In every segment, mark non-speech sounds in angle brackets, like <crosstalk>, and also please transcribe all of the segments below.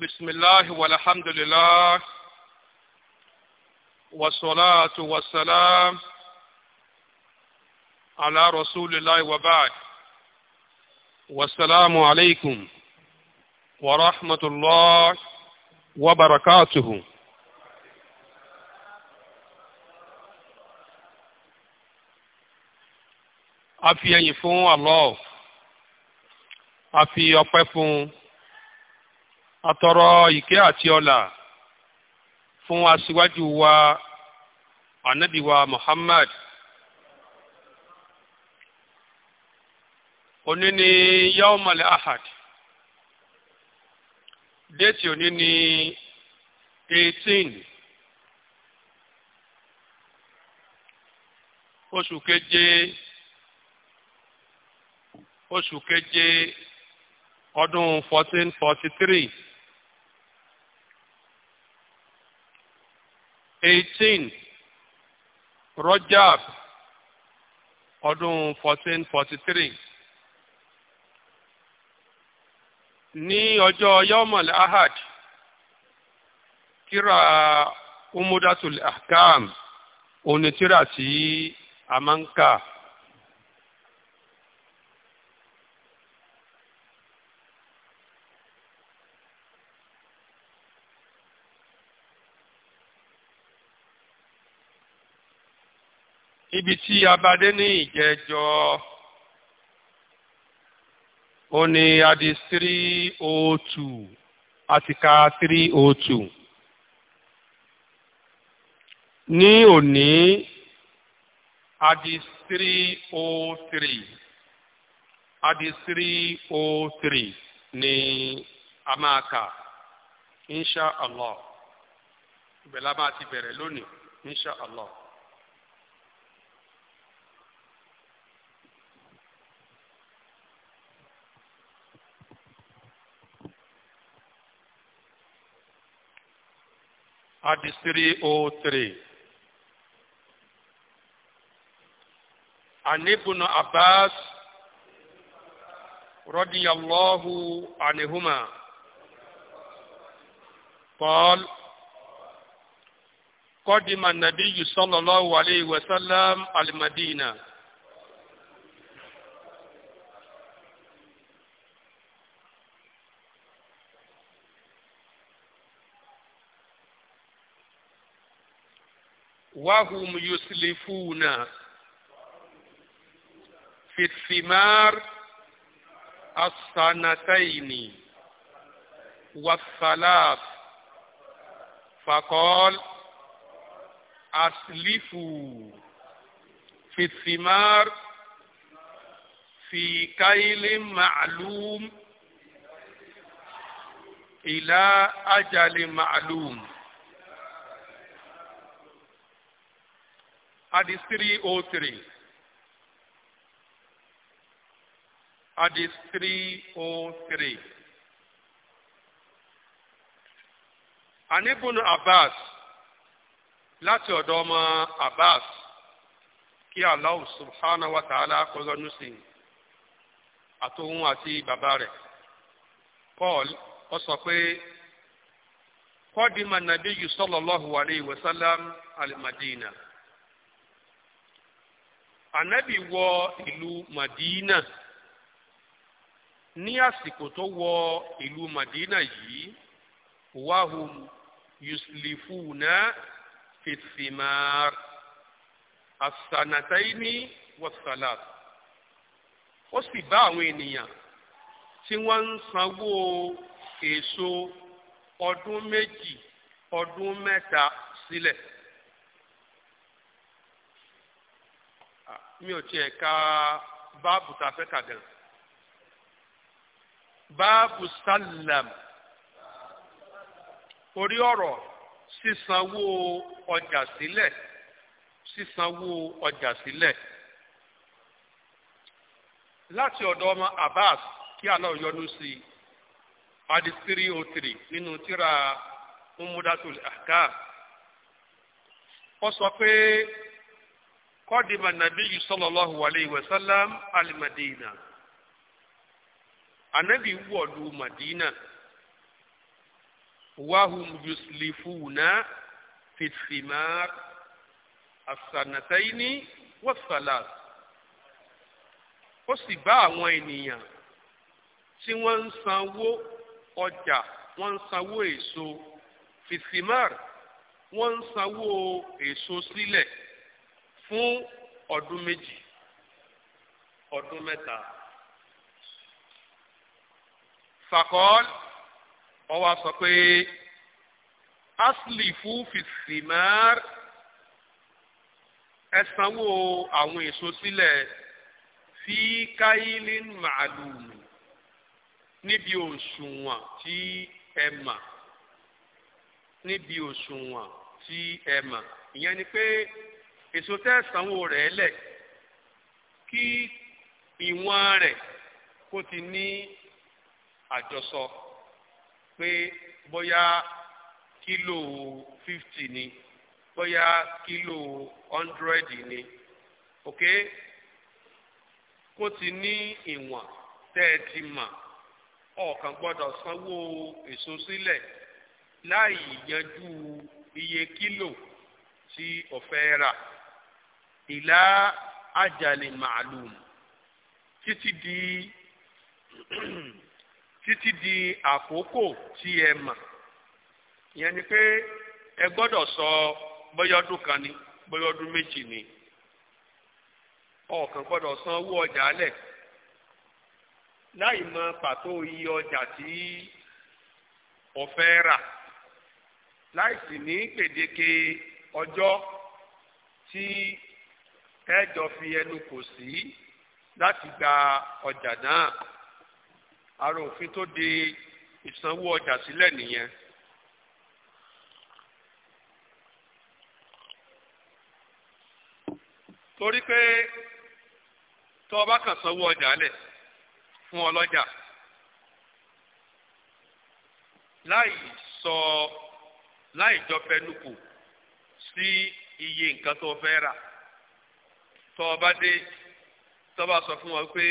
بسم الله والحمد لله والصلاة والسلام على رسول الله وبعد والسلام عليكم ورحمة الله وبركاته أفيا يفون الله أفيا يفون atọrọ ìkẹ́ àti ọlà fún aṣíwájú wa ànábì Muhammad òní ni yaumale ahad déètì òní ni eighteen oṣù keje oṣù keje ọdún fourteen forty three. eighteen Rajab ọdún fourteen forty three ní ọjọ́ yọmọl ahad kíra umudatul ahkam onítìrà tí a máa ń kà. níbi tí abadé ní ìjẹjọ ó ní adi three o oh two atika three o oh two ní òní adi three o oh three adi three o three ní amaka insha allah ìbẹ̀lá máa ti bẹ̀rẹ̀ lónìí insha allah. hadith three oh three. عن ابن عباس رضي الله قال قدم النبي صلى الله عليه وسلم المدينه وهم يسلفون في الثمار السنتين والثلاث فقال أسلفوا في الثمار في كيل معلوم إلى أجل معلوم hadith three oh three hadith three oh three. anibunu abbas láti ọ̀dọ̀ ọmọ abbas kí allah subhanahu wa ta'ala kó yọ́nú sí i àtòun àti bàbá rẹ̀ paul ó sọ pé kọ́dìmà nàbíyù sallallahu alayhi wa sallam alimadina ànábì wọ ìlú Madina ní àsìkò tó wọ ìlú Madina yìí wahum yuslifuna fìsìmàr àsànàtàìní wọ̀sálàt ó sì bá àwọn ènìyàn tí wọ́n ń sanwó èso ọdún méjì ọdún mẹ́ta sílẹ̀. Si mi ò tiẹ̀ ka báàbù tá a fẹ́ kà gan báàbù sálàm orí ọ̀rọ̀ sísanwó ọjà sílẹ̀ sísanwó ọjà sílẹ̀ láti ọ̀dọ̀ ọmọ Abbas kí aláwọ̀ yọ́nú sí i hadith three oh three nínú tíra umudatul ahkam ó sọ pé. قدم النبي صلى الله عليه وسلم المدينة النبي ولو المدينة، وهم يسلفون في الثمار السنتين والثلاث ó sì bá àwọn ènìyàn tí wọ́n ń sanwó ọjà wọ́n ń sanwó èso fìsímàr wọ́n ń sanwó èso sílẹ̀ fún ọdún méjì ọdún mẹ́ta fakọ́l ọwọ́ sọ pé aslifu fìsìmár ẹ sanwó àwọn èso sílẹ̀ fi káyílín màálùmù níbi òṣùwọ̀n tí ẹ mà níbi òṣùwọ̀n tí ẹ mà ìyẹn ni pé èso tẹ́ sanwó rẹ̀ lẹ̀ kí ìwọ̀n rẹ̀ kó ti ní àjọsọ pé bóyá kílò fifty ni bóyá kílò hundred ni ok kó ti ní ìwọ̀n tẹ́ ẹ ti mọ̀ ọ̀kan sanwó èso sílẹ̀ láì yanjú iye kílò tí o rà ìlà àjàlè màálùm títí di <clears throat> títí di àkókò tí ẹ mà ìyẹn ni pé ẹ gbọ́dọ̀ sọ bóyá ọdún kan ni bóyá ọdún méjì ni ọ̀kan gbọ́dọ̀ san owó ọjà alẹ̀ láì mọ pàtó iye ọjà tí o fẹ́ rà láì sì ní gbèdéke ọjọ́ tí ẹ jọ fi ẹnu kò sí láti gba ọjà náà ara òfin tó de ìsanwó ọjà sílẹ̀ nìyẹn. torí pé tó o bá kàn sanwó ọjà lẹ̀ fún ọlọ́jà láì sọ láì jọ fẹnukò sí iye nǹkan tó fẹ́ rà tọ́ ọba dé tọ́ba sọ fún wọn pé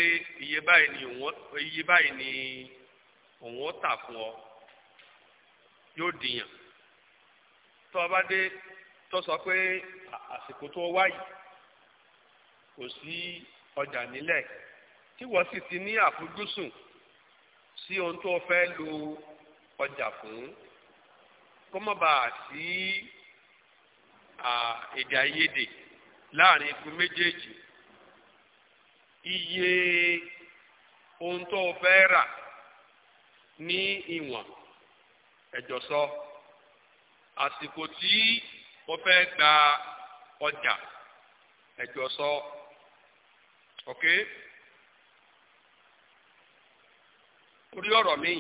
iye báyìí ni òun iye báyìí ni òun ó tà fún ọ yóò dìyàn tọ́ ọba dé tọ́ sọ pé àsìkò tó wáyìí kò sí ọjà nílẹ̀ tí wọ́n sì ti ní àfojúsùn sí ohun tó fẹ́ lo ọjà fún kó sí èdè àìyedè láàrin ìpín méjèèjì iye ohun tó fẹ́ rà ní ìwọ̀n ẹ̀jọ̀ sọ àsìkò tí o fẹ́ gba ọjà ẹ̀jọ̀ sọ ok orí ọ̀rọ̀ mi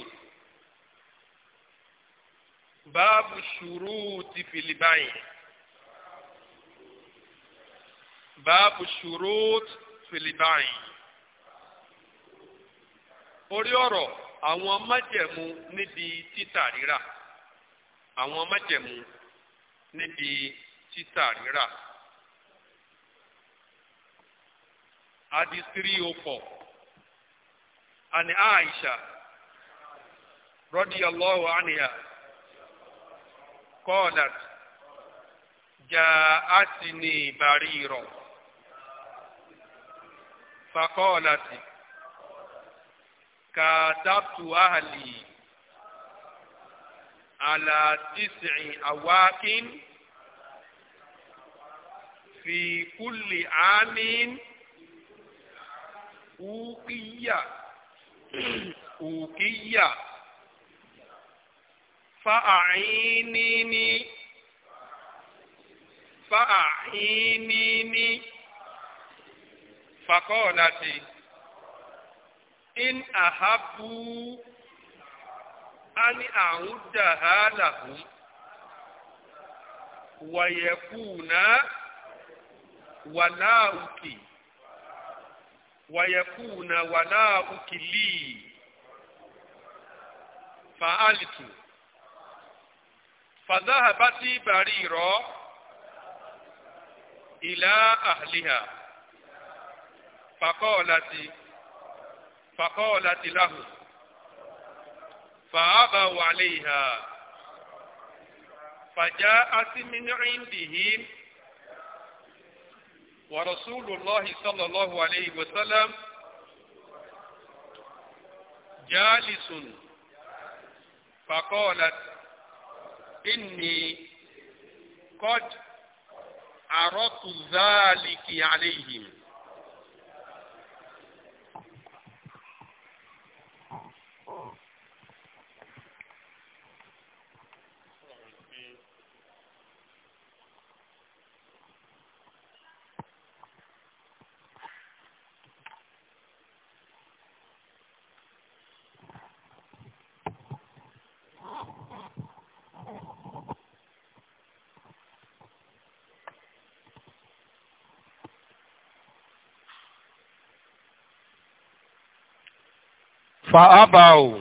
báàbù ṣùrù ti fìlì báyìí. báàbù ṣùrùt fìlìbáyìn orí ọ̀rọ̀ àwọn májẹ̀mú níbi títà rírà àwọn májẹ̀mú níbi títà rírà adi three o oh four ani Aisha radiyallahu anha qalat jaatini bariro. fakọ́ọ̀làtì kàdáptù ahàlì àlàtìsìn àwákín fi kúlì ámín ùkíyà ùkíyà fa'àínìní fa'àínìní. فقالت إن أحبوا أن أعدها لهم ويكون ولاؤك ويكون ولاؤك لي فعلت فذهبت بريرة إلى أهلها فقالت فقالت له فأبوا عليها فجاءت من عندهم ورسول الله صلى الله عليه وسلم جالس فقالت إني قد عرضت ذلك عليهم fàábàáwò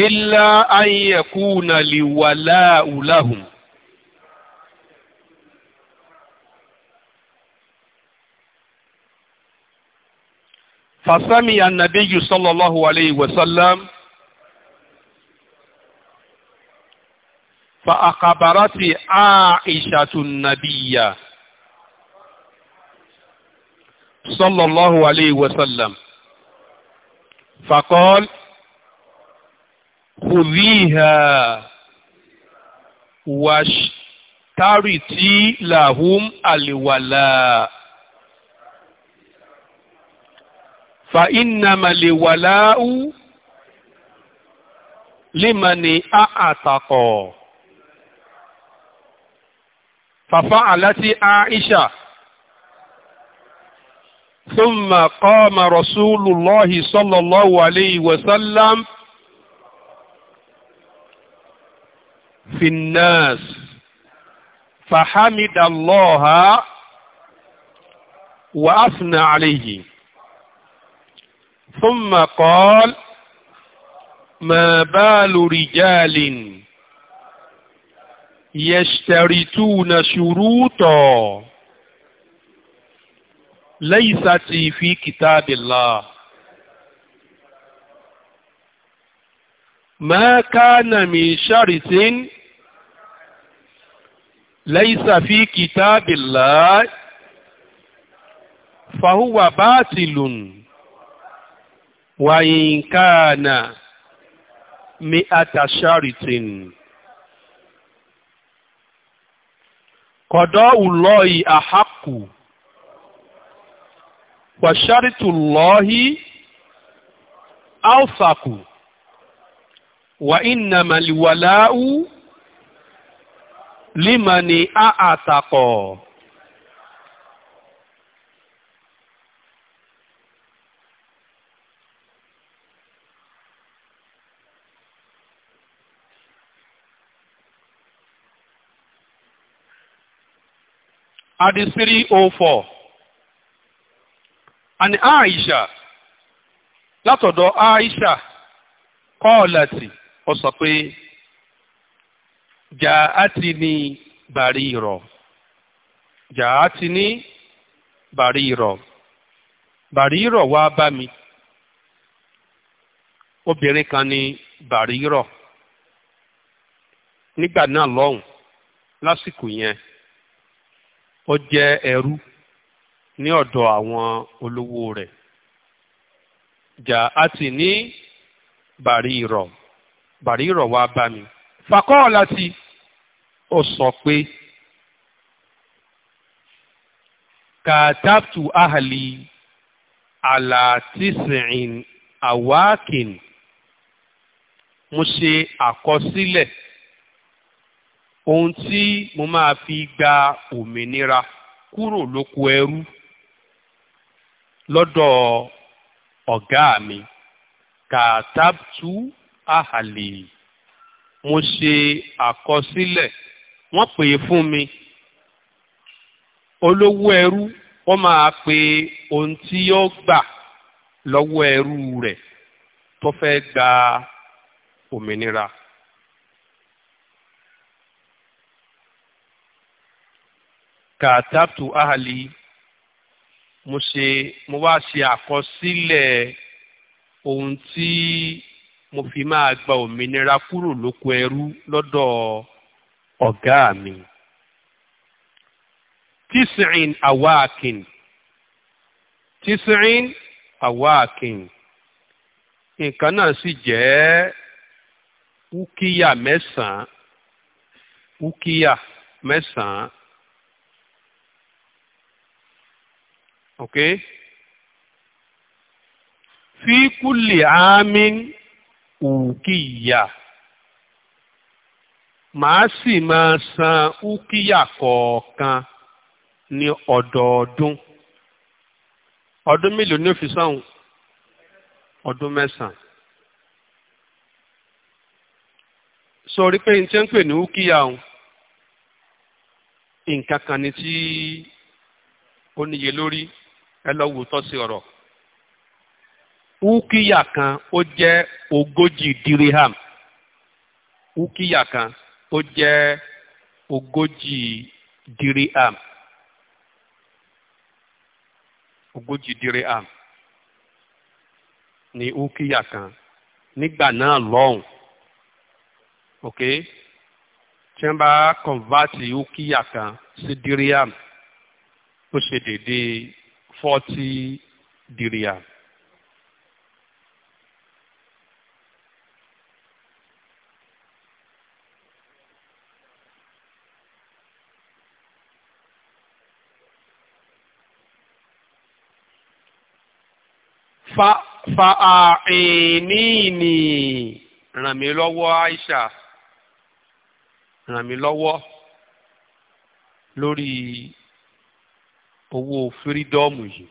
ilá ayẹ̀kúnà lè wà láàúláhùn fàsámi ànàbíyù sallallahu alayhi wa sallam فأخبرت عائشة النبي صلى الله عليه وسلم فقال خذيها واشترطي لهم الولاء فإنما الولاء لمن أعتق ففعلت عائشة ثم قام رسول الله صلى الله عليه وسلم في الناس فحمد الله وأثنى عليه ثم قال ما بال رجال يشترطون شروطا laysat fi kitabillah ma kana min sharitin laysa fi kitabillah fahuwa batilun wa in kana mi'ata sharitin qada'u Allahi ahaqqu wàṣáàrìtù lọ́hí áùsàkù wà ìnàmàlìwàláú límàní àtàkọ̀ Adi 304 àní Aisha látọ̀dọ̀ Aisha kọ́ọ̀lẹ́tì ó sọ pé jà á ti ní bàrí ìrọ̀ jà á ti ní bàrí ìrọ̀ bàrí wá bá mi obìnrin kan ní bàrí ìrọ̀ nígbà náà lọ́hùn lásìkò yẹn ó jẹ́ ẹrú ní ọ̀dọ̀ àwọn olówó rẹ̀ jà á ti ní bàrí ìrọ̀ bàrí ìrọ̀ wá bá mi fakọ́ láti ó sọ pé kàtàtù ahàlì àlàtìsìn àwákìn mo ṣe àkọsílẹ̀ ohun tí mo máa fi gba òmìnira kúrò lóko ẹrú lọ́dọ̀ ọ̀gá mi kàtàbtú àhàlì mo ṣe àkọsílẹ̀ wọ́n pè é fún mi olówó ẹrú wọ́n máa pe ohun tí yóò gbà lọ́wọ́ ẹrú rẹ̀ tó fẹ́ gba òmìnira. kàtàbtú àhàlì mo ṣe mo wá ṣe àkọsílẹ̀ ohun tí mo fi máa gba òmìnira kúrò lóko ẹrú lọ́dọ̀ ọ̀gá mi. tis'in awaakin tis'in awaakin nǹkan náà sì jẹ́ wúkíyà mẹ́sàn-án wúkíyà mẹ́sàn-án. okay fi kulli amin ukiya màá sì máa san ukiya kọ̀ọ̀kan ní ọdọọdún ọdún mélòó ni ó fi sáhùn ọdún mẹ́sàn-án sọrí pé n ń pè ní ukiya òun nǹkan kan ni tí ó níye lórí ẹ lọ wò tọ́ sí ọ̀rọ̀ ukiya kan ó jẹ́ ogójì dirham ukiya kan ó jẹ́ ogójì dirham ogójì dirham ní ukiya kan nígbà náà lọ́hùn ok tí wọ́n bá si diri kan sí dirham ó ṣe forty dìrìyà. fa fa àìníìní ràn mí lọ́wọ́ Aisha ràn mí lọ́wọ́ lórí owó fírídọ́ọ̀mù yìí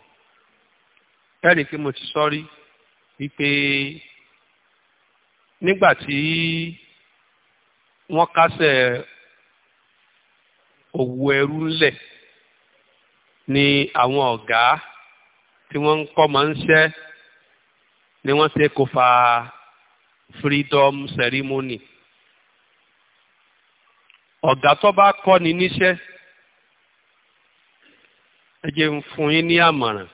ẹ̀rí kí mo ti sọ rí wípé nígbà tí wọ́n kásẹ̀ òwò ẹrú ńlẹ̀ ni àwọn ọ̀gá tí wọ́n ń kọ́ máa ń ṣẹ́ ni wọ́n ṣe kó fa freedom ceremony ọ̀gá tó bá kọ́ ni níṣẹ́ ẹ jẹ́ ń fún yín ní àmọ̀ràn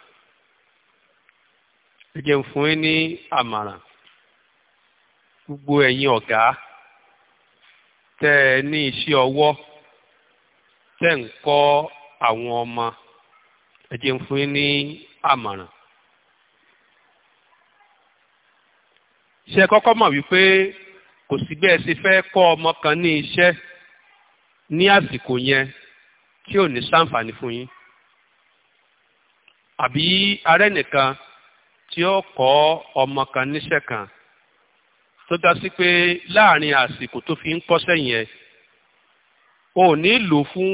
ẹ jẹ́ ń fún yín ní àmọ̀ràn gbogbo ẹ̀yin ọ̀gá tẹ́ ẹ ní iṣẹ́ ọwọ́ tẹ́ ń kọ́ àwọn ọmọ ẹ jẹ́ ń fún yín ní àmọ̀ràn. ṣe kọ́kọ́ mọ̀ wípé kò sí bẹ́ẹ̀ ṣe fẹ́ kọ́ ọmọ kan ní iṣẹ́ ní àsìkò yẹn tí ò ní ṣàǹfààní fún yín àbí arẹ́ nìkan tí ó kọ́ ọmọ kan níṣẹ́ kan tó dá sí pé láàrin àsìkò tó fi ń kọ́ṣẹ́ yẹn o ò ní lò fún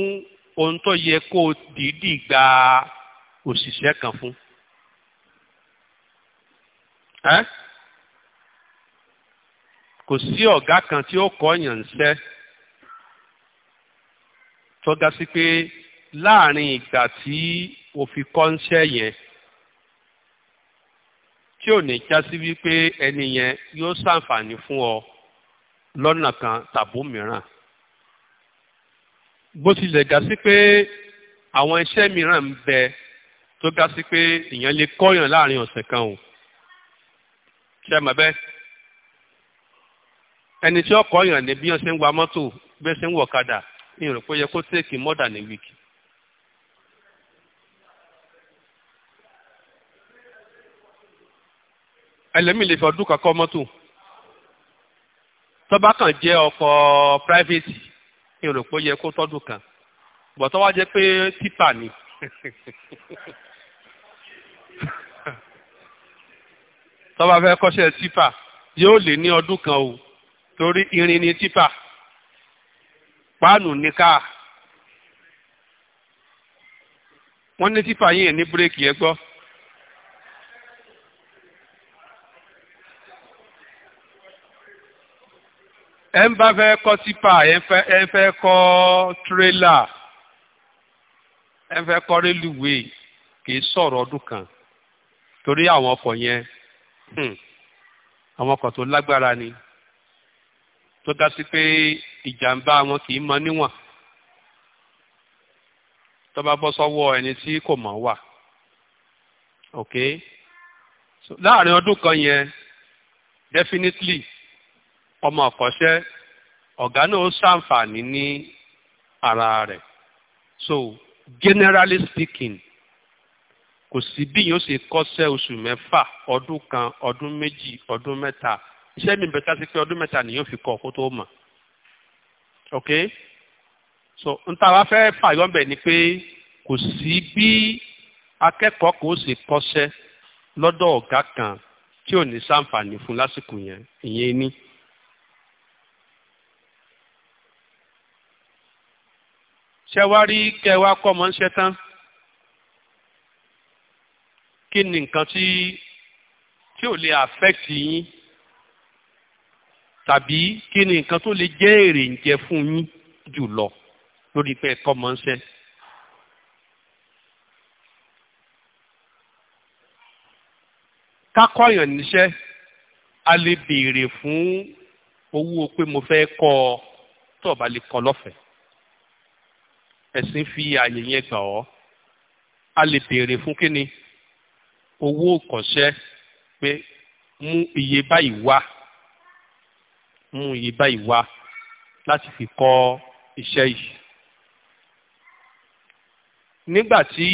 ohun tó yẹ kó dìídì gba òṣìṣẹ́ kan fún. kò sí ọ̀gá kan tí ó kọ́ yàn ń sẹ́ tó dá sí pé láàrin ìgbà tí o fi kọ́ńṣẹ́ yẹn tí ò ní já sí wípé ẹni yẹn yóò ṣàǹfààní fún ọ lọ́nà kan tàbó mìíràn bó tilẹ̀ ga sí pé àwọn iṣẹ́ mìíràn ń bẹ tó ga sí pé èèyàn lè kọ́yàn láàrin ọ̀sẹ̀ kan o ṣe mọ̀ bẹ́ẹ̀ ẹni tí ó kọ́yàn ní bí wọ́n ṣe ń wa mọ́tò bí wọ́n ṣe ń wọ̀kadà mi ò rò pé ó yẹ kó tèkì mọ́dà ní wíìkì ẹlẹ́mì lè fi ọdún kan kọ́ mọ́tò tọ́ba kan jẹ́ ọkọ̀ private mi ò rò pé ó yẹ kó tọ́dún kan bọ̀tọ́ wá jẹ́ pé tipa ni <laughs> tọ́ba fẹ́ kọ́ṣẹ́ tipa yóò lè ní ọdún kan o torí irin ni tipa páànù ní káà wọ́n ní tipa yìí ní bírèkì ẹ gbọ́. ẹ ń bá fẹ́ kọ́ tipa ẹ ń fẹ́ kọ́ tírélà ẹ ń fẹ́ kọ́ rélùwéè kì í sọ̀rọ̀ ọdún kan torí àwọn ọkọ̀ yẹn hmm, àwọn ọkọ̀ tó lágbára ni tó dá sí pé ìjàmbá wọn kì í mọ níwọ̀n tó bá bọ́ sọ́wọ́ ẹni tí kò mọ̀ wà ok so láàrin ọdún kan yẹn definitely ọmọ ọ̀kọ́ṣẹ́ ọ̀gá náà ó ṣàǹfààní ní ara rẹ̀ so generally speaking kò sí bí yóò ṣe kọ́ṣẹ́ oṣù mẹ́fà ọdún kan ọdún méjì ọdún mẹta iṣẹ mi bẹ̀ta sí pé ọdún mẹ́ta nìyóò fi kọ́ kó tó mọ̀ ok so n ta wá fẹ́ fàyọ́mbẹ̀ ni pé kò sí bí akẹ́kọ̀ọ́ kò ṣe kọ́ṣẹ́ lọ́dọ̀ ọ̀gá kan tí ò ní ṣàǹfààní fún lásìkò yẹn ìyẹn ni. ṣẹwárí kẹwàá kọ́ mọ́ ń ṣe tán kí ni nǹkan tí tí ò lè affect yín tàbí kí ni nǹkan tó lè jẹ́ èrè ń jẹ fún yín jù lọ lórí pé ẹ̀kọ́ mọ́ ń ṣe. kákọ́yàn níṣẹ́ a lè béèrè fún owó pé mo fẹ́ kọ́ ọ tó o bá lè kọ́ lọ́fẹ̀ẹ́ ẹ̀sìn fi àyè yẹn gbà ọ́ a lè béèrè fún kíni owó kọ̀ṣẹ́ pé mú iye báyìí wá mú iye báyìí wá láti fi kọ́ iṣẹ́ yìí. nígbà tí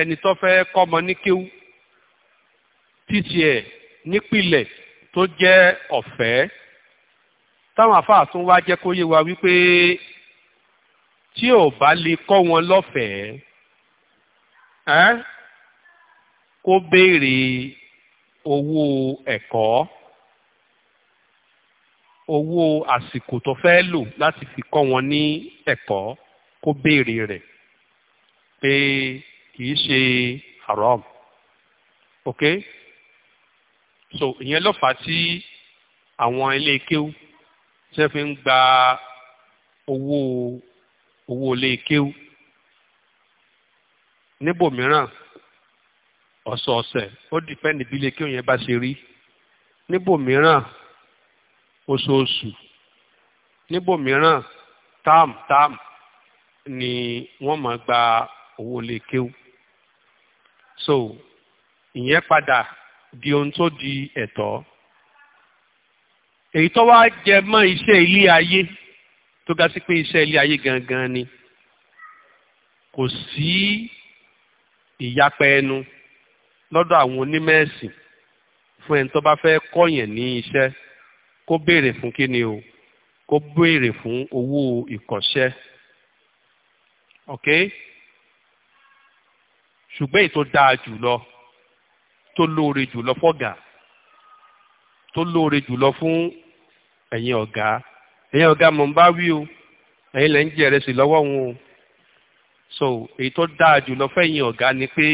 ẹni tó fẹ́ kọ́mọ ní kéwú títí ẹ̀ nípìlẹ̀ tó jẹ́ ọ̀fẹ́ táwọn afáà wá jẹ́ kó yé wa wípé tí ò bá lè kọ́ wọn lọ́fẹ̀ẹ́ ẹ́ kó béèrè owó ẹ̀kọ́ owó àsìkò tó fẹ́ lò láti fi kọ́ wọn ní ẹ̀kọ́ kó béèrè rẹ̀ pé kì í ṣe haram ok so ìyẹn ló fà á tí àwọn ilé kéwú ṣe fi ń gba owó owó ilé kéwú níbòmíràn ọ̀sọ̀ọ̀sẹ̀ ó dìpẹ́ǹdì bí ilé kéwú yẹn bá ṣe rí níbòmíràn oṣooṣù níbòmíràn táàmù táàmù ni wọ́n máa gba owó ilé kéwú so ìyẹn padà di ohun tó di ẹ̀tọ́ èyí tó wá jẹ mọ́ iṣẹ́ ilé ayé tó ga sí pé iṣẹ́ ilé ayé gangan ni kò sí ìyapa ẹnu lọ́dọ̀ àwọn onímẹ̀ẹ̀sìn fún ẹni tó bá fẹ́ kọ́yàn ní iṣẹ́ kó béèrè fún kíni o kó béèrè fún owó ìkọ́ṣẹ́ ok ṣùgbọ́n èyí tó dáa jùlọ tó lóore jùlọ fọ́gà tó lóore jùlọ fún ẹ̀yin ọ̀gá ẹ̀yin ọ̀gá mò ń bá wí o ẹ̀yin lẹ́ ń jẹ ẹ̀rẹ́sì lọ́wọ́ wọn o so èyí tó dáa jùlọ fẹ́yìn ọ̀gá ni pé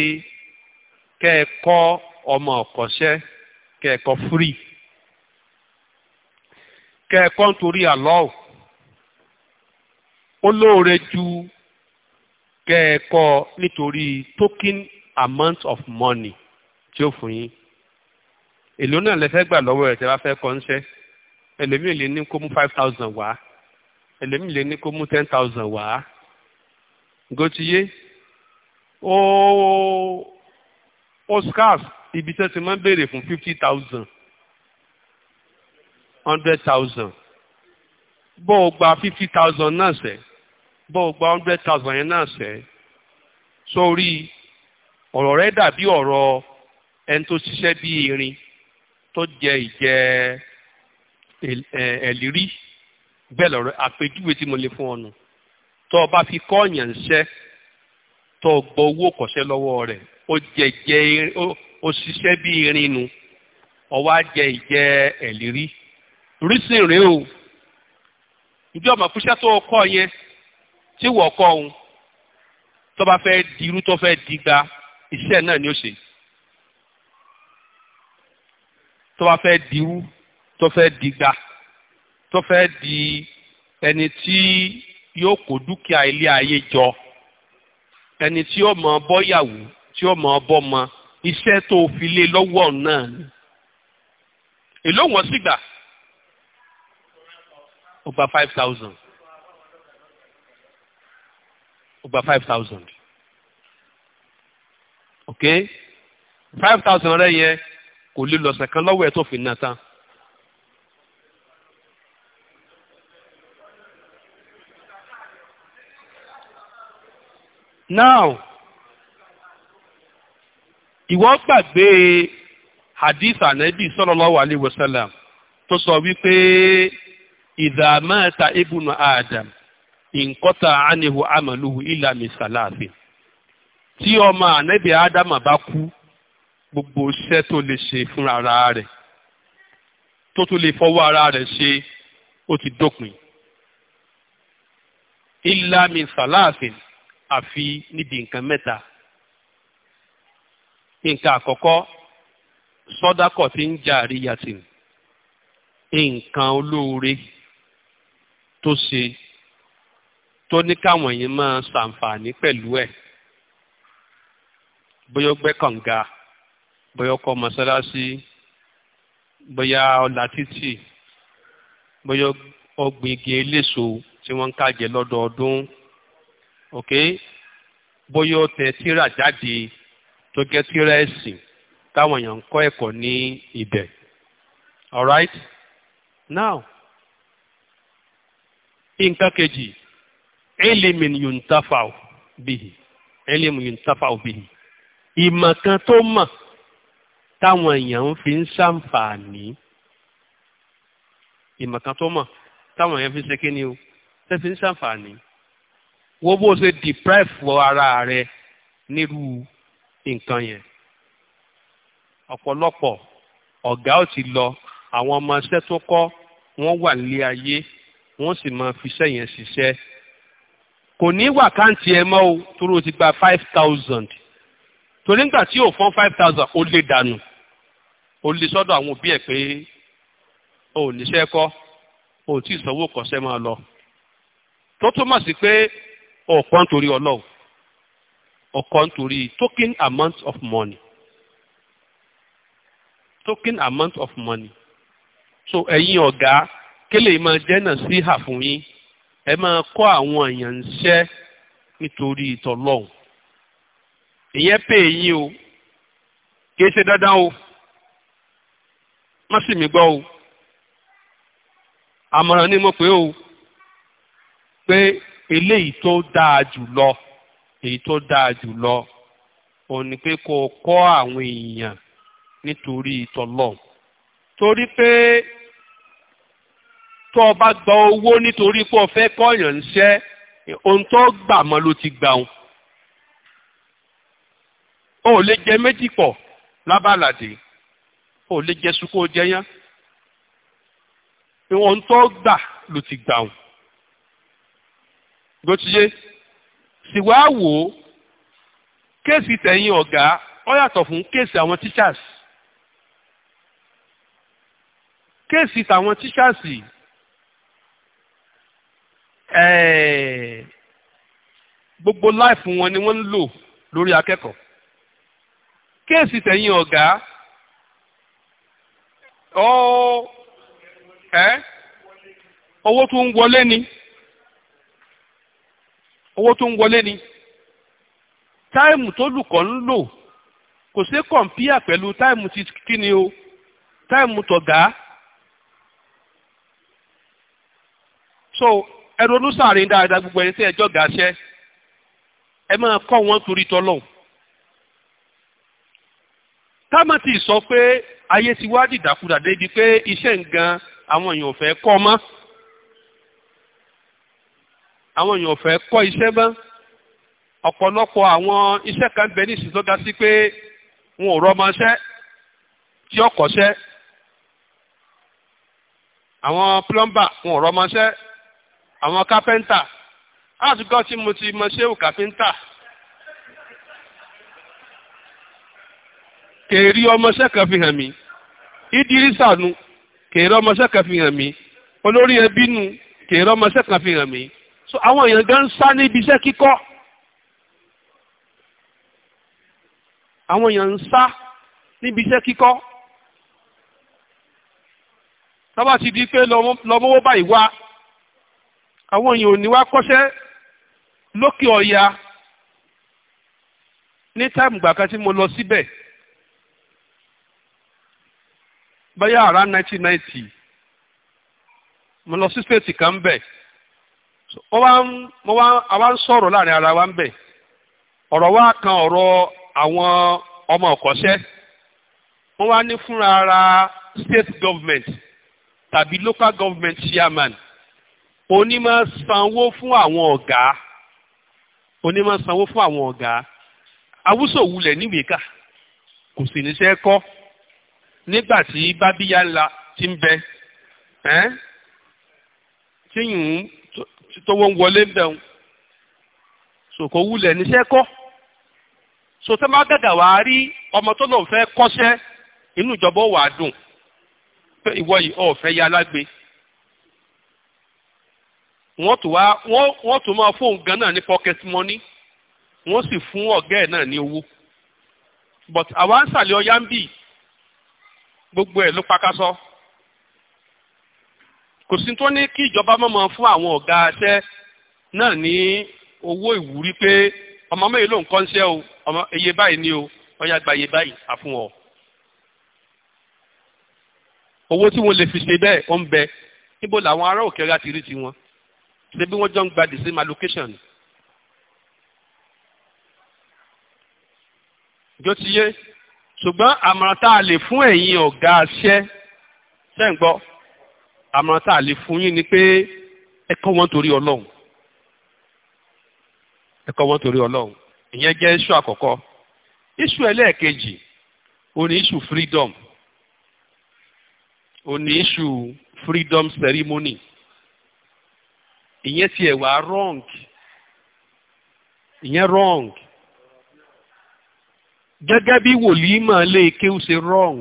kẹ́ ẹ kọ́ ọmọ ọ̀kọ́ṣẹ́ kẹ́ ẹ kọ́ free kẹ́ ẹ kọ́ nítorí àlọ́ ó lóore ju kẹ́ ẹ kọ́ nítorí token amount of money tí ó fún yín èlò náà lè fẹ́ gbà lọ́wọ́ ẹ̀ tẹ́ bá fẹ́ kọ́ ń ṣẹ́ ẹlòmíì lè ní kó mú five thousand wá ẹlòmíì lè ní kó mú ten thousand wá gotiye ó ó scarf ibi tẹ́ ti máa ń béèrè fún fifty thousand hundred thousand bó o gba fifty thousand náà sẹ́ bó o gba hundred thousand yẹn náà sẹ́ sórí ọ̀rọ̀ rẹ dàbí ọ̀rọ̀ ẹni tó ṣiṣẹ́ bí irin tó jẹ ìjẹ́ ẹ̀lírí eh, bẹ́ẹ̀ lọ́rọ̀ àpèjúwe tí mo lè fún ọ nù tó o bá fi kọ́ọ̀yàn ṣẹ́ tó o gbọ́ owó kọ̀ṣẹ́ lọ́wọ́ rẹ̀ ó jẹjẹ ó ṣiṣẹ́ bí irin nu ọwọ́ á jẹ ìjẹ ẹ̀lírí rísìn rèé o ǹjẹ́ ọmọ fúnṣẹ́ tó kọ́ yẹn tí wọ́n kọ́ òun tó bá fẹ́ di irú tó fẹ́ di iṣẹ́ náà ni ó ṣe tó bá fẹ́ di tó fẹ́ digba tó fẹ́ di ẹni tí yóò kó dúkìá ilé ayé jọ ẹni tí ó mọ bọ́yàwó tí ó mọ bọ́mọ iṣẹ́ tó fi lé lọ́wọ́ náà ni èló wọ́n sì gbà ó gba five thousand ó gba five thousand ok five thousand rẹ yẹn kò lè lọ́sẹ̀ kan lọ́wọ́ ẹ̀ tó fi ná tán. now ìwọ gbàgbé hadith anabi sallallahu alaihi wasallam tó sọ wípé idha mata ibnu adam nkọta anihu amaluhu illa misalafin tí ọmọ anabi adam bá kú gbogbo iṣẹ́ tó lè ṣe fún ara rẹ̀ tó tó lè fọwọ́ ara rẹ̀ ṣe ó ti dópin. illa min àfi níbi nǹkan mẹ́ta nǹkan àkọ́kọ́ sọ́dákọ̀ tí ń jà àríyàtì nǹkan olóore tó ṣe tó ní káwọn yìí máa ṣàǹfààní pẹ̀lú ẹ̀ bóyá ó gbẹ́ kànga bóyá ó kọ́ bóyá ó títì bóyá ó igi eléso tí wọ́n ń kájẹ lọ́dọọdún ok bóyá ó tẹ tíra jáde tó jẹ́ tíra ẹ̀sìn táwọn èèyàn ń kọ́ ẹ̀kọ́ ní ibẹ̀ all right now nǹkan kejì elimin yuntafau bihi elimin yuntafau bihi ìmọ̀ kan tó mọ̀ táwọn èèyàn fi ń ṣàǹfààní ìmọ̀ kan tó mọ̀ táwọn èèyàn fi ṣe kí ni o tẹ́ fi ń ṣàǹfààní wo bó ṣe deprive wọ ara rẹ nírú nǹkan yẹn ọ̀pọ̀lọpọ̀ ọ̀gá ò ti lọ àwọn ọmọ iṣẹ́ tó kọ́ wọ́n wà nílé ayé wọ́n sì máa fiṣẹ́ yẹn ṣiṣẹ́ kò ní wà ẹ mọ́ o torí o ti gba five thousand torí nígbà tí yóò fọ́n five thousand ó lè dànù ó lè sọ́dọ̀ àwọn òbí ẹ̀ pé o ò níṣẹ́ kọ́ o ò tí ì sanwó kọ́ṣẹ́ máa lọ tó túmọ̀ sí pé ọ̀pọ̀ nítorí ọlọ́run ọ̀pọ̀ nítorí token amount of money token amount of money so ẹ̀yin ọ̀gá kélé máa jẹ́nà sí hà fún yín ẹ máa kọ́ àwọn èèyàn ṣẹ́ nítorí ìtọ́lọ́hùn ìyẹn pè yín o kì í ṣe dandan o má sì mí gbọ́ o àmọ̀ràn ni mo pè o pé eléyìí tó dáa jù lọ èyí tó dáa jù lọ òun ni pé kó o kọ́ àwọn èèyàn nítorí ìtọ́lọ̀ torí pé tó o bá gba owó nítorí pé o fẹ́ kọ́yàn níṣẹ́ ohun tó gbà mọ́ ló ti gbà wọn. ò lè jẹ méjì pọ̀ lábàlàdé ò lè jẹ sùkú o ohun tó gbà ló ti gbà wọn gbòtíye sì wá wò ó kéèsì tẹ̀yìn ọ̀gá ó yàtọ̀ fún kéèsì àwọn teachers kéèsì tàwọn teachers gbogbo láìfù wọn ni wọ́n ń lò lórí akẹ́kọ̀ọ́ kéèsì tẹ̀yìn ọ̀gá ó ẹ́ owó tó ń wọlé ni owó tó ń wọlé ni táìmù tó lùkọ́ ń lò kò ṣe kọ̀ǹpíà pẹ̀lú táìmù ti kí ni o táìmù tọ̀gá so ẹ ronú sàárín dáadáa gbogbo ẹni tí ẹ jọ̀gá ṣẹ́ ẹ máa kọ́ wọn torí tọ́lọ̀ támátì sọ pé ayé ti wá dìdàkudà débi pé iṣẹ́ nǹkan àwọn èèyàn ò fẹ́ kọ́ mọ́ àwọn èèyàn fẹ́ kọ́ iṣẹ́ mọ́ ọ̀pọ̀lọpọ̀ àwọn iṣẹ́ kan bẹ ní ìsìn tó ga sí pé wọn ò rọmọṣẹ́ tí ó kọ́ṣẹ́ àwọn plumber wọn ò rọmọṣẹ́ àwọn kápẹ́ńtà àtúgọ́ tí mo ti mọ ṣéwù kápẹ́ńtà kèrí ọmọṣẹ́ kan fi hàn mí ìdírísà nu kèrí ọmọṣẹ́ kan fi hàn mí olórí ẹbí nu kèrí ọmọṣẹ́ kan fi hàn mí so àwọn èèyàn gan ń sá níbi iṣẹ́ kíkọ́ àwọn èèyàn ń sá níbi iṣẹ́ kíkọ́ tọ́ba ti di pé lọ́mọ́wọ́ báyìí wá àwọn èèyàn ò ní wá kọ́ṣẹ́ lókè ọ̀ya ní táìmù gbàkan tí mo lọ síbẹ̀ bẹ́yà 1990 mo lọ sí stéètì kan bẹ́ẹ̀ ó wá ń mo wá àwa ń sọ̀rọ̀ láàrin ara wa ń bẹ̀ ọ̀rọ̀ wa kan ọ̀rọ̀ àwọn ọmọ ọ̀kọ́ṣẹ́ wọ́n wá ní fúnra ara state government tàbí local government chairman onímọ̀ sanwó fún àwọn ọ̀gá onímọ̀ sanwó fún àwọn ọ̀gá awúsò wulẹ̀ níwèé kà kò sì níṣẹ́ kọ́ nígbà tí bábíyá ńlá ti ń bẹ ẹ́ tíyùn tówó ń wọlé ń bẹ̀ ń sòkò wulẹ̀ níṣẹ́ kọ́ sòtẹ́ má gàgà wá rí ọmọ tó lòun fẹ́ kọ́ṣẹ́ inú ìjọba wà á dùn pé ìwọ yìí ọ̀ fẹ́ ya alágbe wọ́n tún wá wọ́n tún máa fóun gan náà ní pocket money wọ́n sì fún ọ̀gá ẹ̀ náà ní owó but àwa ń sàlẹ̀ ọyá ń bì gbogbo ẹ̀ ló pakasọ́. So kò sí tó ní kí ìjọba mọ̀mọ́ fún àwọn ọ̀gá aṣẹ́ náà ní owó ìwúrí pé ọmọ mẹ́rin ló ń kọ́ iṣẹ́ o ọmọ iye báyìí ni o ọyá gba iye báyìí àfún ọ. owó tí wọ́n lè fi ṣe bẹ́ẹ̀ ó ń bẹ níbo làwọn ará òkè ọ̀gá ti rí tiwọn ṣé bí wọ́n jọ ń gba the same allocation ni. ti yé ṣùgbọ́n àmọ̀ràn tá a lè fún ẹ̀yin ọ̀gá aṣẹ́ ṣẹ́ àmọ́ tá a lè fún yín ni pé ẹ kọ́ wọn torí ọlọ́run ẹ kọ́ wọn torí ọlọ́run ìyẹn jẹ́ iṣu àkọ́kọ́ iṣu ẹlẹ́ẹ̀kejì ó ní iṣu freedom ó ní iṣu freedom ceremony ìyẹn tiẹ̀ wá wrong ìyẹn wrong gẹ́gẹ́ bí wòlíì máa lé kéwù ṣe wrong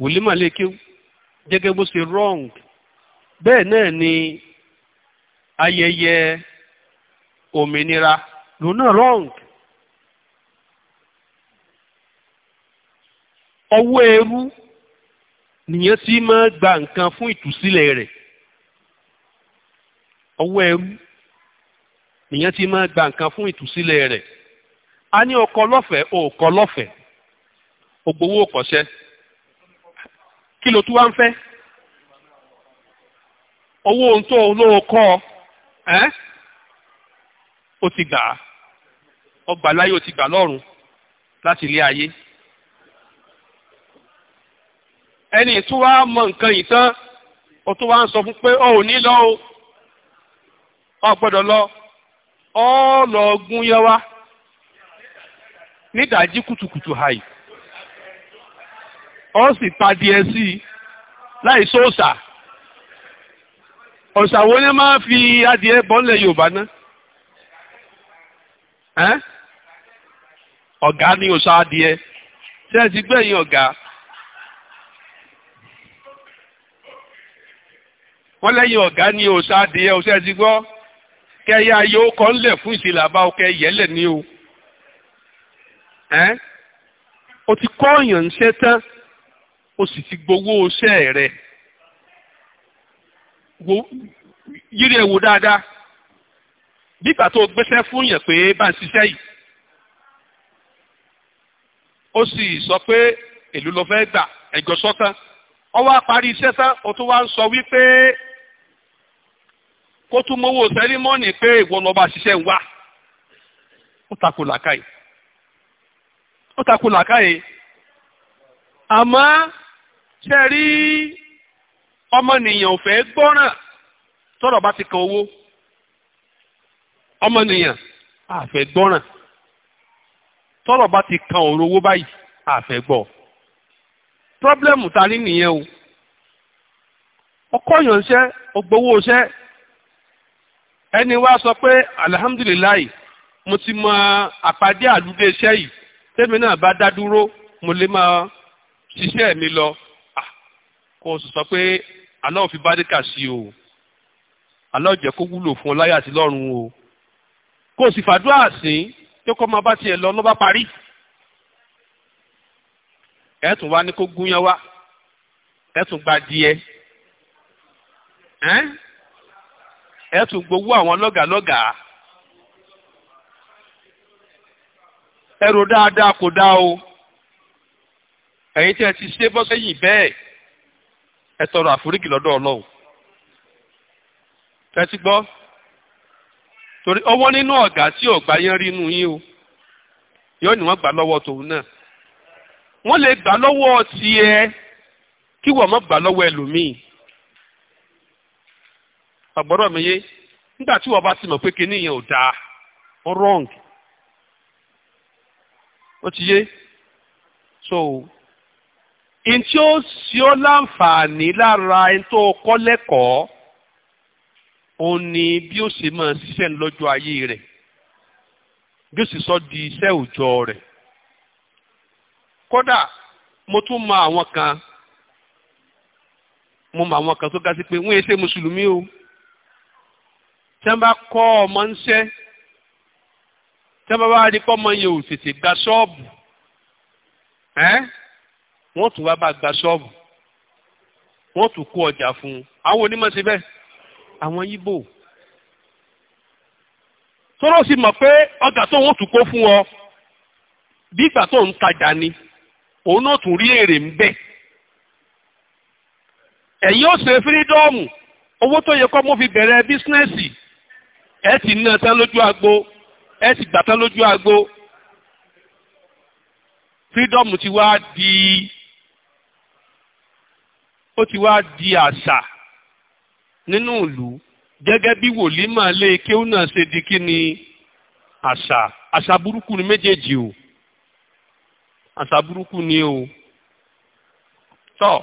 wòlíì máa lé kéwù gẹ́gẹ́ bó ṣe wrong bẹ́ẹ̀ náà ni ayẹyẹ òmìnira lòun náà wrong. ọwọ́ ẹrú nìyẹn tí máa gba nǹkan fún ìtúsílẹ̀ rẹ̀ ọwọ́ ẹrú nìyẹn tí máa gba nǹkan fún ìtúsílẹ̀ rẹ̀ a ní ọkọ lọ́fẹ̀ẹ́ òòkọ lọ́fẹ̀ẹ́ ògbówó kọ̀ṣẹ́. kí ló tún wá ń fẹ́ owó ohun tó olówó ọ ẹ́ ó ti gbà láyé ó ti gbà lọ́rùn láti ilé ayé ẹni tó mọ nǹkan yìí tán ó wá ń sọ fún pé ọ ò ní lọ o ọ lọ ọ lọ gún yẹ wá nídàájí kùtùkùtù ọ sì padìẹ sí i láì sóòsà ọ̀sà wo ni máa fi adìẹ bọ́lẹ̀ Yorùbá ná ọ̀gá ni òsà adìẹ ṣé ẹ ti gbẹ̀yìn ọ̀gá. wọ́n lẹ́yìn ọ̀gá ni òsà adìẹ òsà ti gbọ́ kẹ́yà yóò kọ́ ńlẹ̀ fún ìsìlàbá ọkẹ́ yẹ́lẹ̀ ni o. ó ti kọ́ ọ̀yàn ń ṣe tán o sì ti gbowó iṣẹ́ rẹ̀ wo yírí ẹ̀ wò dáadáa nígbà tó gbéṣẹ́ fún yẹn pé bá ń ṣiṣẹ́ yìí ó sì sọ pé èlò ló fẹ́ gbà ẹ̀jọ̀ sọ́tàn ó wá parí iṣẹ́ tán ó tún wá ń sọ wípé kó tún mówó sẹ́rímọ́nì pé ìwọ lọ́ba ṣiṣẹ́ ń wá ó takò làkàyè ó takò làkàyè àmọ́ ṣe rí ọmọnìyàn ò fẹ́ gbọ́ràn tọ́rọ̀ bá ti kan owó ọmọnìyàn àfẹ́ gbọ́ràn tọ́rọ̀ bá ti kan ọ̀rọ̀ owó báyìí àfẹ́ gbọ́ pírọ́blẹ́mù ta ní nìyẹn o ọkọ yànṣẹ́ ògbówó ṣẹ́ ẹni wá sọ pé alihamudulilayi mo ti mọ àpàdé àlùdé iṣẹ́ yìí tẹ́mi náà bá dá dúró mo lè máa ṣiṣẹ́ mi lọ kó o sì sọ pé aláwọ̀ fi báríkà sí o aláwọ̀ jẹ́ kó wúlò fún ọ láyé àti lọ́run o kó o sì fàdúrà sí tó kọ́ máa bá tiẹ̀ lọ ló bá parí ẹ̀tún wa ni kó gúnyán wá ẹ̀tún gba díẹ̀ ẹ̀tún gbowó àwọn lọ́gàlọ́gàá ẹ̀rọ dáadáa kò dáa o ẹ̀yin tí ẹ ti ṣe bọ́ sẹ́yìn bẹ́ẹ̀. ẹ tọrọ lọ́dọ̀ ọlọ́run tẹ́tí gbọ́ torí ọwọ́ nínú ọ̀gá tí ọ̀gbá yẹn rí inú yín o yóò ní wọ́n gbà lọ́wọ́ tòun náà wọ́n lè gbà lọ́wọ́ ẹ kí wọ́n mọ́ gbà lọ́wọ́ ẹlòmíì àgbọ̀rọ̀ mi yé nígbà tí wọ́n bá ti mọ̀ pé kinní yẹn ò dáa so. in tí ó sì ó láǹfààní lára in tó kọ́ lẹ́kọ̀ọ́ òun ni bí ó ṣe máa ṣiṣẹ́ lọ́jọ́ ayé rẹ̀ bí ó sì sọ di iṣẹ́ òòjọ́ rẹ̀ kódà mo tún mọ àwọn kan mo mọ àwọn kan tó ga sí pé wọ́n ṣe mùsùlùmí o tí wọ́n bá kọ́ ọmọ ńṣẹ́ tí wọ́n bá wá rí pọ́ ọmọ yẹn ò tètè gba ṣọ́ọ̀bù wọ́n tún wá bá gba ṣọ́ọ̀bù wọ́n tún kó ọjà fún un àwọn onímọ̀ sí bẹ́ẹ̀ àwọn yíbò tọ́rọ̀ sì mọ̀ pé ọjà tó wọ́n tún kó fún ọ bí ìgbà tó ń tajà ni òun náà tún rí èrè ń bẹ ẹ̀yin ó ṣe fírídọ́ọ̀mù owó tó yẹ kọ́ mo fi bẹ̀rẹ̀ bísínẹ́sì ẹ ti ná tán lójú agbo ẹ ti gbà tán lójú agbo fírídọ́ọ̀mù ti wá di ó ti wá di àṣà nínú ìlú gẹ́gẹ́ bí wòlímà lé kéwù ṣe di kí ni àṣà àṣà burúkú ni méjèèjì o àṣà burúkú ni o tọ́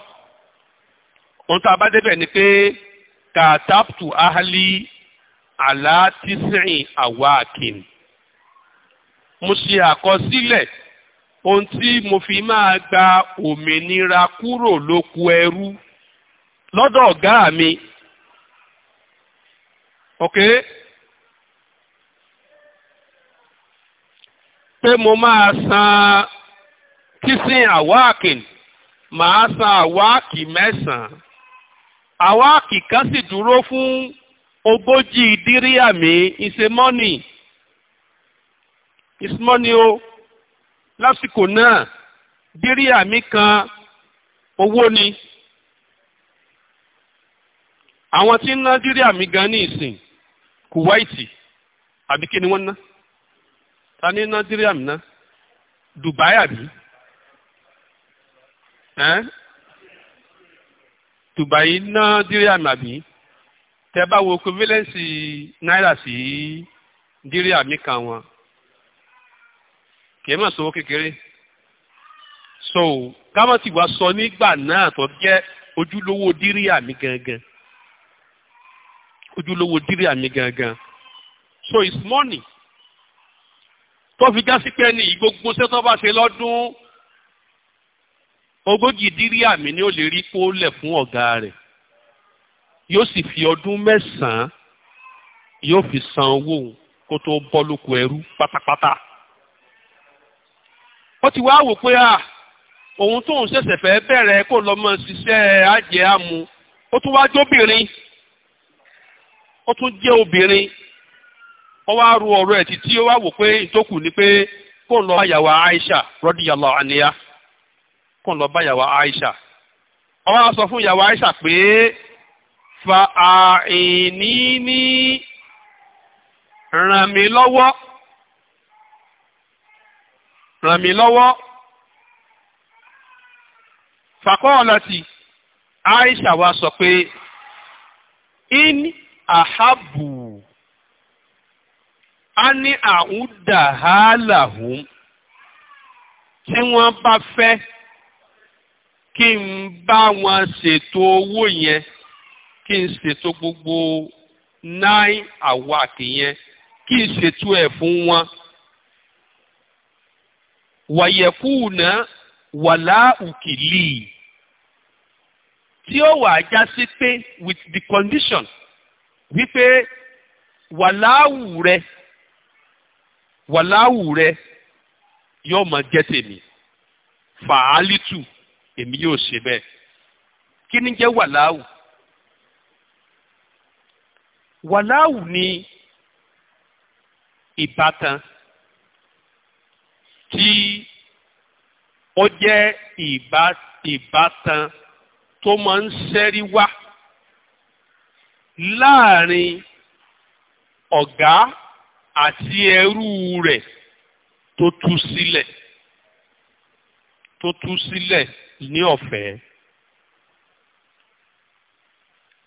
ohun tá a bá débẹ̀ ni pé kàtàpùtù ahali aláàtísìn àwáàkìn mo ṣe àkọsílẹ̀ ohun tí mo fi máa gba òmìnira kúrò lóko ẹrú. lọ́dọ̀ ọ̀gá mi ok pé mo máa san kissing awaakin màá san awaaki mẹ́sàn-án awaaki kan sì dúró fún ogójì díríà mi ìṣe mọ́nì ìṣmọ́nì o lásìkò náà díríà mi kan owó ni. àwọn tí ń ná mi gan ní ìsìn kuwaiti àbí kí ni wọ́n ná ta ní ná mi ná dubai àbí ẹ́n dubai ná díríà mi àbí tẹ bá wo equivalence náírà sí díríà mi kan wọn kì í mà sówó kékeré so kámọ́tì wa sọ nígbà náà tó jẹ́ ojúlówó díríà mi gangan ojúlówó díríà mi gangan so it's money tó fi já sí pé ní gbogbo ṣé tó bá ṣe lọ́dún ogójì díríà mi ni ó lè rí kó lẹ̀ fún ọ̀gá rẹ̀ yóò sì fi ọdún mẹ́sàn-án yóò fi san owó kó tó bọ́ lóko ẹrú pátápátá ó ti wá wò pé à òun tóun ṣẹ̀ṣẹ̀ fẹ́ bẹ̀rẹ̀ kó lọ́mọ ṣiṣẹ́ àjẹ́ àmu ó tún wá jóbìnrin ó tún jẹ́ obìnrin ó wá ru ọ̀rọ̀ ẹ̀ títí ó wá wò pé ìtókù ni pé kó ń lọ báyàwó Aisha radiyallahu anha kó ń lọ báyàwó Aisha ó wá sọ fún ìyàwó Aisha pé fa àìní ní ràn mí lọ́wọ́ ràn mí lọ́wọ́ fàkọ́ ọ̀làtì Aisha wa sọ pé in ahabu a ní àúdà hálàhùn tí wọ́n bá fẹ́ kí n bá wọn ṣètò owó yẹn kí n ṣètò gbogbo nine awak yẹn kí n ṣètò ẹ̀ fún wọn wàyẹ̀kú náà wàlá òkìlì tí ó wà á já sí pé with the condition wípé wàláwù rẹ wàláwù rẹ yóò máa jẹ́ tèmi fàálítù èmi yóò ṣe bẹ́ẹ̀ kí ni jẹ́ wàláwù wàláwù ni ìbátan tí ó jẹ́ ìbátan tó máa ń ṣẹ́rí wá láàrin ọ̀gá àti ẹrú rẹ̀ tó tú sílẹ̀ tó tú sílẹ̀ ní ọ̀fẹ́.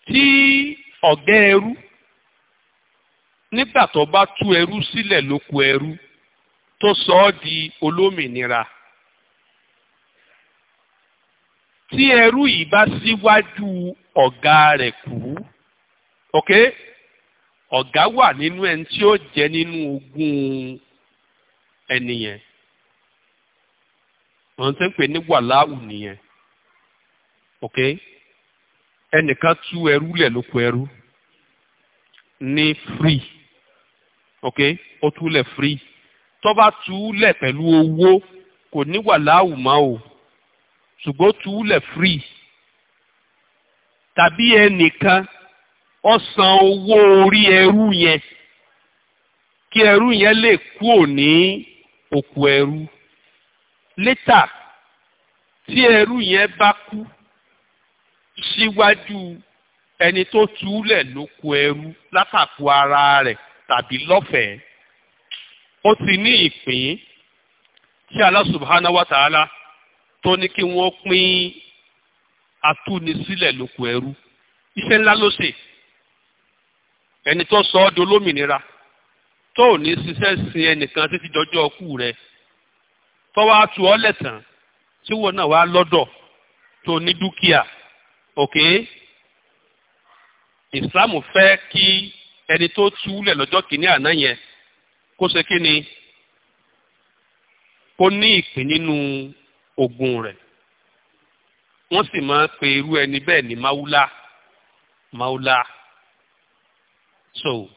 tí ọ̀gá ẹrú nígbà tó bá tú ẹrú sílẹ̀ lóko ẹrú tó sọ ọ́ di olómìnira. tí ẹrú yìí bá síwájú ọ̀gá rẹ̀ kú ok ọ̀gá wà nínú ẹni tí ó jẹ́ nínú ogún ẹnìyẹn wọ́n ti ń pè ní wàláhù nìyẹn ok ẹnìkan tú ẹrú lẹ̀ ló kó ẹrú ní free ok ó tú lẹ̀ free tó bá tú lẹ̀ pẹ̀lú owó kò ní wàláhù mọ́ o ṣùgbọ́n tú lẹ̀ free tàbí ẹnìkan. E ó san owó orí ẹrú yẹn kí ẹrú yẹn lè kúò ní òkú ẹrú létà tí ẹrú yẹn bá kú síwájú ẹni tó túlẹ̀ lóko ẹrú látàkù ara rẹ̀ tàbí lọ́fẹ̀ẹ́ ó ti ní ìpín tí Allah subhanahu wa ta'ala tó ní kí wọ́n pín atúnisílẹ̀ lóko ẹrú iṣẹ́ ńlá ló ṣe ẹni tó sọ ọ́ di olómìnira tó ò ní ṣiṣẹ́ sin ẹnìkan títí dọjọ́ ọkú rẹ tó wá tu ọ́ lẹ̀tàn tí wọn náà wá lọ́dọ̀ tó ní dúkìá òkè ìsìlámù fẹ́ kí ẹni tó túlẹ̀ lọ́jọ́ kìíní àná yẹn kó ṣe kí ni kó ní ìpín nínú ogún rẹ̀ wọ́n sì máa ń pe irú ẹni bẹ́ẹ̀ ní máwúlá máwúlá so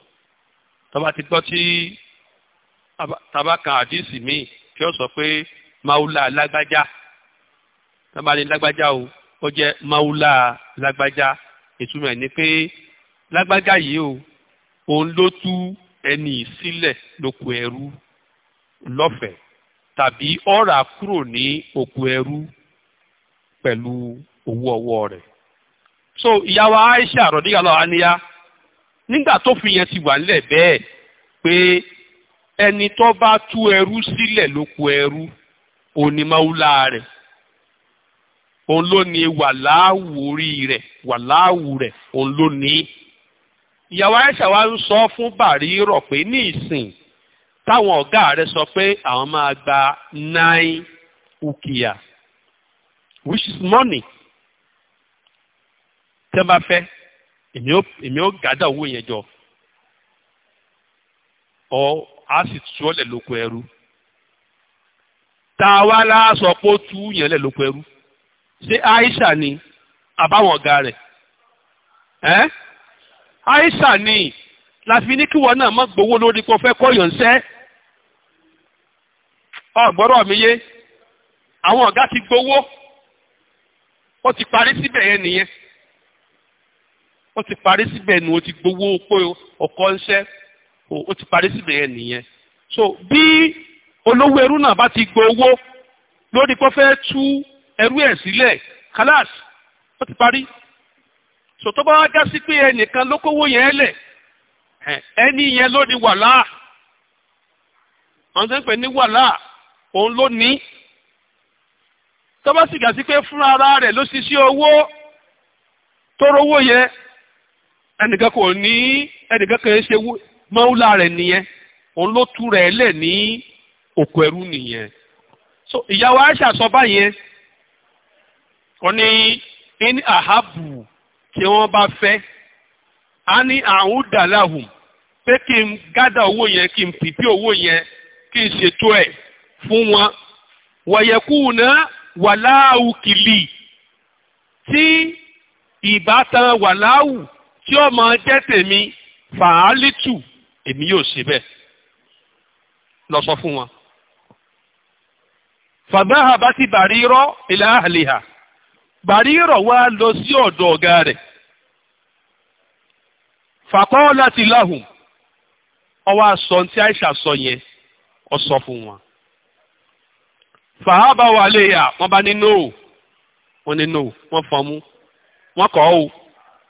tọba ti gbọ́ tí tàbá kan àdísì míì kí ó sọ pé maula lágbájá tọ́ba ní lágbájá o ó jẹ́ maula lágbájá ìtumọ̀ ẹ̀ ni pé lágbájá yìí o òun ló tú ẹni sílẹ̀ lóko ẹrú lọ́fẹ̀ẹ́ tàbí ọ̀rà kúrò ní oko ẹrú pẹ̀lú owó ọwọ́ rẹ̀ so ìyá wa Aisha rọ̀díyàlọ́ àníyá nígbà tó fi yẹn ti wà nílẹ̀ bẹ́ẹ̀ pé ẹni tó bá tú ẹrú sílẹ̀ ló kù ẹrú òní máwúlá rẹ̀ òun ló ní wàláwù orí rẹ̀ wàláwù rẹ̀ òun ló ní. ìyàwó Aisha wa ń sọ fún bàrí rọ̀ pé ní ìsìn táwọn ọ̀gá rẹ̀ sọ pé àwọn máa gba nine ukiya which is money tẹ́ bá fẹ́ èmi ó gàdá owó yẹn jọ ọ á sì tú ọ lẹ̀ lóko ẹrú tá a wá láàsọ pé ó tú yẹn lẹ̀ lóko ẹrú ṣé Aisha ni àbáwọn ọ̀gá rẹ̀ ẹ́ Aisha ni láfi ní kíwọ náà má gbowó lórí pé o fẹ́ kọ́ yọ̀ǹsẹ́ ọ̀gbọ́rọ̀ mi yé àwọn ọ̀gá ti gbowó ó ti parí síbẹ̀ yẹn nìyẹn ó ti parí síbẹ̀ nu ó ti gbowó pé ọkọ̀ ń ó ti parí síbẹ̀ yẹn nìyẹn so bí olówó ẹrú náà bá ti gbowó lórí pé ó fẹ́ tú ẹrú ẹ̀ sílẹ̀ kálás ó ti parí so tó bá wá já sí pé ẹnìkan ló kówó yẹn lẹ̀ ẹni yẹn ló ní wàhálà àwọn tó ń pè ní wàhálà òun ló ní tó sì gà sí pé fúnra ara rẹ̀ ló ṣiṣẹ́ owó tó rówó yẹ ẹnìkan kò ní ẹnìkan kò ṣe mọ́wúlà rẹ̀ nìyẹn òun ló tú rẹ̀ lẹ̀ ní òkú ẹrú nìyẹn so ìyàwó Aisha sọ báyẹn ó ní ní àhábù tí wọ́n bá fẹ́ a ní àwọn dàláhùn pé kí n gádà owó yẹn kí n pìpì owó yẹn kí n ṣètò ẹ̀ fún wọn wọ̀yẹ̀kú náà wàláhù kìlì tí ìbátan wàláhù tí ó máa jẹ́ tèmi fàálítù èmi yóò ṣe bẹ́ẹ̀ lọ sọ fún wọn. fàbáhà bá ti bàrí rọ ilẹ̀ àhàlìhà bàrí rọ wá lọ sí ọ̀dọ̀ ọ̀gá rẹ̀ fàkọ́ láti láhùn ọwọ́ aṣọ tí àìsà sọ yẹn ọ sọ fún wọn. fàábà wà léyà wọ́n bá ní nóò wọ́n ní nóò wọ́n fọ́n mú wọ́n kọ́ ọ́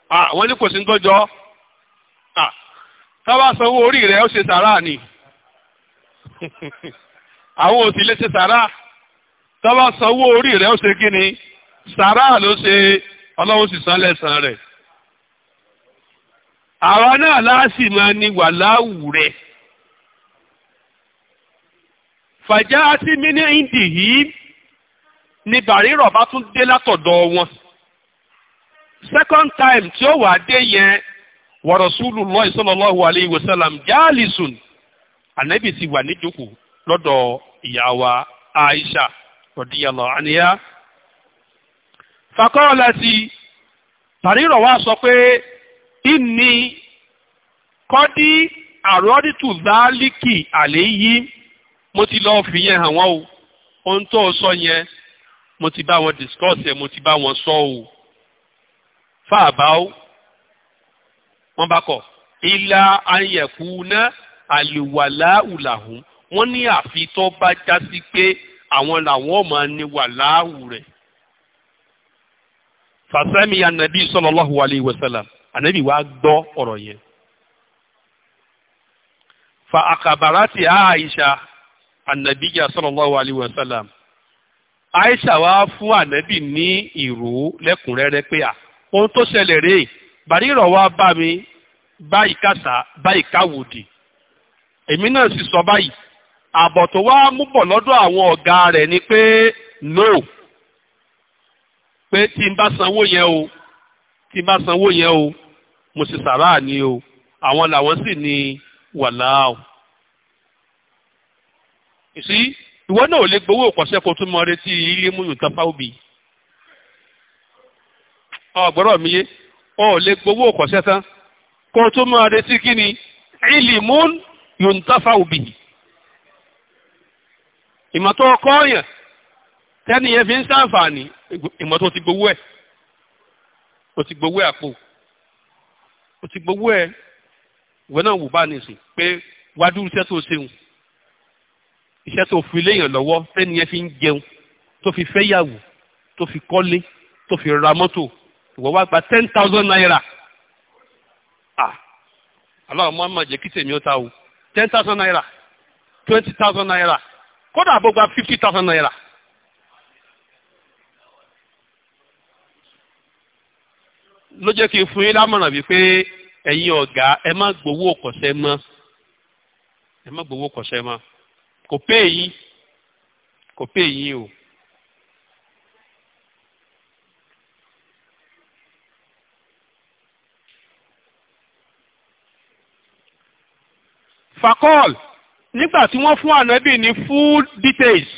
àwọn ní kò sí ń tọ́jọ́ táwa sanwó orí rẹ̀ ó ṣe sàrà ni <laughs> àwọn ò sì lè ṣe sàrà táwa sanwó orí rẹ̀ ó ṣe kí ni sàrà ló ṣe ọlọ́run sì san lẹ́sàn rẹ̀ àwa náà láàsì máa ní wàláwù rẹ̀ fàjá sí mí ní ìdí yìí ni bàrírọ̀ bá tún dé látọ̀dọ̀ wọn second time tí ó wà dé yẹn wa Rasulullah sallallahu alayhi wa sallam jalisun ànábì ti wà níjókòó lọ́dọ̀ ìyá wa Aisha radiyallahu anha fakọ́ọ̀lá ti tàrírọ̀ wá sọ pé inni kọ́dí àròdìtù zálíkì àléyí mo ti lọ́ọ́ fi yẹn hàn wọ́n o ohun tó sọ yẹn mo ti bá wọn discuss ẹ̀ mo ti bá wọn sọ o. So fàbáwò wọ́n bá kọ̀ ilá ayẹ̀kú ná àlèwàlá ùlàhùn wọ́n ní àfi tó bá já sí pé àwọn làwọn ọmọ ni wàláhù rẹ̀. fàṣẹ́mi anabi sallallahu alayhi wa sallam anabi wa gbọ́ ọ̀rọ̀ yẹn. fa àkàbàrà ti Aisha anabiya sallallahu alayhi wa sallam Aisha wa fún anabi ní ìró lẹ́kùnrẹ́rẹ́ pé à ohun tó ṣẹlẹ̀ rèé bàrírọ̀ wa bá mi báyìí kàṣà báyìí káwòdì èmi náà sì sọ báyìí àbọ̀ tó wá mú bọ̀ lọ́dọ̀ àwọn ọ̀gá rẹ̀ ni pé no pé tí n bá sanwó yẹn o tí n bá sanwó yẹn o mo sì sàrà ni o àwọn làwọn sì ni wàláò. ìsí ìwọ náà ò lè gbowó òkọ̀ṣẹ́ kó tún mọ retí ilé múlùú tán fáwọn bíi ọ̀gbọ́rọ̀ mi yé ọ lè gbowó òkọ̀ṣẹ́ tán kó o tún máa retí kí ni ìlìmún yòǹtàfà òbí ìmọ̀tọ́ ọkọ ọ̀yàn tẹ́ni yẹn fi ń ṣàǹfààní ìmọ̀tọ́ ti gbowó ẹ̀ o ti gbowó ẹ̀ àpò o ti gbowó ẹ̀ ìwọ náà wò bá nìsín pé wájú iṣẹ́ tó ṣeun iṣẹ́ tó fi léèyàn lọ́wọ́ tẹ́ni yẹn fi ń jẹun tó fi fẹ́yàwó tó fi kọ́lé tó fi ra mọ́tò ìwọ wá gba ten thousand naira ah aláwọ̀ mọ́ àmọ́ jẹ́ kí tèmi ó ta o ten thousand naira twenty thousand naira kódà àbó gba fifty thousand naira. ló jẹ́ kí n fún yín lámọ̀ràn wípé ẹ̀yin ọ̀gá ẹ má gbowó kọ̀ṣẹ́ mọ́ ẹ má gbowó kọ̀ṣẹ́ mọ́ kò pé yín kò pé yín o. fakọ́l nígbà tí wọ́n fún ànábì ní full details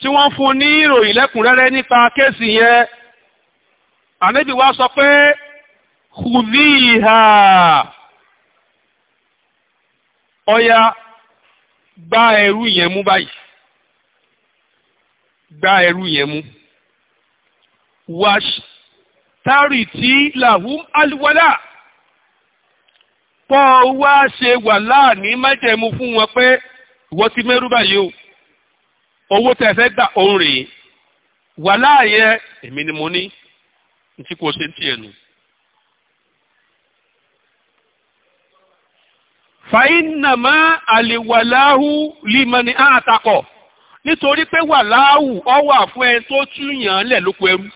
tí wọ́n fún ní ìròyìn lẹ́kùnrẹ́rẹ́ nípa kéèsì yẹn ànábì wá sọ pé kùdíhà ọya gba ẹrú yẹn mú báyìí gba ẹrú yẹn mú wàṣ tárì tí làhùn kọ́ ọ wá ṣe wà láàní májẹ̀mú fún wọn pé ìwọ ti mẹ́rú báyìí o owó tẹ̀ fẹ́ gbà òun rèé wà láàyè èmi ni mo ní ntí kò ṣe ń tiẹ̀ nù. fàínàmá àlèwàláhù límọ̀ni àtakọ̀ nítorí pé wàláhù ọ wà fún ẹ tó yàn án lẹ̀ lóko ẹrú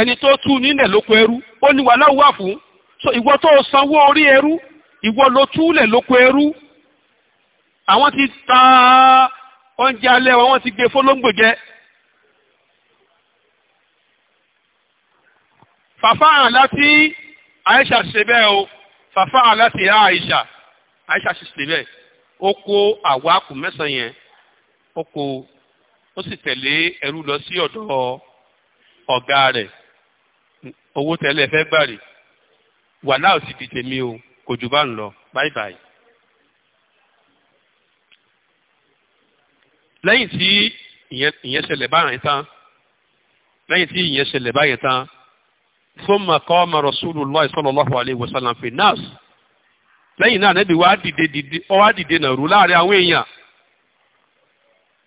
ẹni tó tú nílẹ̀ lóko ẹrú ó ní wàláhù wà fún. so ìwọ tó sanwó orí ẹrú ìwọ ló túlẹ̀ lóko ẹrú àwọn ti ta oúnjẹ alẹ́ wọn wọ́n ti gbé fọlọ́ngbò jẹ. fàfáà láti Aisha ṣe bẹ́ẹ̀ o fàfáà láti Aisha Aisha ṣe ṣe bẹ́ẹ̀ ó kó àwákù mẹ́sàn-án yẹn ó kó ó sì tẹ̀lé ẹrú lọ sí ọ̀dọ̀ ọ̀gá rẹ̀ owó tẹ́lẹ̀ fẹ́ gbà rèé wàhálà ò sì di tèmi o kò jù bá ń lọ bye bye. lẹ́yìn tí ìyẹn ṣẹlẹ̀ báyìí tán lẹ́yìn tí ìyẹn ṣẹlẹ̀ báyìí tán thumma qama Rasulullah sallallahu alayhi wa sallam fi nas lẹ́yìn náà nẹ́bí wá dìde dìde ó wá dìde nàró láàrin àwọn èèyàn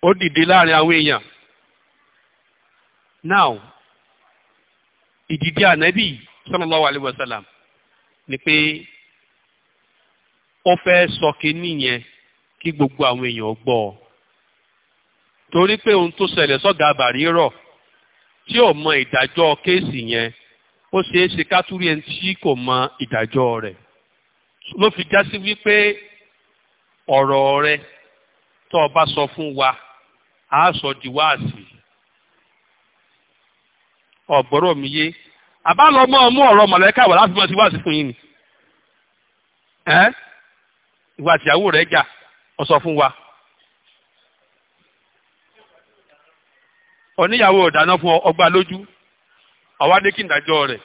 ó dìde láàrin àwọn èèyàn now ìdìde ànẹ́bí sallallahu alayhi wa ni pé ó fẹ́ sọ kinní yẹn kí gbogbo àwọn èèyàn gbọ́ ọ torí pé ohun tó ṣẹlẹ̀ sọ́gà àbàrírọ̀ tí ò mọ ìdájọ́ kéèsì yẹn ó ṣeé ṣe ká túrí ẹni tí kò mọ ìdájọ́ rẹ̀ ló fi já sí wípé ọ̀rọ̀ rẹ̀ tó o bá sọ fún wa a sọ di wáàsì ọ̀gbọ́rọ̀ mi yé àbá lọ mọ́ ọmú ọ̀rọ̀ mọ̀lẹ́kà wà láti mọ́ sí wáàsí fún yín ni ẹ́ ìwà àtìyàwó rẹ̀ jà ọ sọ fún wa oníyàwó ọ̀dáná fún ọgbà lójú ọwá dé kí n dájọ́ rẹ̀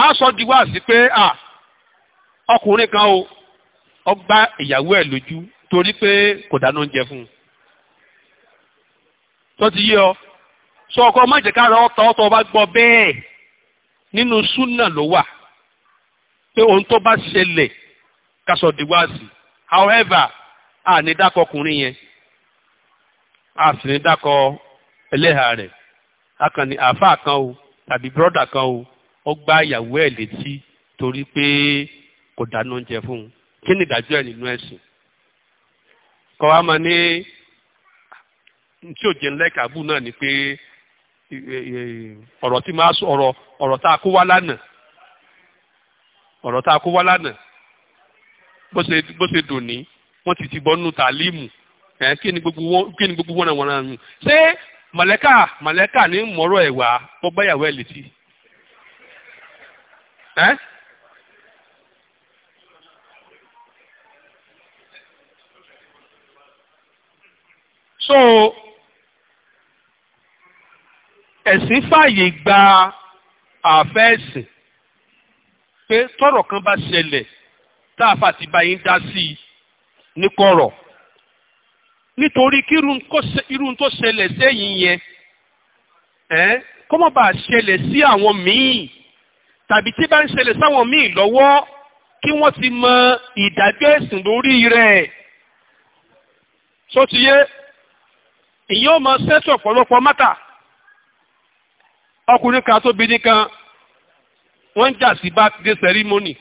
á sọ di wáàsí pé à ọkùnrin kan o ọgbà ìyàwó ẹ̀ lójú torí pé kò dáná oúnjẹ fún un tó ti yé ọ sọ ọkọ má jẹ́ ká rọ ọtọ ọtọ ọba gbọ́ bẹ́ẹ̀ nínú súnà ló wà pé ohun tó bá ṣẹlẹ̀ kásọ̀ dìwáàsì however a ní dákọ̀ ọkùnrin yẹn a sì ní dákọ̀ ẹlẹ́hà rẹ̀ a kàn ní àáfàá kan o tàbí bírọ́dà kan o ó gbá ìyàwó ẹ̀ létí torí pé kò dáná oúnjẹ fún un kí ni ìdájọ́ ẹ̀ nínú ẹ̀sìn kọ́ wa máa ní tí ò jẹun lẹ́kàbù náà ni pé ọ̀rọ̀ tí máa sọ ọ̀rọ̀ ọ̀rọ̀ tá a kó wá lánàá ọ̀rọ̀ tá a kó wá lánàá bó ṣe bó ṣe dùn ní wọ́n ti ti bọ́nú tàlímù ẹ̀ kí ni gbogbo wọn kí ni gbogbo wọn náà wọn náà nù ṣé mọ̀lẹ́kà mọ̀lẹ́kà ní mọ̀rọ̀ ẹ̀wà bọ́gbáyàwó ẹ̀ létí ẹ́ so ẹ̀sìn fààyè gba àfẹ́ẹ̀sìn pé tọ́rọ̀ kan bá ṣẹlẹ̀ tá a fà ti bá yín dá sí i ní kọ̀rọ̀ nítorí kí irú tó ṣẹlẹ̀ sẹ́yìn yẹn ẹ́ kó má bàa ṣẹlẹ̀ sí àwọn míì tàbí tí bá ń ṣẹlẹ̀ sáwọn míì lọ́wọ́ kí wọ́n ti mọ ìdájọ́ ẹ̀sìn lórí rẹ̀ sọ́tìyé ìyẹn ó máa ọ̀pọ̀lọpọ̀ mátà ọkùnrin kan tóbìnrin kan wọ́n ń jà sí bátidé sẹ́rímọ́nì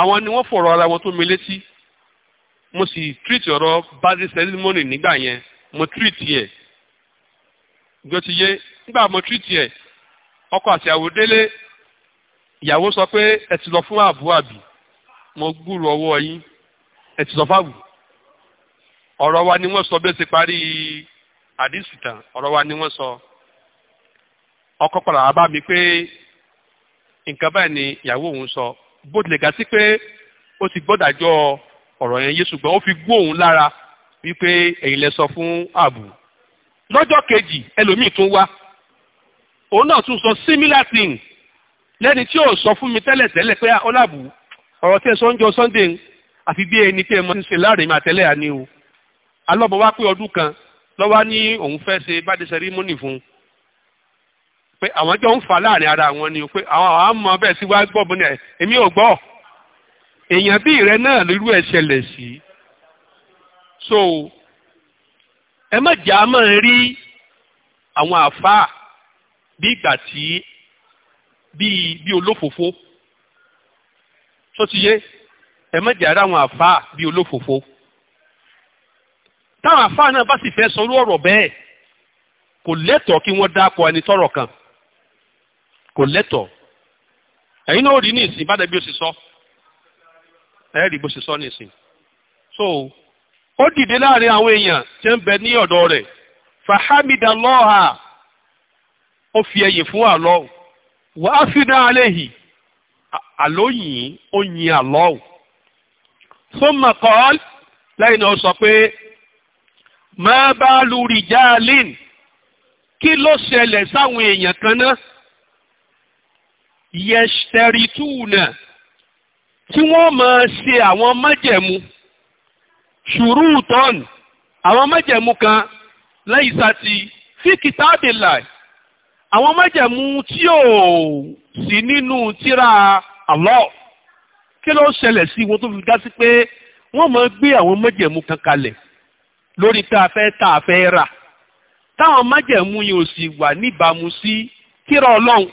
àwọn ni wọ́n fọ̀rọ̀ ara wọn tó mi létí mo sì tírìtì ọ̀rọ̀ bátidé sẹ́rímọ́nì nígbà yẹn mo tírìtì ẹ̀ gbòtìyé nígbà mo tírìtì ẹ̀ ọkọ àti ìyàwó délé ìyàwó sọ pé ẹ ti lọ fún àbú àbí mo gbúrò ọwọ́ yín ẹ ti sọ fáwù ọ̀rọ̀ wa ni wọ́n sọ bẹ́ẹ̀ ti parí àdìsítà ọ̀rọ̀ wa ni wọ́n sọ. So ọkọ padà bá mi pé nǹkan báyìí ni ìyàwó òun sọ bó tilẹ̀ ga sí pé ó ti gbọ́dàjọ́ ọ̀rọ̀ yẹn yé ṣùgbọ́n ó fi gbó òun lára wípé ẹ̀yin lẹ sọ fún ààbò lọ́jọ́ kejì ẹlòmíì tún wá òun náà tún sọ similar thing lẹ́ni tí ò sọ fún mi tẹ́lẹ̀ tẹ́lẹ̀ pé ọlábù ah, ọ̀rọ̀ tí ẹ sọ ń jọ Sunday àfi bí ẹni tí ẹ mọ ṣe láàrin máa tẹ́lẹ̀ àní alọ́bọ̀ wá pé ọdún kan lọ́wọ́ ní òun fẹ́ ṣe bá dé sẹ́rímọ́nì fún un pé àwọn jọ ń fà láàrin ara wọn ni pé àwọn àwọn àmọ́ bẹ́ẹ̀ sí wá gbọ́ bó ní ẹ̀ èmi ò gbọ́ èèyàn bí rẹ náà lórí ẹ̀ ṣẹlẹ̀ sí so ẹ má jà á máa rí àwọn àfáà bí ìgbà tí bíi bíi olófòfó tó ti yé ẹ má jà á rí àwọn àfáà bíi olófòfó táwọn àfáà náà bá sì fẹ́ sọ orú ọ̀rọ̀ bẹ́ẹ̀ kò lẹ́tọ̀ọ́ kí wọ́n dáko ẹni tọ́rọ̀ kan kò lẹ́tọ̀ ẹ̀yin náà rí ní ìsìn bá dẹ̀bi ó sì sọ ẹ̀ rí bó sì sọ ní ìsìn so ó dìde láàrin àwọn èèyàn tí ń bẹ ní ọ̀dọ̀ rẹ̀ fahamida lọ́ha ó fi ẹ̀yìn fún àlọ́ wà á fi dá aléhì àlọ́ yìí ó yin àlọ́ thumma qal lẹ́yìn náà sọ pé má bá lu rìjálìn kí ló ṣẹlẹ̀ sáwọn èèyàn kan náà yẹsẹ̀rìtúùnà tí wọ́n máa ṣe àwọn májẹ̀mú ṣùrùtọ́n àwọn májẹ̀mú kan lẹ́yìn sátì fi kìtàbìlà àwọn májẹ̀mú tí ò sí nínú tírà Allah kí ló ṣẹlẹ̀ sí wọn tó fi dá sí pé wọ́n máa gbé àwọn májẹ̀mú kan kalẹ̀ lórí tá a fẹ́ tá a fẹ́ rà táwọn májẹ̀mú yìí ò sì wà níbàámu sí tírà Ọlọ́run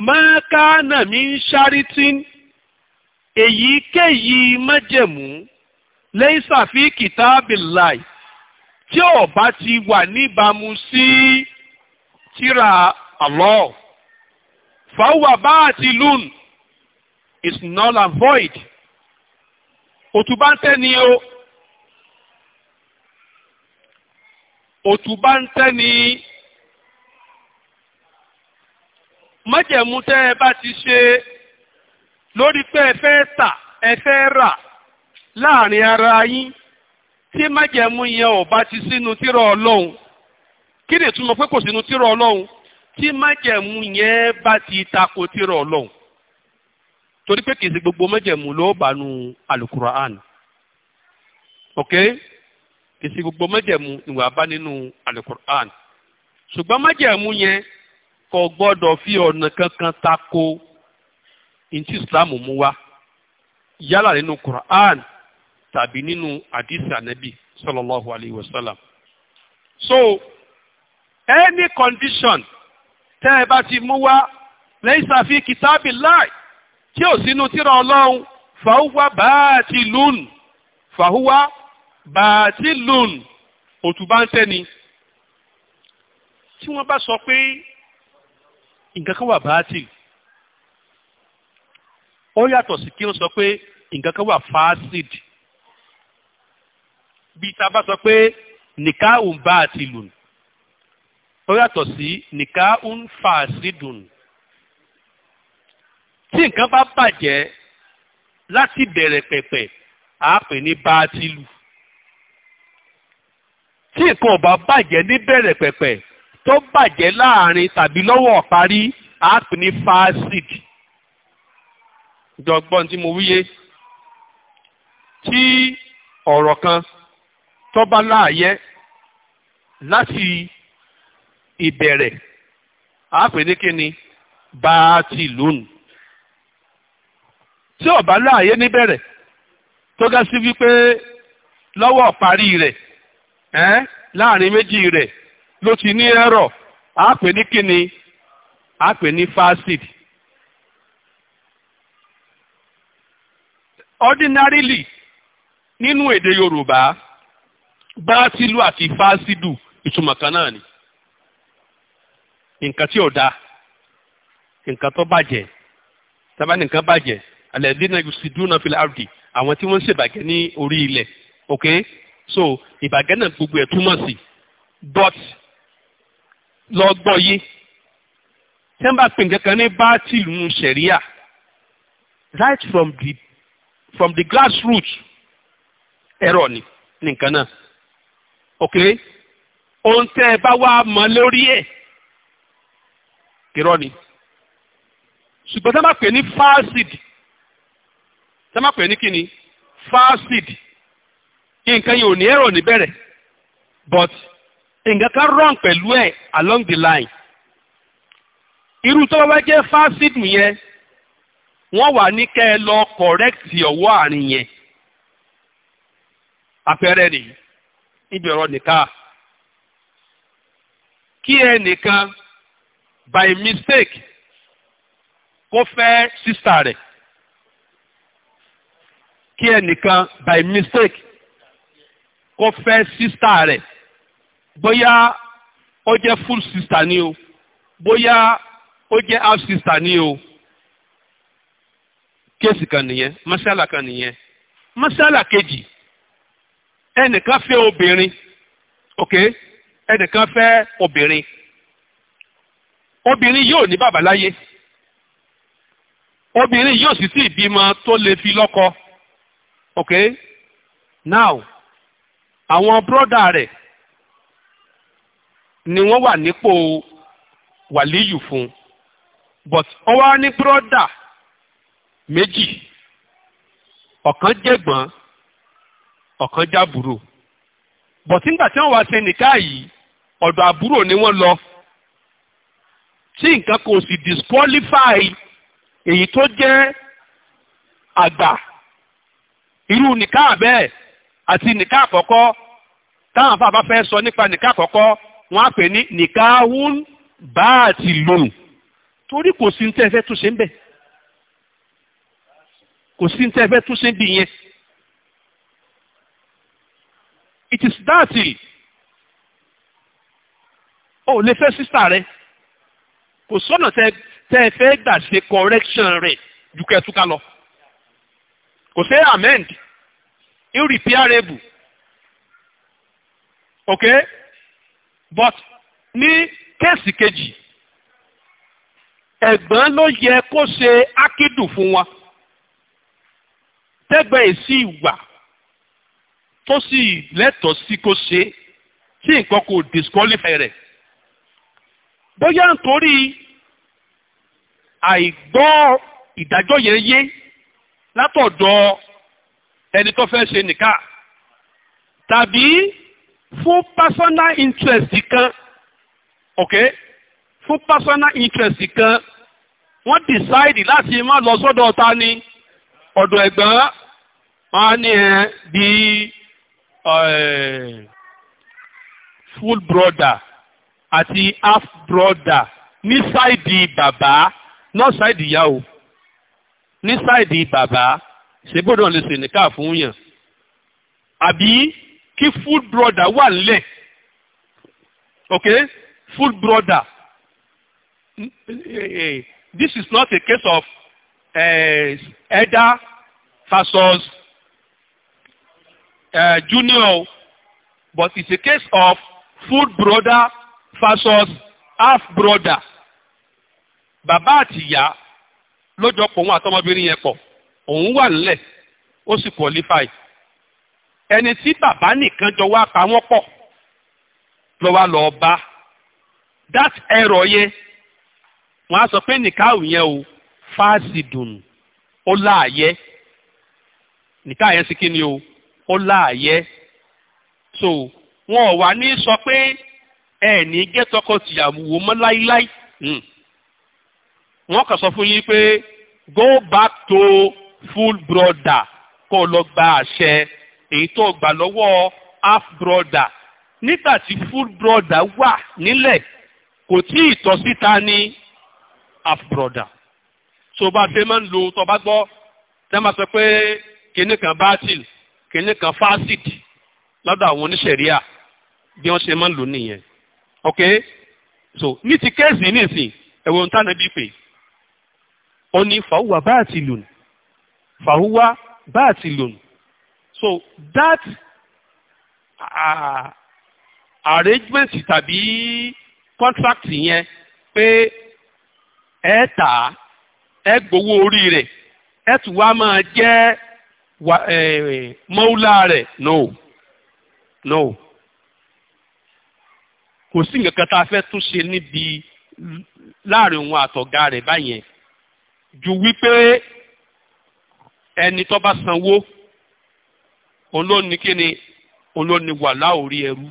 mọ́kánà mi ń ṣárítín èyíkéyìí májẹ̀mú lẹ́yìnsà fi kìtàbíláì tí ó bá ti wà níbàámu sí tírà Allah fàáwà bá àti lùn is null and void òtúbá ń tẹ́ni o òtúbá ń tẹ́ni. májẹ̀mú tẹ́ ẹ bá ti ṣe lórí pé ẹ fẹ́ tà ẹ fẹ́ rà láàrin ara yín tí májẹ̀mú yẹn ò bá ti sínú tírà ọlọ́run kí ni ìtumọ̀ pé kò sínú tírà ọlọ́run tí májẹ̀mú yẹn bá ti takò tírà ọlọ́run torí pé kìí ṣe gbogbo májẹ̀mú ló bá nu alukura'an ok kìí ṣe gbogbo májẹ̀mú ìwà bá nínú alukura'an ṣùgbọ́n májẹ̀mú yẹn kò gbọ́dọ̀ fi ọ̀nà kankan tako ntí islam mú wá yálà nínú quran tàbí nínú hadith anabi sallallahu alayhi wa sallam so any condition tẹ́ ẹ bá ti mú wá lẹ́yìn sàfi kìtàbí láì tí ò sínú tírà ọlọ́run fàhùwà bàtí lùn fàhùwà bàtí lùn òtún bá ń tẹ́ni tí wọ́n bá sọ pé nǹkan kan wà báàtì ó yàtọ̀ sí kí ó sọ pé nǹkan kan wà fásid bí ta bá sọ pé nìkáhùn báàtì lùn ó yàtọ̀ sí nìkáhùn fásidùn tí nǹkan bá bàjẹ́ láti bẹ̀rẹ̀ pẹ̀pẹ̀ á pè ní báàtì tí nǹkan ò bá bàjẹ́ ní bẹ̀rẹ̀ pẹ̀pẹ̀ tó bàjẹ́ láàrin tàbí lọ́wọ́ parí á pè ní fasid jọgbọ́n tí mo wíyé tí ọ̀rọ̀ kan tó bá láàyè láti ìbẹ̀rẹ̀ á pè ní kíni báàtì lónìí tí ó bá láàyè níbẹ̀rẹ̀ tó ga sí wípé lọ́wọ́ parí rẹ̀ ẹ́ láàrin méjì rẹ̀ ló ti ní ẹ̀rọ a pè ní kíni a pè ní fasid. ordinarily nínú èdè Yorùbá bátílù àti fásidù ìtumọ̀ kan náà ni nǹkan tí ò da nǹkan tó bàjẹ́ tábà nǹkan bàjẹ́ alẹ́dínà yusiduna fil ardi àwọn tí wọ́n ń ṣèbàjẹ́ ní orí ilẹ̀ ok so ìbàjẹ́ náà gbogbo ẹ̀ túmọ̀ sí but lọ gbọ́ yé tí wọ́n bá pè kankan ní bátìlù ń ṣẹ̀ríà right from the from the grassroots ẹ̀rọ ni nìkan náà ok ohun tẹ́ ẹ bá wá mọ́ lórí ẹ̀ kìrọ́ ni ṣùgbọ́n tí wọ́n bá pè ní fásid tí wọ́n pè ní kíni fásid nǹkan yìí ò ní ẹ̀rọ níbẹ̀rẹ̀ but nǹkan kan wrong pẹ̀lú ẹ̀ along the line irú tó bá wá jẹ́ fásitì yẹn wọ́n wà ní kẹ́ ẹ lọ kọ̀rẹ́kìtì ọ̀wọ́ àárín yẹn àpẹẹrẹ nìyí níbi ọ̀rọ̀ nìka kí ẹnìkan by mistake kó fẹ́ sísà rẹ̀ kí ẹnìkan by mistake kó fẹ́ sísà rẹ̀ bóyá ó jẹ́ full sister ni o bóyá ó jẹ́ half sister ni o kéèsì kan nìyẹn masala kan nìyẹn masala kejì ẹnìkan fẹ́ obìnrin ok ẹnìkan fẹ́ obìnrin obìnrin yóò ní bàbá láyé obìnrin yóò sì sí ìbímọ tó lè fi lọ́kọ ok now àwọn brọ́dà rẹ̀ ni wọ́n wà nípò wàlíyù fún but wọ́n wá ní bírọ́dà méjì ọ̀kan jẹ̀gbọ́n ọ̀kan jábúrò but nígbà tí wọ́n wá ṣe nìkan yìí ọ̀dọ̀ àbúrò ni wọ́n lọ tí nǹkan kò sì disqualify èyí tó jẹ́ àgbà irú nìkan bẹ́ẹ̀ àti nìkan àkọ́kọ́ táwọn afáfá fẹ́ sọ nípa nìkan àkọ́kọ́ wọ́n á pè ní nìkahun báàtì lónù torí kò sí ní tẹ́ ẹ fẹ́ túnṣe ń bẹ̀ kò sí ní tẹ́ ẹ fẹ́ ń bì yẹn it is báàtì o lè fẹ́ sísà rẹ kò sọ́nà tẹ́ gbà ṣe correction rẹ̀ ju kẹtùkà lọ kò sí amend irreparable okay but ní kéèsì kejì ẹ̀gbọ́n ló yẹ kó ṣe ákídù fún wọn tẹ́gbẹ́ èsì ìwà tó sì lẹ́tọ̀ọ́ sí kó ṣe tí nǹkan kò disqualify rẹ̀ bóyá nítorí àìgbọ́ ìdájọ́ yẹn yé látọ̀dọ̀ ẹni tó fẹ́ ṣe nìka tàbí fún personal interest kan ok fún personal interest kan wọ́n decide láti má lọ sọ́dọ̀ ta ni ọ̀dọ̀ ẹ̀gbọ́n wọn ní ẹ bí eh, full brother àti half brother ní sáìdì bàbá náà sáìdì ìyá o ní sáìdì bàbá ṣe gbọ́dọ̀ lè ṣe nìkà fún yàn àbí kí food brother wà nílẹ̀ ok food brother this is not a case of uh, elder versus uh, junior but it's a case of food brother versus half brother bàbá àti ìyá lọ́jọ́ pọ̀ òun àtọmọbìnrin yẹn pọ̀ òun wà nílẹ̀ ó sì qualify ẹni tí bàbá nìkan jọ wá pa wọ́n pọ̀ lọ wá lọ bá that error yẹn wọ́n á sọ pé nìkáwù yẹn o fáàsì dùn ó láàyè nìkáà yẹn sì kí ni o ó láàyè so wọn ò wá ní sọ pé ẹ ní gẹ́ tọkọ-tìyàwó mọ́ láíláí hmm. wọ́n kàn sọ fún yín pé go back to full brother kó o lọ gba àṣẹ èyí tó gbà lọ́wọ́ half brother nígbà tí full brother wà nílẹ̀ kò tí ì tọ́ síta ní half brother tó bá fẹ́ máa ń lo tó bá gbọ́ tẹ́ máa sọ pé kinní kan batil kinní kan fasit lọ́dọ̀ àwọn oníṣẹ̀ríà bí wọ́n ṣe máa ń lò nìyẹn ok so ní ti kéèsì nísìn ẹ̀wọ̀n tánà bí pé ó ní fàhùwà báàtì lòun fàhùwà báàtì lòun so that uh, arrangement tàbí contract yẹn pé ẹ tà ẹ gbowó orí rẹ̀ ẹ tún wá máa jẹ́ mọ́úlá rẹ̀ no no kò sí nǹkan kan tá a fẹ́ tún ṣe níbi láàrin òun àtọ̀gá rẹ̀ báyẹn ju wípé ẹni tó bá sanwó òun ló ní kíni òun ló ní wàhálà orí ẹrú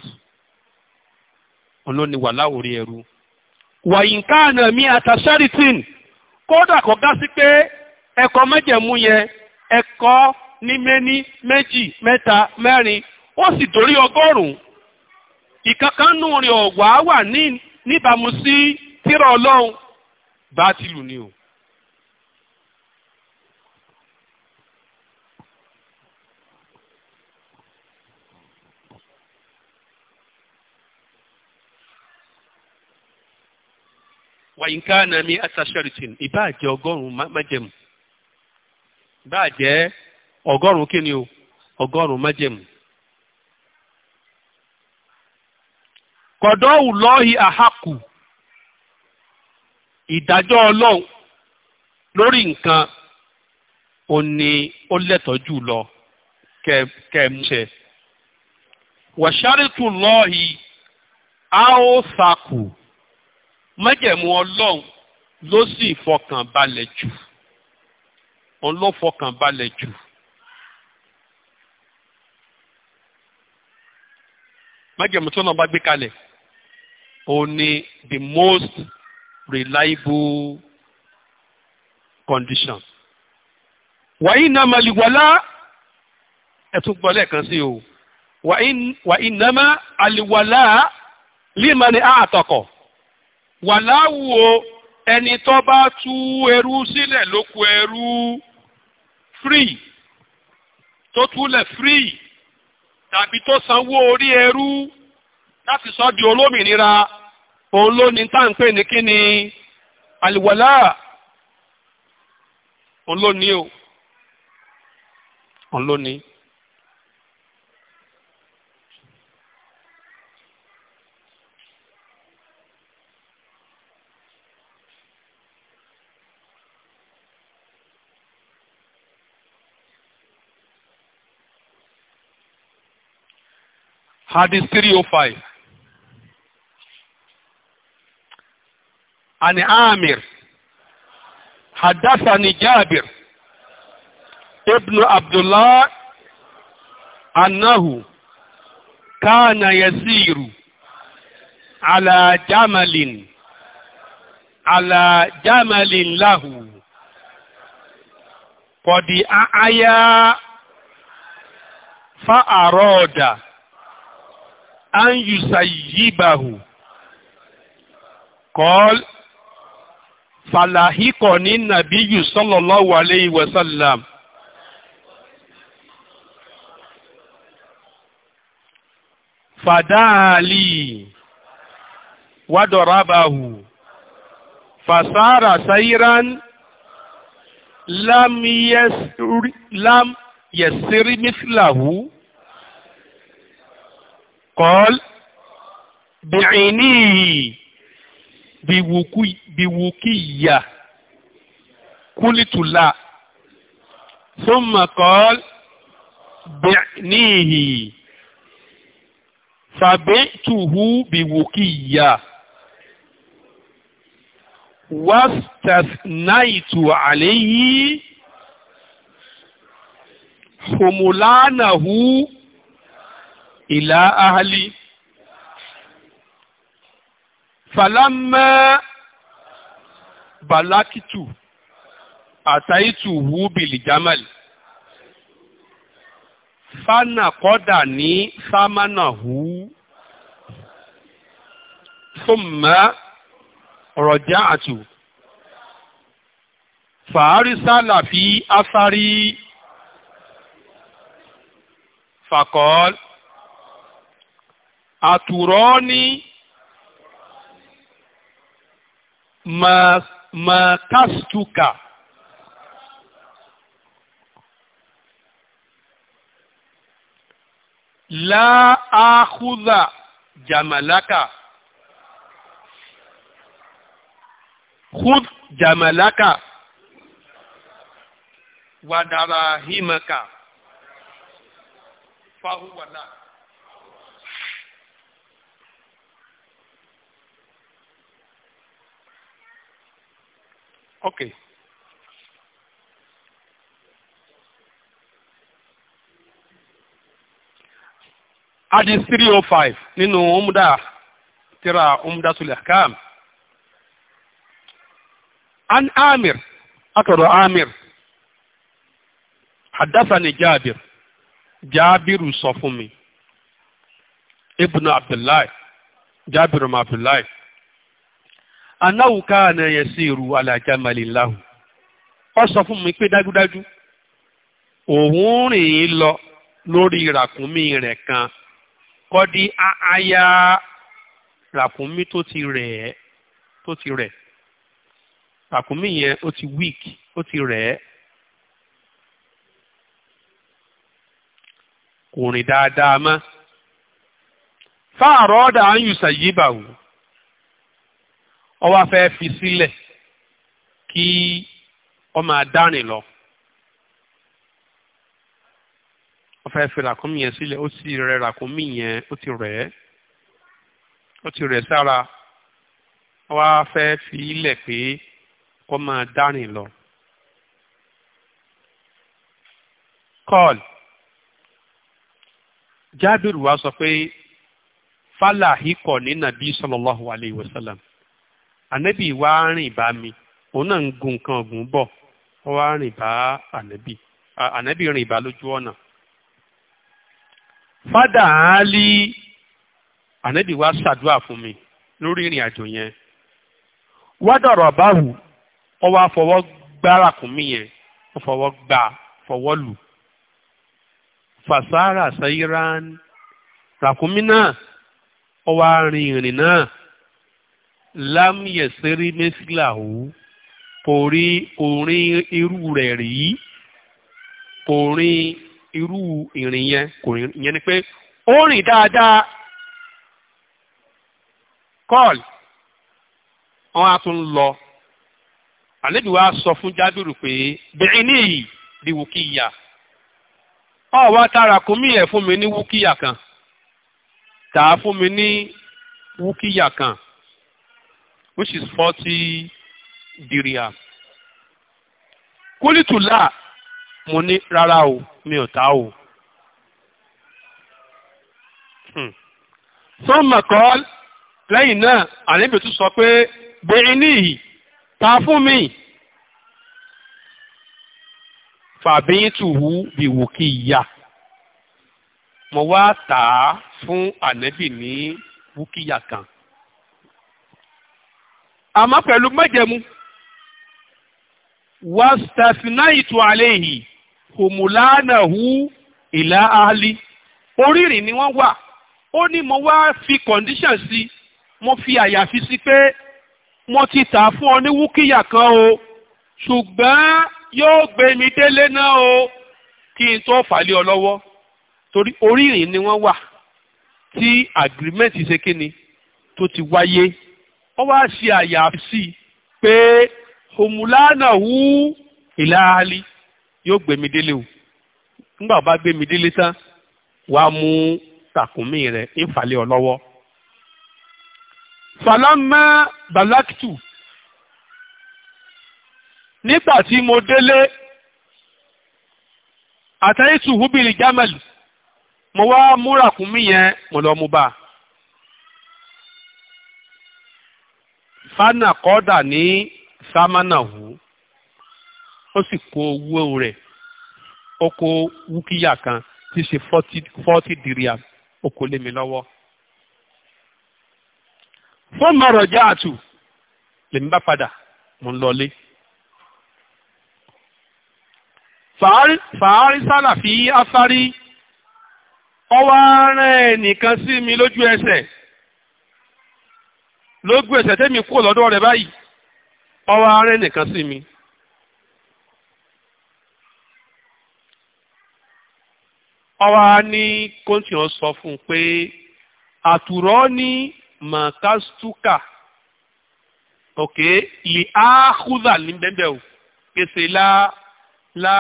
òun ló ní ẹrú. wàyínká àná mi àtàṣẹ́rìtìn kódà kò gá sí pé ẹ̀kọ́ mẹ́jẹ̀mú yẹn ẹ̀kọ́ ní méní méjì mẹ́ta mẹ́rin ó sì dórí ọgọ́rùn-ún ìkankanú rẹ̀ ọ̀wá wà ní níbàámu sí tírà ọlọ́run bá ti lù ní o. wàyínká nami asasẹ́rìtìn ìbáàjẹ́ ọgọ́rùn-ún májẹ̀mú ìbáàjẹ́ ọgọ́rùn-ún kí ni o ọgọ́rùn-ún májẹ̀mú. kọ̀dọ̀ ọ̀lọ́hì àhàkù ìdájọ́ ọlọ́run lórí nǹkan ò ní ó lẹ́tọ̀ọ́ jù lọ kẹ́ẹ̀mùṣẹ. wàṣárìtù lọ́hì áó sàkù májẹ̀mú ọlọ́run ló sì fọkàn balẹ̀ jù òun ló fọkàn balẹ̀ jù. májẹ̀mú tó náà bá gbé kalẹ̀ òun ni the most reliable condition. wàyí náà màlìwàlá ẹ̀tún gbọ́ lẹ́ẹ̀kan sí o wàyí náà màlìwàlá límọ̀ ni àtọkọ̀ wàláwù o ẹni tó bá tú ẹrú sílẹ̀ lóko ẹrú free tó túlẹ̀ free tàbí tó sanwó orí ẹrú láti sọ di olómìnira òun ló ní tá à ń pè ní kíni àlùwàlá òun ló ní o òun ló ní. hadith 305 عن عامر حدثني جابر ابن عبد الله أنه كان يسير على جمل على جمل له قد أعيا فأراد أن يسيبه قال فلاحقني النبي صلى الله عليه وسلم فدعا لي وضربه فصار سيرا لم يسر لم يسر مثله قال بعينيه بوكي بوكية قلت لا ثم قال بعنيه فبعته بوكية واستثنيت عليه حملانه ìlà ahali falama balakitu àtàìtù wúbìlì jamali fana kọ́dà ní fámánà hù thumma raja'atu fàárísàlà fi afárí fàkọ́ọ́lù aturani ma ma kastuka la akhudha jamalaka khudh jamalaka wa darahimaka fahuwa Okay. Adi 305 nínú Umda tírà Umda Sulakam. An Amir, atọ̀dọ̀ Amir, Haddasani Jabir, Jabiru sọ fún mi, Ibn Abdullahi, Jabiru Abdullahi anáwó káàna yẹn sí irú alájà màlìláhù ọ sọ fún mi pé dájúdájú òun rìn ín lọ lórí ràkúnmí rẹ̀ kan kọ́dí aya ràkúnmí tó ti rẹ̀ ẹ́ tó ti rẹ̀ ràkúnmí yẹn ó ti weak ó ti rẹ̀ ẹ́ kò rìn dáadáa mọ́ fáàrọ̀ ọ̀dà ayùsà yìí bàwò ó wá fẹ́ fi sílẹ̀ kí ó máa dárìn lọ. ó fẹ́ fi ràkúnmí yẹn sílẹ̀ ó sì rẹ ràkúnmí yẹn ó ti rẹ̀ ẹ́ ó ti rẹ̀ sára ó wá fẹ́ fi ilẹ̀ pé kó máa dárìn lọ. kọ́ọ̀lù jábìrì wa sọ pé fàlàhí kọ̀ ní nàbí sallallahu alayhi Anabi wá rìn bá mi òun náà ń gun nǹkan ọ̀gùn bọ̀ ó wá rìn bá ànábì ànábì rìn bá lójú ọ̀nà. fádà áálí ànábì wá ṣàdúrà fún mi lórí ìrìn àjò yẹn wádọ̀rọ̀ báwù ó wá fọwọ́ gbára kùn mí yẹn ó fọwọ́ gbá fọwọ́ lù fàṣàrà sẹ́yìnrán ràkúnmí náà ó wá rin ìrìn náà lámìyẹ̀sẹ̀rí mẹ́sìláhù kò rí orin irú rẹ̀ rí kò rí irú ìrìn yẹn kò rí yẹn ni pé ó rìn dáadáa kọ́ọ̀l wọ́n á tún lọ àlejò wa sọ fún jábìrì pé bẹ̀rẹ̀ ní èyí di wùkìyà ọ̀ wá tààrà kún mí ẹ̀ fún mi ní wùkìyà kan tàá fún mi ní wùkìyà kan which is forty dirham. kólítùlá mo ní rárá o mi ò ta o. sọ́mà hmm. kọ́ lẹ́yìn náà àníbi tún sọ pé bẹ́ẹ̀ níyì ta fún mi. fàbíyín tùhú bìwò kì í yá mo wá tà á fún ànẹ́bì ní wúkìyà kan àmọ́ pẹ̀lú mẹ́jẹ̀mú wàstàfínà ìtò àléhì hu ìlà àálí orírì ni wọ́n wà ó ní mo wá fi condition sí mo fi àyàfi sí pé mo ti tà fún ọ ní wúkìyà kan o ṣùgbọ́n yóò gbé mi délé náà o kí n tó fàlẹ́ ọ lọ́wọ́ torí orírì ni wọ́n wà tí agreement ṣe kíni tó ti wáyé ó wá ṣe àyàfi sí i pé òmùlánà wú ìlàálí yóò gbèmí délé o nígbà bá gbèmí délé tán wàá mú tàkùnmí rẹ̀ ìfàlẹ́ ọ lọ́wọ́ fàlámà bàlákìtù nígbà tí mo délé àtẹ́yìtù húbìlì jámẹ́lì mo wá múràkùnmí yẹn mo lọ mú bá a. fana kọ́dà ní samanahu ó sì kó owó rẹ̀ ó kó wúkíyà kan tí í ṣe forty diriam ó kó lé mi lọ́wọ́. fún mọ̀rọ̀jà àtù lèmi bá padà mo ń lọlé. fàárí sálà fi ásárí ọwọ́ ara ẹ̀ nìkan sí mi lójú ẹsẹ̀ ló gbé ẹsẹ̀ tẹ́mi kúrò lọ́dọ̀ rẹ̀ báyìí ọwọ́ ààrẹ nìkan sí mi. ọwọ́ a ní kóńtìyàn sọ fún un pé àtùrọ́ ní makastuka òkè lè áhùdà ní bẹ́ẹ̀ o pèsè lá lá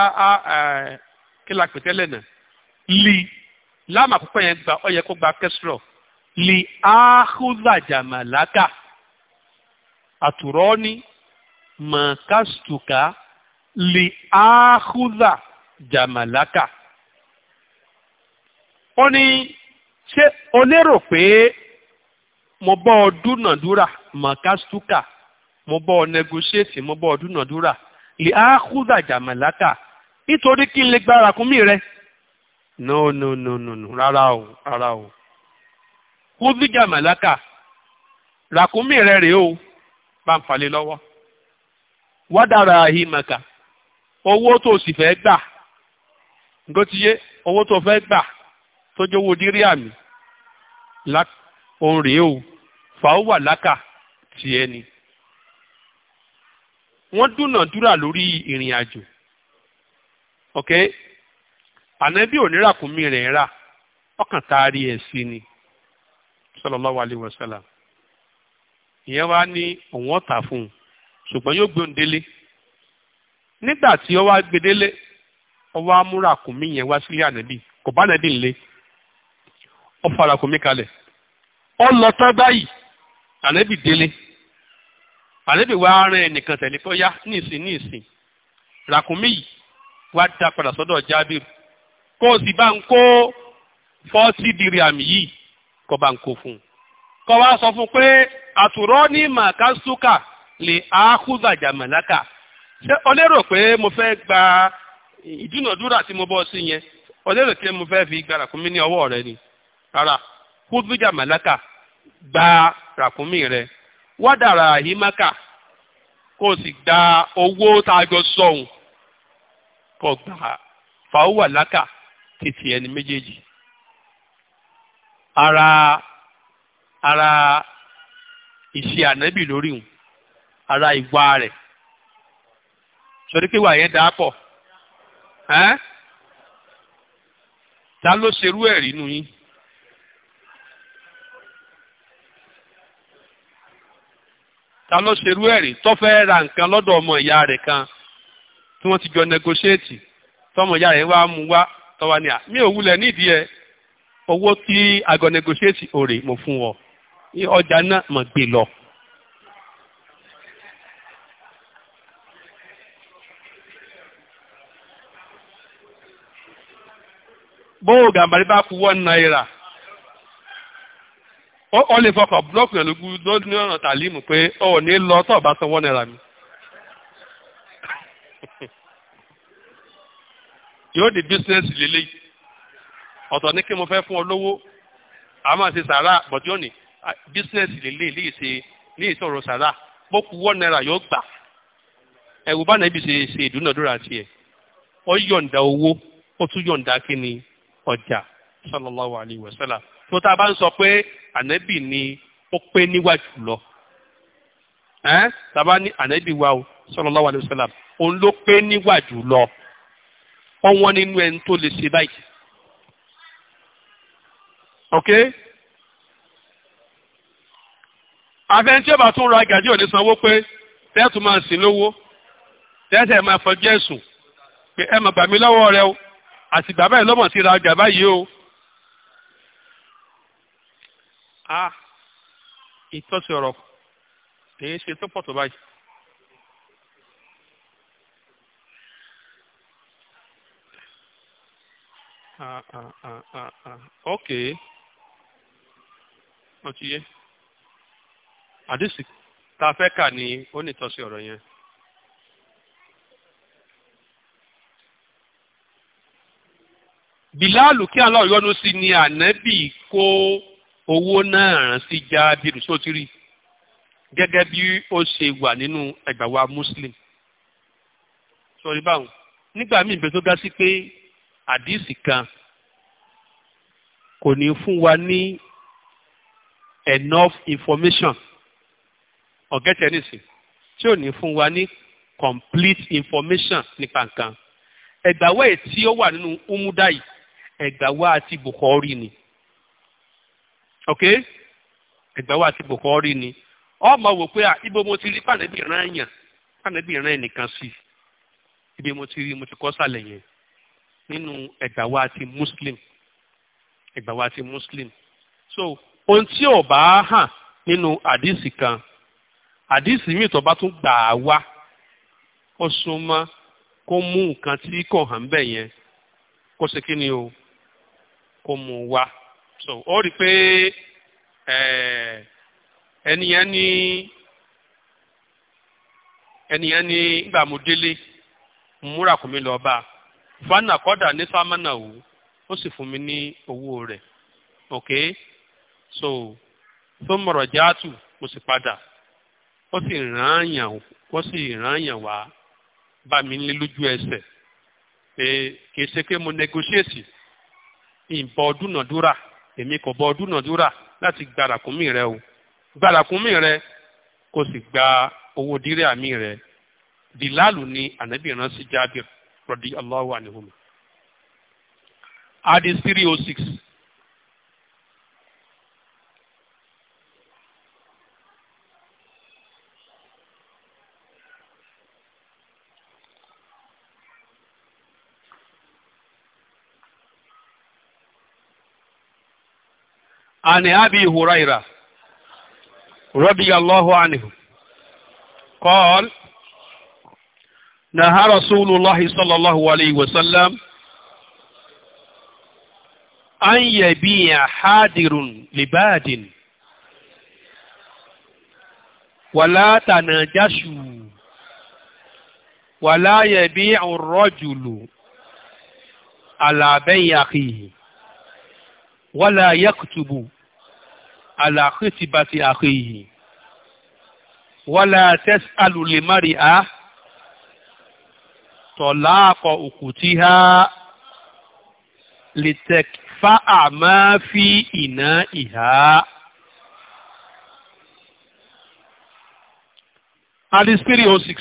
kí la pètẹ́lẹ̀ náà lè láàmà púpọ̀ yẹn gba ọ gba kẹsìrọ̀ li áhùzà jàmàlákà aturoni ní li áhùzà jàmàlákà. ó ní ṣé o lérò pé mo bọ́ ọ dúnàdúrà mọ̀kásùtùkà mo bọ́ ọ negotiate mo bọ́ ọ dúnàdúrà li áhùzà jàmàlákà nítorí kí n lè gbára kún mi rẹ. no no no no no rárá o rárá o. wúdíjà màláka ràkúnmí rẹ rèé o bá ń falẹ̀ lọ́wọ́ wádàrà ahimaka owó tó o sì fẹ́ gbà ndotiye owó tó o fẹ́ gbà tó jẹ́ owó dírí àmì òun rèé o fàáwà láka tiẹ̀ ni. wọ́n dúnàdúrà lórí ìrìn àjò ok ànábì oníràkúnmí rẹ̀ ń rà ọkàn taari ẹ̀ sí ni. sallallahu alaihi wasallam ìyẹn wá ní òun ọ̀tà fún un ṣùgbọ́n yóò gbóhùn délé nígbà tí ó wá gbé délé ó wá mú ràkúnmí yẹn wá sílé ànábì kò bá ànábì ńlé ó fa ràkúnmí kalẹ̀ ó lọ tán báyìí ànábì délé ànábì wá rán ẹnìkan tẹ̀lé pé yá ní ìsìn ní ìsìn ràkúnmí yìí wá dá padà sọ́dọ̀ jábìrì kó o sì bá ń kó fọ́ọ̀tì dìrì àmì yìí kọba bá fún un sọ fún pé àtùrọ ní màkásúkà lè áhùzà jàmàlákà ṣé o pé mo fẹ́ gba ìdúnàdúrà tí mo bọ́ sí yẹn pé mo fẹ́ fi gba ràkúnmí ní ọwọ́ rẹ ni rárá hùzù gba ràkúnmí rẹ wádàrà àhímákà kó o sì gba owó tá a jọ sọ̀hún ẹni méjèèjì. ara ara ìṣe ànábì lórí òun ara ìwà rẹ. sọdí pé ìwà yẹn dáa pọ̀ ẹ́n ta ló ṣerú ẹ̀ nuyi yín. ta ló ṣerú ẹ̀ rí tó ra nǹkan lọ́dọ̀ ọmọ ìyá rẹ̀ kan tí wọ́n ti jọ negotiate tọmọ ìyá rẹ̀ wá mú wá tọ́wa ni à mí ò wulẹ̀ nídìí ẹ̀ owó tí àgọ́ negotiate òrè mo fún ọ ọjà náà mọ̀ gbé lọ. bóò gàmbàrí bá kú one naira ó lè fọkàn búlọ́ọ̀kì yẹn lógún lónìí ọ̀nà tàlímù pé ọ̀ ní lọ tó bá san one naira mi. <laughs> yóò di business lélẹ́yìí ọ̀tọ̀ ní kí mo fẹ́ fún ọ lówó a máa ṣe sàrà bọ̀dí òní bísínẹ́sì lélẹ̀ lè ṣe lè sọ̀rọ̀ sàrà bó kú wọ́n náírà yóò gbà ẹ̀rù bá nàbí ṣe ṣe ìdúnàdúrà tiẹ̀ ó yọ̀ǹda owó ó tún yọ̀ǹda kí ni ọjà sallallahu alayhi wa sallam tó tá a bá ń sọ pé ànábì ni ó pé níwájú lọ ẹ́ tàbá ní ànábì wa o sallallahu alayhi wa sallam òun ló pé níwájú lọ ọwọ́n nínú ẹni tó lè ṣe báyìí okay àfẹn tí ó bá tún ra gàdí ò ní sanwó pé tẹ́tù máa sìn lówó tẹ́tẹ̀ máa fọjú ẹ̀sùn pé ẹ mà gbà mí lọ́wọ́ rẹ o àti bàbá yìí lọ́mọ̀ sí ra gàbá yìí o. a ìtọ́sí ọ̀rọ̀ èyí ṣe tó pọ̀ tó báyìí. Ah, ah, ah, ah, ah. Okay ó ti yé àdìsí tá a fẹ́ kà ní ó nìtọ́sí ọ̀rọ̀ yẹn. Bìláàlù kí Allah yọ́nú sí ni ànábì kó owó náà rán sí Jábìrù sótìrì gẹ́gẹ́ bí ó ṣe wà nínú ẹgbàá Muslim. sọ̀rí báwọn nígbà míì bẹ́ẹ̀ tó ga sí pé àdìsí kan kò ní fún wa ní enough information or get anything tí ò ní fún wa ní complete information nípa nǹkan ẹgbàáwá ẹ̀ tí ó wà nínú umuda yìí ẹgbàáwá àti bukhari ni ok ẹgbàáwá àti bukhari ni ọmọ wò pé ibo mo ti rí pànẹ́bì rán yàn pànẹ́bì rán ẹnìkan sí ibi mo ti rí mo ti kọ́ sàlẹ̀ yẹn nínú ẹgbàáwá àti muslim ẹgbàáwá àti muslim so ohun tí ò bá hàn nínú àdìsí kan àdìsí míì tó bá tún gbà á wá ó súnmọ́ kó mú nǹkan tí kò hàn bẹ́ẹ̀ yẹn kó ṣe kí ni o kó mú wá so ó rí i pé ẹni ní ẹni fana kọ́dà ní sámánà o ó sì mi ní owó rẹ̀ okay. so tó mọ̀rọ̀ jáàtù mo sì padà ó sì ràáyàn ó sì ràáyàn wá bá mi nílé lójú ẹsẹ̀ pé kìí ṣe pé mo negotiate ìbọn ọdúnàdúrà èmi kò bọ ọdúnàdúrà láti gba ràkúnmí rẹ o gba ràkúnmí rẹ kò sì gba owó dírí àmì rẹ Bilalu ni ànábì ránṣẹ́ Jábìr rọ̀dí Allahu anhuma. Hadith three oh عن أبي هريرة رضي الله عنه قال نهى رسول الله صلى الله عليه وسلم أن يبيع حادر لباد ولا تناجشوا ولا يبيع الرجل على بيع أخيه wala yaktubu ala khitbati akhihi wala tas'alu limari'a tọ̀láàkọ̀ ukutiha litekfa àmá fi ìná ìhá. Alispiri 06.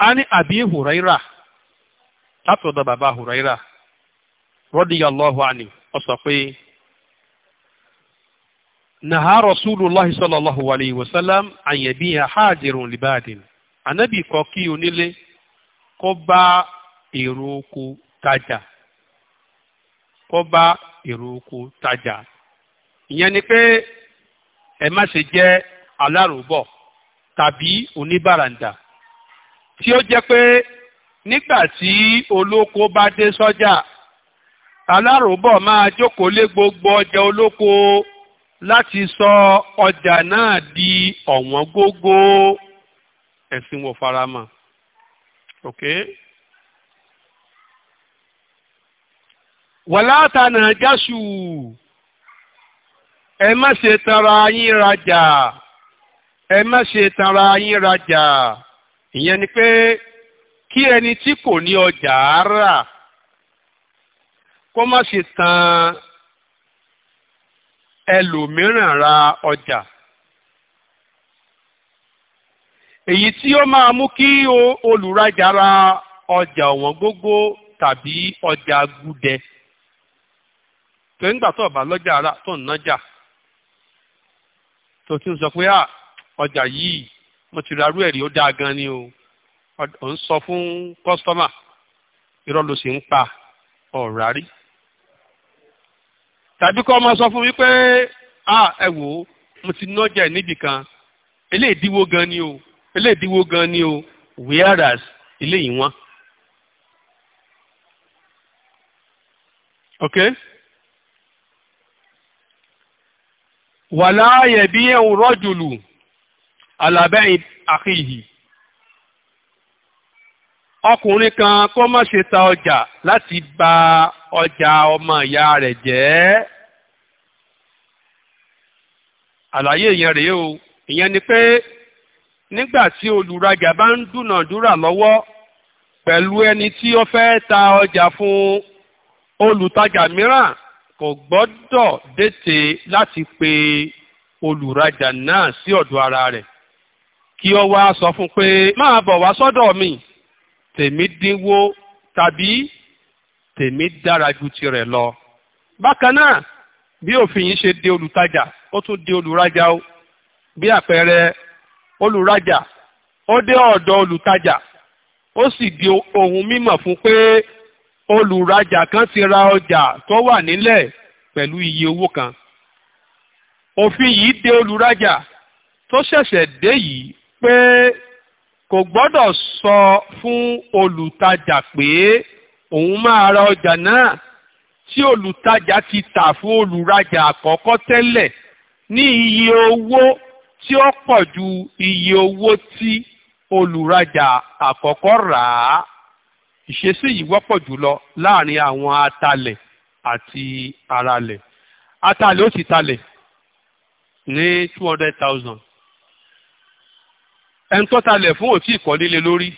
A ní àbí Hùráírà, látọ̀dọ̀ bàbá Hùráírà. radiyallahu anhu ó sọ pé nàhà rasulullahi sallallahu alayhi wa sallam àyẹ̀bí hadirun libadin ànábì kọ̀ ha onílé kó bá èrò oko tajà kó bá pé ẹ má ṣe jẹ́ alárùbọ̀ tàbí oníbàràǹdà tí ó jẹ́ pé nígbà tí olóko aláròbọ̀ máa jókòó lé gbogbo ọjà olóko láti sọ ọjà náà di ọ̀wọ́n gógó ẹ̀sìn wọ̀ faramọ́ ok. wàláàtà nàjàṣù ẹ má ṣe tara yín rajà ẹ má ṣe tara yín rajà ìyẹn ni pé kí ẹni tí kò ní ọjà á rà. kó má ṣe tan ẹlòmíràn ra ọjà èyí tí ó máa mú kí olùrajà ra ọjà ọ̀wọ́n tàbí ọjà gúdẹ tó ń gbà tó ọ̀bà lọ́jà ara tó ń nájà tó ti ń sọ pé à ọjà yìí mo ti ra rú ẹ̀rí ó dáa gan ni o ò ń sọ fún kọ́sítọ́mà irọ́ ló sì ń pa ọ̀rá rí tàbí kọ́ ọmọ sọ fún mi pé ah ẹ wò ó mo ti nọ́jà níbì kan eléèdínwó gan ni o eléèdínwó gan ni o whereas eléyìí wọ́n. ok wàláyẹ̀ bí ẹ̀ ń rọ́jòlù alábẹ́yìn àkìyì ọkùnrin kan kó má ṣe ta ọjà láti bà ọjà ọmọ ìyá rẹ̀ jẹ́ àlàyé yẹn rèé o ìyẹn ni pé nígbà tí olùrajà bá ń dúnàdúrà lọ́wọ́ pẹ̀lú ẹni tí ó fẹ́ ta ọjà fún olùtajà mìíràn kò gbọ́dọ̀ dètè láti pe olùrajà náà sí ọ̀dọ̀ ara rẹ̀ kí ó wá sọ fún pé máa bọ̀ wá sọ́dọ̀ mi tèmi dínwó tàbí tèmi dára ju tirẹ̀ lọ. bákan náà bí òfin yìí ṣe de olùtajà ó tún de olùrajà o bí àpẹẹrẹ olùrajà ó dé ọ̀dọ̀ olùtajà ó sì di ohun mímọ̀ fún pé olùrajà kan ti ra ọjà tó wà nílẹ̀ pẹ̀lú iye owó kan òfin yìí de olùrajà tó ṣẹ̀ṣẹ̀ dé yìí pé kò gbọ́dọ̀ sọ fún olùtajà pé òun máa ra ọjà náà tí olùtajà ti tà fún olùrajà àkọ́kọ́ tẹ́lẹ̀ ní iye owó tí ó pọ̀ ju iye owó tí olùrajà àkọ́kọ́ rà á ìṣesí yìí wọ́pọ̀ jùlọ láàrin àwọn atalẹ̀ àti aralẹ̀ atalẹ̀ ó ti talẹ̀ ní two hundred thousand ẹni tó talẹ̀ fún òtí ìkọ́lélé lórí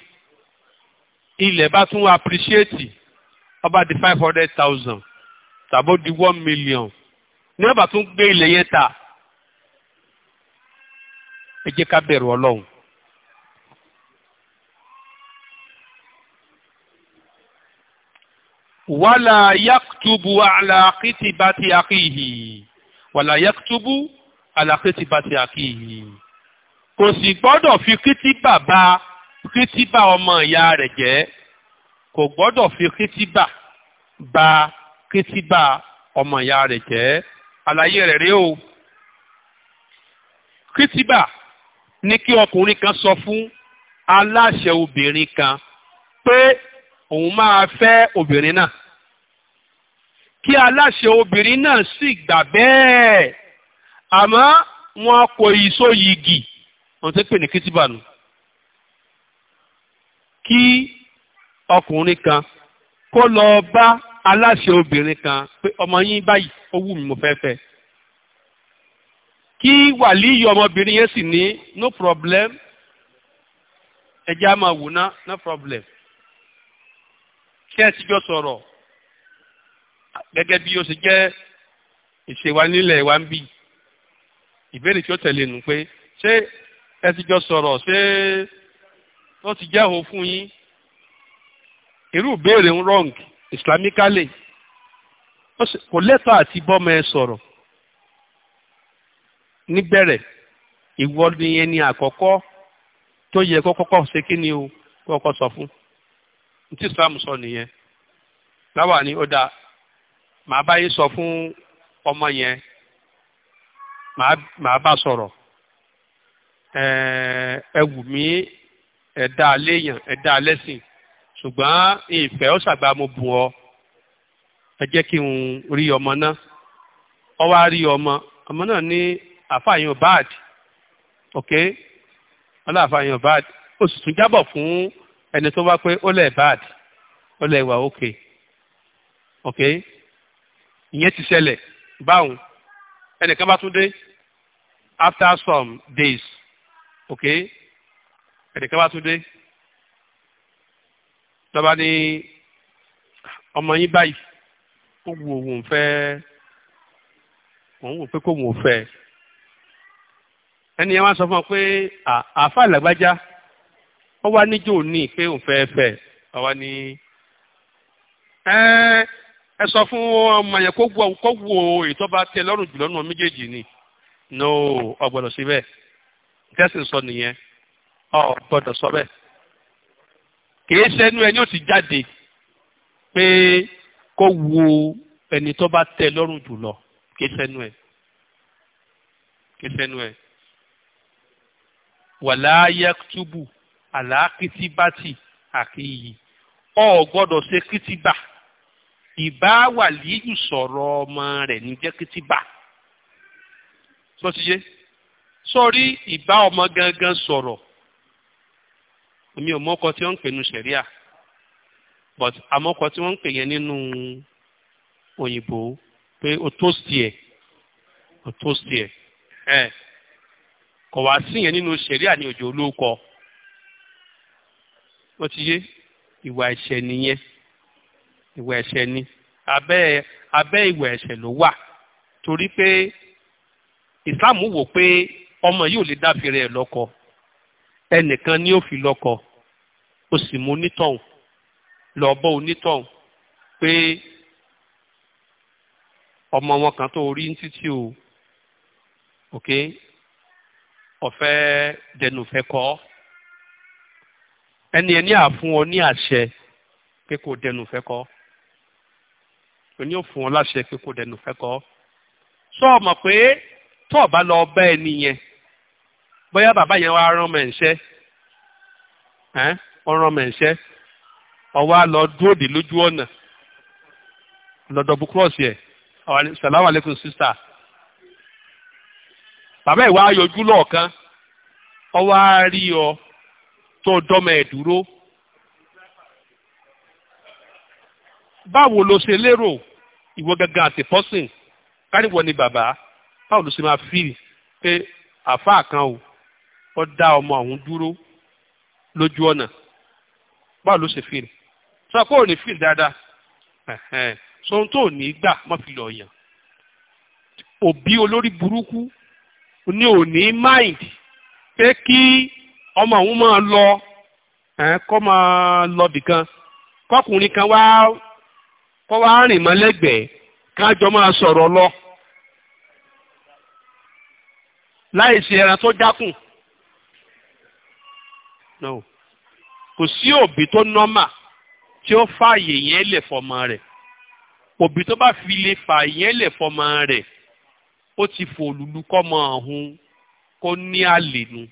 ilẹ̀ bá tún appreciate ọba di five hundred thousand tàbó di one million ní ọba tún gbé ilẹ̀ yẹn ta ẹ jẹ́ ká bẹ̀rù ọlọ́run. wala yaktubu ala kitibati akihi wala yaktubu ala kitibati akihi kò sì gbọ́dọ̀ fi kìtìbà bà kìtìbà ọmọ ìyá rẹ̀ jẹ́ kò gbọ́dọ̀ fi kìtìbà bà kìtìbà ọmọ ìyá rẹ̀ jẹ́ àlàyé rẹ̀ rèé o kìtìbà ní kí ọkùnrin kan sọ fún aláṣẹ obìnrin kan pé òun máa fẹ́ obìnrin náà kí aláṣẹ obìnrin náà sì gbà bẹ́ẹ̀ àmọ́ wọn kò ìsó yìgì wọ́n ti pè ní kìtìbànú kí ọkùnrin kan kó lọ bá aláṣẹ obìnrin kan pé ọmọ yín báyìí ó wù mí mo fẹ́ fẹ́ kí wàlíyí ọmọbìnrin yẹn sì ní no problem ẹjẹ́ á máa wò ná no problem kí ẹ ti jọ sọ̀rọ̀ gẹ́gẹ́ bí ó ṣe jẹ́ ìṣèwà nílẹ̀ wa ń bì ìbéèrè tí ó tẹ̀lé nu pé ṣé ẹ ti sọ̀rọ̀ ṣé wọ́n ti fún yín irú ìbéèrè ń wrong islamically kò lẹ́tọ̀ àti bọ́mọ ẹ sọ̀rọ̀ níbẹ̀rẹ̀ ìwọ ni ẹni àkọ́kọ́ tó yẹ kó kọ́kọ́ ṣe kí ni o kọ́kọ́ sọ fún tí islam sọ nìyẹn láwa ni ó dáa màá bá yín sọ ẹ wù mí ẹ dá a léèyàn ẹ dá a lẹ́sìn ṣùgbọ́n ìfẹ́ ó ṣàgbà mo bù ọ ẹ jẹ́ kí n rí ọmọ náà ọ wá rí ọmọ ọmọ náà ní àfààyàn bad ok ọlá àfààyàn bad ó sì tún jábọ̀ fún ẹni tó wá pé ó lẹ̀ bad ó lẹ̀ wà ok ok ìyẹn ti ṣẹlẹ̀ báwọn ẹnìkan bá tún dé after some days ok ẹ̀dẹ̀kẹ́ bá tún dé lọ́ba ní ọmọ yín báyìí ó wu òun fẹ́ òun wò pé kóun ò fẹ́ ẹni yẹn wá sọ fún ọ pé àáfà làgbájá ó wá níjó ní pé òun fẹ́ fẹ́ àwa ni ẹ sọ fún ọmọ yẹn kó wo èyí tó bá tẹ́ lọ́rùn jùlọ nù méjèèjì ni no ọgbọ́dọ̀ síbẹ̀ tẹ́sí sọ nìyẹn ọ gbọ́dọ̀ sọ bẹ́ẹ̀ kìí sẹ́nu ẹni ó ti jáde pé kó wo ẹni tó bá tẹ́ lọ́rùn jùlọ kìí sẹ́nu ẹ̀ kìí sẹ́nu ẹ̀ wàlá yẹtúbù àlàkìtìbàtì àkìyí ọ gbọ́dọ̀ ṣe kìtìbà ìbá wàlíyù sọ̀rọ̀ ọmọ rẹ̀ ní kìtìbà sọ yé. So, sórí ìbá ọmọ gangan sọ̀rọ̀ èmi ò mọ́kọ tí wọ́n ń pè nu sẹ̀ríà but àmọ́kọ tí wọ́n ń pè yẹn nínú òyìnbó pé o tó sí ẹ̀ o tó sí ẹ̀ ẹ̀ kọ̀ wá sí yẹn nínú sẹ̀ríà ní òjò olóko ó ti yé ìwà ẹ̀ṣẹ̀ nìyẹn ìwà ẹ̀ṣẹ̀ ni abẹ́ abẹ́ ìwà ẹ̀ṣẹ̀ ló wà torí pé ìsìláàmù wò pé ọmọ yìí ò lè dáfẹ́rẹ́ ẹ̀ lọ́kọ ẹnìkan ni ó fi lọ́kọ ó sì mú onítọ̀hún lọ bọ́ onítọ̀hún pé ọmọ wọn kan tó rí títí o ok ọ̀fẹ́ dẹnufẹ́ kọ́ ẹni ẹni àfún ọ ní àṣẹ pé kò dẹnufẹ́ kọ́ òní ò fún ọ láṣẹ pé kò dẹnufẹ́ kọ́ sọ ọ mọ̀ pé tó o bá lọ bá ẹni yẹn bóyá bàbá yẹn wá rán ọmọ ẹ̀ṣẹ́ ọ̀ràn ọmọ ẹ̀ṣẹ́ ọwọ́ á lọ dúró dè lójú ọ̀nà lọ́dọ̀ bu kúrọ̀sì ẹ̀ salamu aleykum sista bàbá ìwà ayọ̀jú lọ́ọ̀kan ọwọ́ á rí ọ tó dọ́mọ ẹ̀ dúró báwo ló ṣe lérò ìwọ gangan àti pọ́sìn káríwọ ni bàbá báwo ló ṣe máa fi pé àfáà kan o ó dá ọmọ ọ̀hún dúró lójú ọ̀nà báwo ló ṣe fìlì sọ pé ò ní fìlì dáadáa sọ ohun tó ní gbà má fi lọ yàn òbí olórí burúkú ní mind pé kí ọmọ òun máa lọ kọ́ máa lọ bìkan kọkùnrin kan wá kọ́ wá rìn mọ́ lẹ́gbẹ̀ẹ́ kájọ máa sọ̀rọ̀ lọ láì ṣe ẹran tó jákùn. no kò sí òbí tó nọ́mà tí ó fààyè yẹn lẹ̀ fọmọ rẹ̀ òbí tó bá fi lè fààyè yẹn lẹ̀ fọmọ rẹ̀ ó ti fòlùlù kọ́mọ ọ̀hún kó ní àlè nu.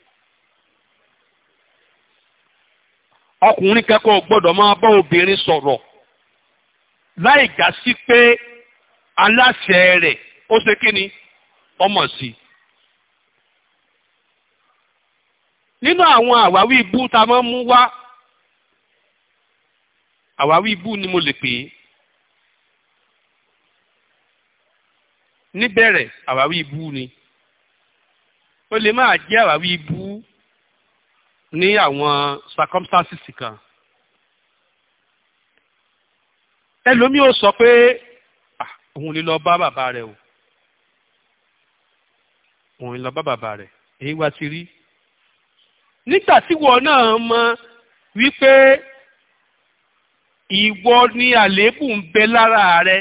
ọkùnrin kẹ́kọ̀ọ́ gbọ́dọ̀ máa bá obìnrin sọ̀rọ̀ láì gà sí pé aláṣẹ rẹ̀ ó ṣe kí ni ọmọ sí i. nínú àwọn àwáwí ibú tá a máa ń mú wá àwáwí ibú ni mo lè pè é níbẹ̀rẹ̀ àwáwí ibú ni ó lè máa jẹ́ àwáwí ibú ní àwọn circumstances kan ẹlòmíì ó sọ pé ah, òun lè lọ bá bàbá rẹ̀ o òun lè lọ bá bàbá rẹ̀ èyí wá ti rí nígbà tí wọ́n náà mọ̀ wípé ìwọ ni àléébù ń bẹ lára rẹ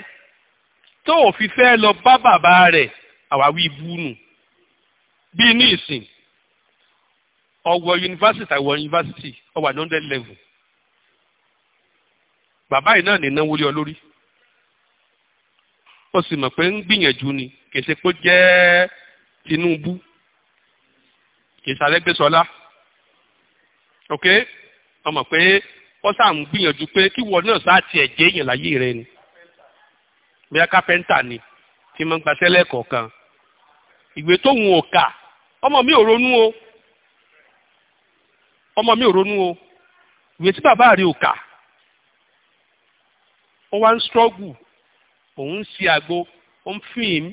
tó ò fi fẹ́ lọ bá bàbá rẹ̀ àwáwí ibú nù bíi ní ìsìn ọwọ́ yunifásitì àwọ̀ yunifásitì ọwà ní hundred level bàbá yìí náà ní náwó lé ọ lórí ó sì mọ̀ pé ń gbìyànjú ni kì pé ó jẹ́ Tinubu kì í ṣe ok ọmọ pé wọ́n sáà ń gbìyànjú pé kí wọ́n náà sáà tiẹ̀ jẹ́ èèyàn láyé rẹ ni bóyá kápẹ́ńtà ni tí mo ń gbaṣẹ́ lẹ́ẹ̀kọ̀ọ̀kan ìwé tóun ò kà ọmọ mi ò ronú o ọmọ mi ò ronú o ìwé tí bàbá rẹ ò kà ó wá ń strọ́gù òun ń ṣe àgbo ó ń fín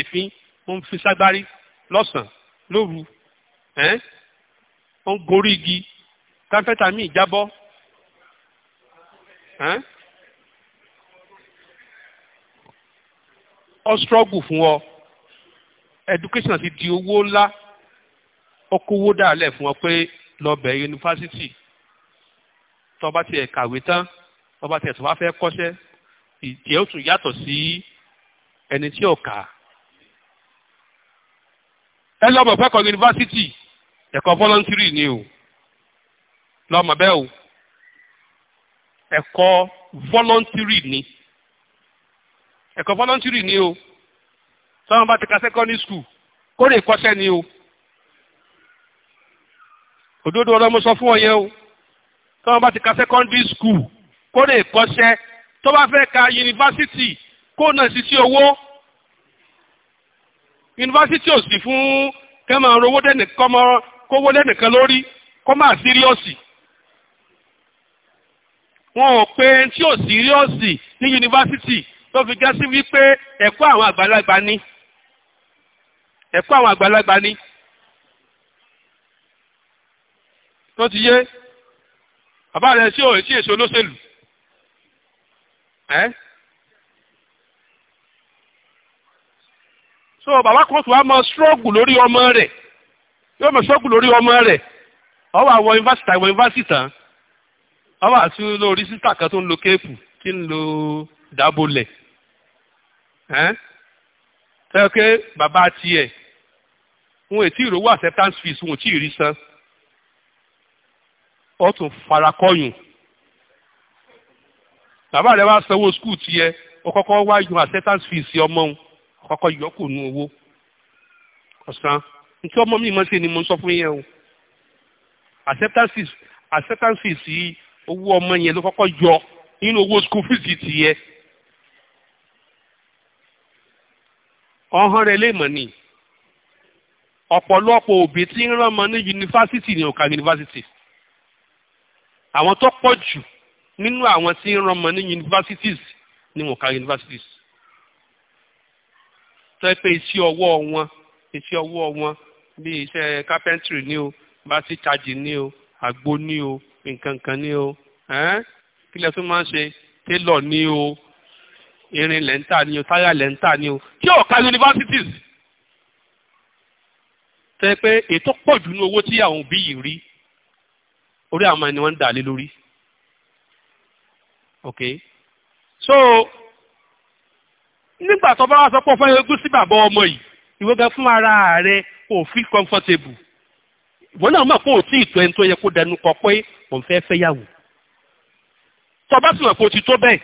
èéfín ó ń fi ságbárí lọ́sàn-án lóru ó ń gorí igi kápẹ́tà mi jábọ́ ọ struggle fún ọ education ti di owó ńlá ó kówó dàálẹ̀ fún ọ pé lọ bẹ̀ yunifásitì tó bá tiẹ̀ kàwé tán tó bá tiẹ̀ tó bá fẹ́ kọ́ṣẹ́ ìjẹ́ ó tún yàtọ̀ sí ẹni tí ò kà. ẹ lọ́bọ̀ fẹ́kọ̀ọ́ yunifásitì ẹ̀kọ́ volunteering ni o lọ́mọ bẹ́ẹ̀ o ẹ̀kọ́ voluntary ni ẹ̀kọ́ voluntary ni o sọ́wọ́n bá ti ka secondary school kó lè kọ́ṣẹ́ ni o òdodo ọlọ́mọ sọ fún ọ yẹn o sọ́wọ́n bá ti ka secondary school kó lè kọ́ṣẹ́ tó bá fẹ́ ka yunifásitì kó náà sì sí owó yunifásitì ò sì fún kẹ́mọ̀ rówó dẹ́nìkan lórí kó máa síríọ̀sì wọn ò pé tí ò síríọ́sì ní yunifásitì tó fi gẹ́sí wípé ẹ̀kọ́ àwọn àgbàlagbà ni ẹ̀kọ́ àwọn àgbàlagbà ni tó ti yé bàbá rẹ̀ sí ò sí èso olóṣèlú ẹ́ so bàbá kan tó wá mọ ṣọ́ọ̀gù lórí ọmọ rẹ̀ yóò mọ ṣọ́ọ̀gù lórí ọmọ rẹ̀ ọwọ́ àwọn yunifásitì àwọn yunifásitì tán àwọn àti lórí sísà kan tó ń lo kéèpù tí ń lo dábòlẹ̀ tẹ́ pé bàbá tiẹ̀ wọn ètí ìrówó acceptance fees wọn ò tí ì rí san ó tún farakọyùn bàbá rẹ wá sanwó skul tiẹ̀ ó kọ́kọ́ wá yun acceptance fees ọmọ òun kọ́kọ́ yọkù nú owó ọ̀sán nítí ọmọ mi mọ̀ sí ni mo sọ fún yẹn o acceptance fees acceptance fees yìí owó ọmọ yẹn ló kọ́kọ́ yọ nínú owó school fees tiẹ̀ ọ̀hán rẹ léèmọ̀ ni ọ̀pọ̀lọpọ̀ òbí tí ń rán ọmọ ní yunifásitì ní òkà yunifásitì àwọn tó pọ̀ jù nínú àwọn tí ń rán ọmọ ní yunifásitìs ní òkà yunifásitìs tó yẹ pé iṣẹ́ ọwọ́ wọn iṣẹ́ ọwọ́ wọn bíi iṣẹ́ kápẹ́ntìrì ni o bá sí chájì ni o àgbo ni o nǹkan kan ní o kílẹ̀ tó máa ń ṣe télọ̀ ní o irin lẹ́ńtà ní o táyà lẹ́ńtà ní o tí ọ̀ka universities tẹ́ pé ètò pọ̀ jù ní owó tí àwọn òbí yìí rí orí àwọn ẹni wọ́n ń dà lé lórí ok so nígbà tó bá wá sọ pé ọfọ egún sí bàbá ọmọ yìí ìwọ gan fún ara rẹ ò fi comfortable ìwọ náà mọ̀ pé ò tí tó ẹni tó yẹ kó dẹnu kọ pé mo ń fẹ́ fẹ́yàwó tó o bá sì mọ̀ pé o ti tó bẹ́ẹ̀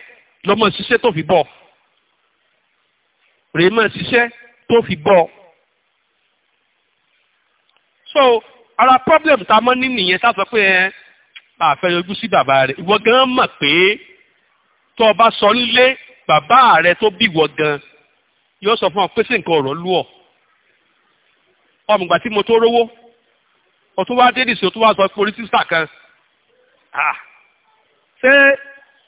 lọ́mọ ṣiṣẹ́ tó fi bọ̀ rèé mọ̀ ṣiṣẹ́ tó fi bọ̀ so ara problem tá a mọ̀ ní nìyẹn tá a sọ pé ẹ bá a fẹ́ yọjú sí bàbá rẹ̀ ìwọ gan mọ̀ pé tó o bá sọ nílé bàbá rẹ̀ tó bí ìwọ gan yóò sọ fún ọ pé sí nǹkan ọ̀rọ̀ lú ọ ọmọ ìgbà tí mo tó rówó o tún wá dé nìsín o tún wá sọ pé orí sísà kan Ah. ṣé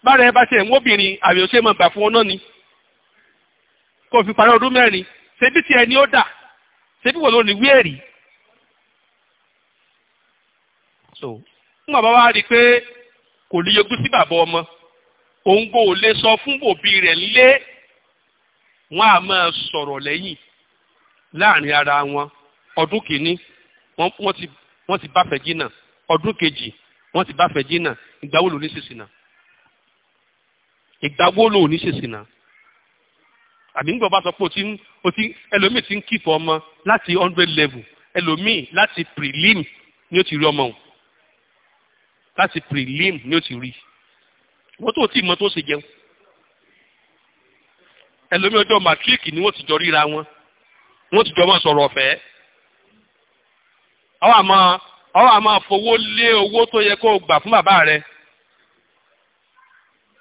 bára ẹ bá ṣe ẹ̀mú obìnrin àbí òṣè máa gbà fún ọ náà ni kò fi parí ọdún mẹ́rin ṣebí tiẹ̀ ni ó dà ṣebí wọ́n ló ní wíẹ̀rì. so fún bàbá wa rí i pé kò lè yọgún sí bàbá ọmọ òun kò lè sọ fún òbí rẹ̀ lé wọn a máa sọ̀rọ̀ lẹ́yìn láàrin ara wọn ọdún kìíní wọ́n ti bá fẹ̀jì náà ọdún kejì wọ́n ti bá fẹ́ jìnnà ìgbà wo ló ní ṣe ṣìnà ìgbà wo ló ní ṣe ṣìnà àbí ńgbọ́ bá sọ pé o ti ẹlòmíì ti ń kífọ̀ ọmọ láti hundred level ẹlòmíì láti prelim ni ó ti rí ọmọ o láti prelim ni ó ti rí wọ́n tó tí mọ tó ṣe jẹun ẹlòmíì ọjọ́ matric ni wọ́n ti jọ ríra wọn wọ́n ti jọ mọ́ sọ̀rọ̀ ọ̀fẹ́ àwọn àmọ́ ọ wà máa fowó lé owó tó yẹ kó gbà fún bàbá rẹ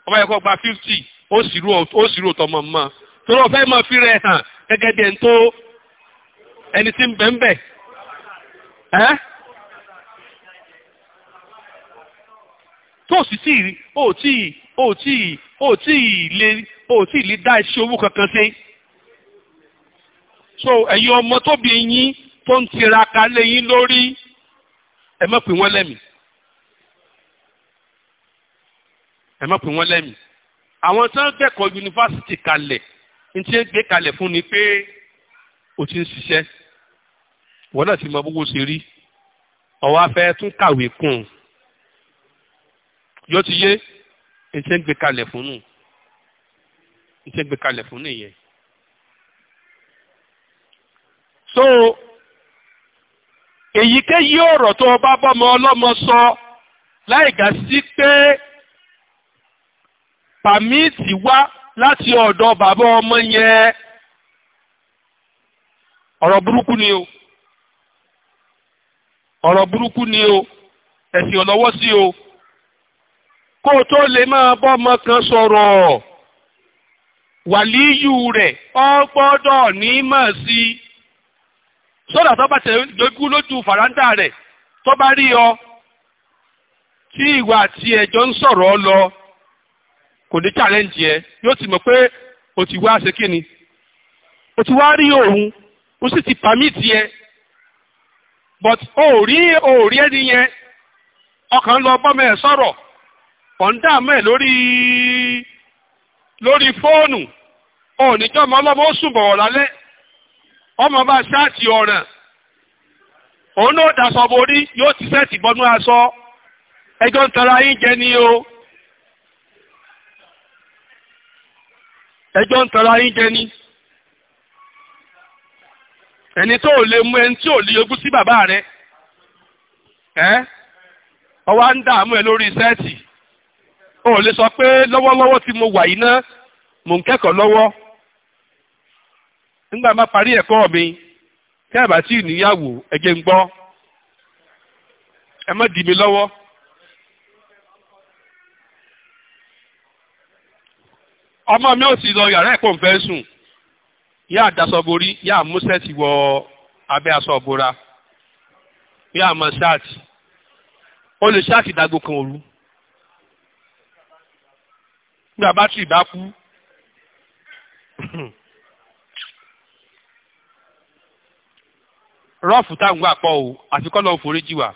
ọba yẹ kó gba fifty ó sì rú ó sì rú tọmọ mọ torí ọfẹ máa fi rẹ hàn gẹ́gẹ́ bí ẹni tó ẹni tí ń bẹ ń bẹ ẹ tó sì tí ò tí ò tí ò tí lè ò tí lè dá iṣẹ́ owó kankan sí so ẹ̀yin ọmọ tóbi yín tó ń tiraka lé yín lórí ẹ má pè wọ́n lẹ́mìí ẹ má pè wọ́n lẹ́mìí àwọn tó ń kẹ́kọ̀ọ́ yunifásitì kalẹ̀ ní tí ń gbé kalẹ̀ fún ni pé o ti ń ṣiṣẹ́ wọ́n náà ti mọ bówó ṣe rí ọwọ́ afẹ́ tún kàwé kùn un yóò ti yé ní tí ń gbé kalẹ̀ fún nù ní tí ń gbé kalẹ̀ fún nìyẹn. so èyíkéyìí ọ̀rọ̀ tó bá bọ́mọ ọlọ́mọ sọ láì gà sí pé pàmíìtì wá láti ọ̀dọ̀ bàbá ọmọ yẹn ọ̀rọ̀ burúkú ni o ọ̀rọ̀ burúkú ni o ẹ̀sìn ọ̀lọ́wọ́ sí o kó o tó lè máa bọ́mọ kan sọ̀rọ̀ wàlíyù rẹ̀ ọ gbọ́dọ̀ ní mọ̀ sí i sọ́dà tó bá tẹ̀ lójú lójú fàrándà rẹ̀ tó bá rí ọ tí ìwà àti ẹ̀jọ́ ń sọ̀rọ̀ ọ lọ kò ní challenge ẹ yóò ti mọ̀ pé o ti wá ṣe kíni o ti wá rí òun o sì ti permit yẹ but o ò rí o ò rí ẹni yẹn ọkàn lọ bọ́mọ ẹ̀ sọ̀rọ̀ kọ̀ńdà mọ́ ẹ̀ lórí lórí fóònù o ò ní jọ́ ọmọ ọlọ́mọ ó sùn bọ̀wọ̀ lálẹ́ ọmọ bá ṣáàtì ọ̀ràn òun náà dàsọ borí yóò ti sẹ́ẹ̀tì bọ́nú aṣọ ẹjọ́ ń tara yín jẹ ni o ẹjọ́ ń tara yín jẹ ni ẹni tó ò lè mú ẹni tí ò lè yọgún sí bàbá rẹ ẹ ọwọ́ ń dààmú ẹ lórí sẹ́ẹ̀tì ò lè sọ pé lọ́wọ́lọ́wọ́ tí mo wà yìí ná mò ń kẹ́kọ̀ọ́ lọ́wọ́ nígbà má parí ẹ̀kọ́ mi tẹ́ àbá tí ìníyàwó ẹ̀jẹ̀ ń gbọ́ ẹ má dì mí lọ́wọ́. ọmọ mi ò sì lọ yàrá ẹ̀kọ́ nfẹ́ sùn yá àdásọ́borí yá àmúṣẹ́ ti wọ abẹ́ aṣọ ìbora yá àmọ́ ṣáàtì ó lè ṣáàtì dágbo kan òru nígbà bátìrì bá kú rọ́ọ̀fù táwọn gbà pọ̀ o àfi kọ́ lọ́ọ́ forí jì wá.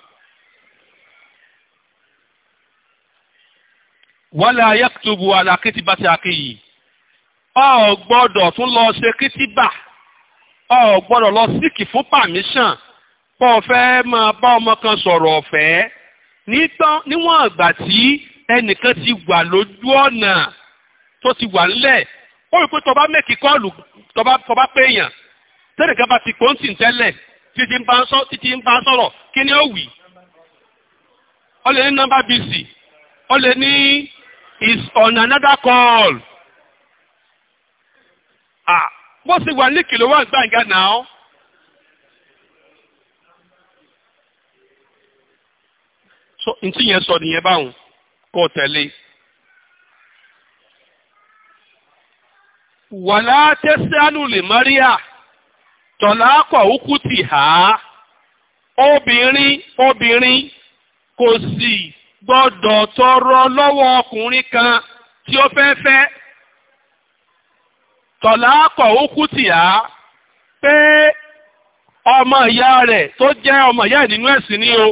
wala yaktubu ala kìtìbà ti àkìyì ọ gbọ́dọ̀ tún lọ ṣe kìtìbà ọ gbọ́dọ̀ lọ síkì fún pàmíṣàn pọ̀ fẹ́ máa bá ọmọ kan sọ̀rọ̀ ọ̀fẹ́ níwọ̀n àgbà tí ẹnìkan ti wà lójú ọ̀nà tó ti wà ńlẹ̀ ó rí pé tọba mẹ́kì kọ́ọ̀lù tọba péyàn tẹ́nìkan bá ti pọ́ńtì tẹ́lẹ̀ títí ń bá sọ títí ń bá sọ̀rọ̀ kí ni ó wì ó lè ní nọ́mbà bc ó lè ní is on another call ah bó ṣe wà ní kìlọ̀ wà gbàǹgà náà. so ntí yẹn sọ nìyẹn báwọn kò tẹ̀lé. wàlá tẹ́sánù lè mọ́ríà. tọ̀láàkọ̀ òkú ti hà á obìnrin obìnrin kò sì gbọ́dọ̀ tọrọ lọ́wọ́ ọkùnrin kan tí ó fẹ́ fẹ́ tọ̀láàkọ̀ òkú ti hà á pé ọmọ ìyá rẹ̀ tó jẹ́ ọmọ ìyá nínú ẹ̀sìn ni o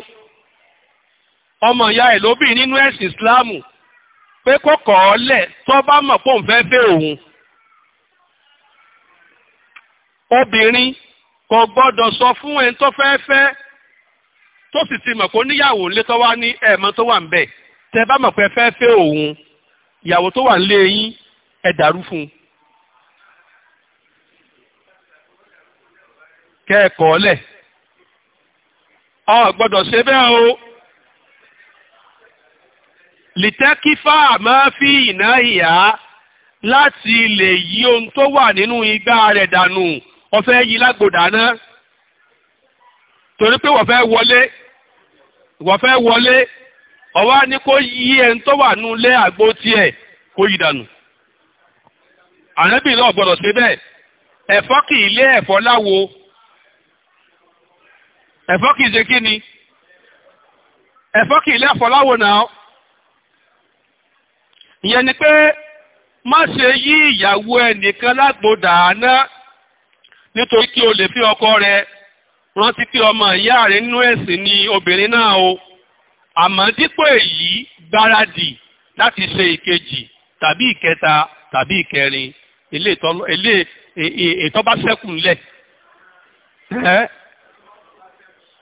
ọmọ ìyá ẹ̀ lóbìn nínú ẹ̀sìn islam pé kọ́kọ́ lẹ̀ tó bá mọ̀ pé òun fẹ́ fẹ́ òun. obìnrin kò gbọ́dọ̀ sọ fún ẹni tó fẹ́ fẹ́ tó sì ti mọ̀ kó níyàwó ńlé tó wá ní ẹ̀ẹ̀mọ́ tó wà ń bẹ̀ tẹ́ bá mọ̀ pé fẹ́ fẹ́ òun ìyàwó tó wà ńlé yín ẹ dàrú fún un. kẹ́ẹ̀kọ́ lẹ̀ ọ gbọ́dọ̀ ṣe bẹ́ẹ̀ o lìtẹ́kífà máa fi ìná ìyá láti lè yí ohun tó wà nínú igbá rẹ̀ dànù ọ̀fẹ́ yí lágbo dáná torí pé wọ́n fẹ́ wọlé wọ́n fẹ́ wọlé ọwọ́ á ní kó yí ẹni tó wà nù lé àgbo tiẹ̀ kó yí dànù àrẹ́bìnrin náà gbọ́dọ̀ ṣe bẹ́ẹ̀ ẹ̀fọ́ kì í lé ẹ̀fọ́ láwo ẹ̀fọ́ kì í ṣe kí ni ẹ̀fọ́ kì í lé ẹ̀fọ́ láwo náà ìyẹn ni pé má ṣe yí ìyàwó ẹnìkan lágbo dáná. nítorí kí o lè fi ọkọ rẹ rántí pé ọmọ ìyá rẹ nínú ẹ̀sìn ni obìnrin náà o àmọ́ dípò èyí gbáradì láti ṣe ìkejì tàbí ìkẹta tàbí ìkẹrin ilé ètò bá ṣẹ́kù ńlẹ̀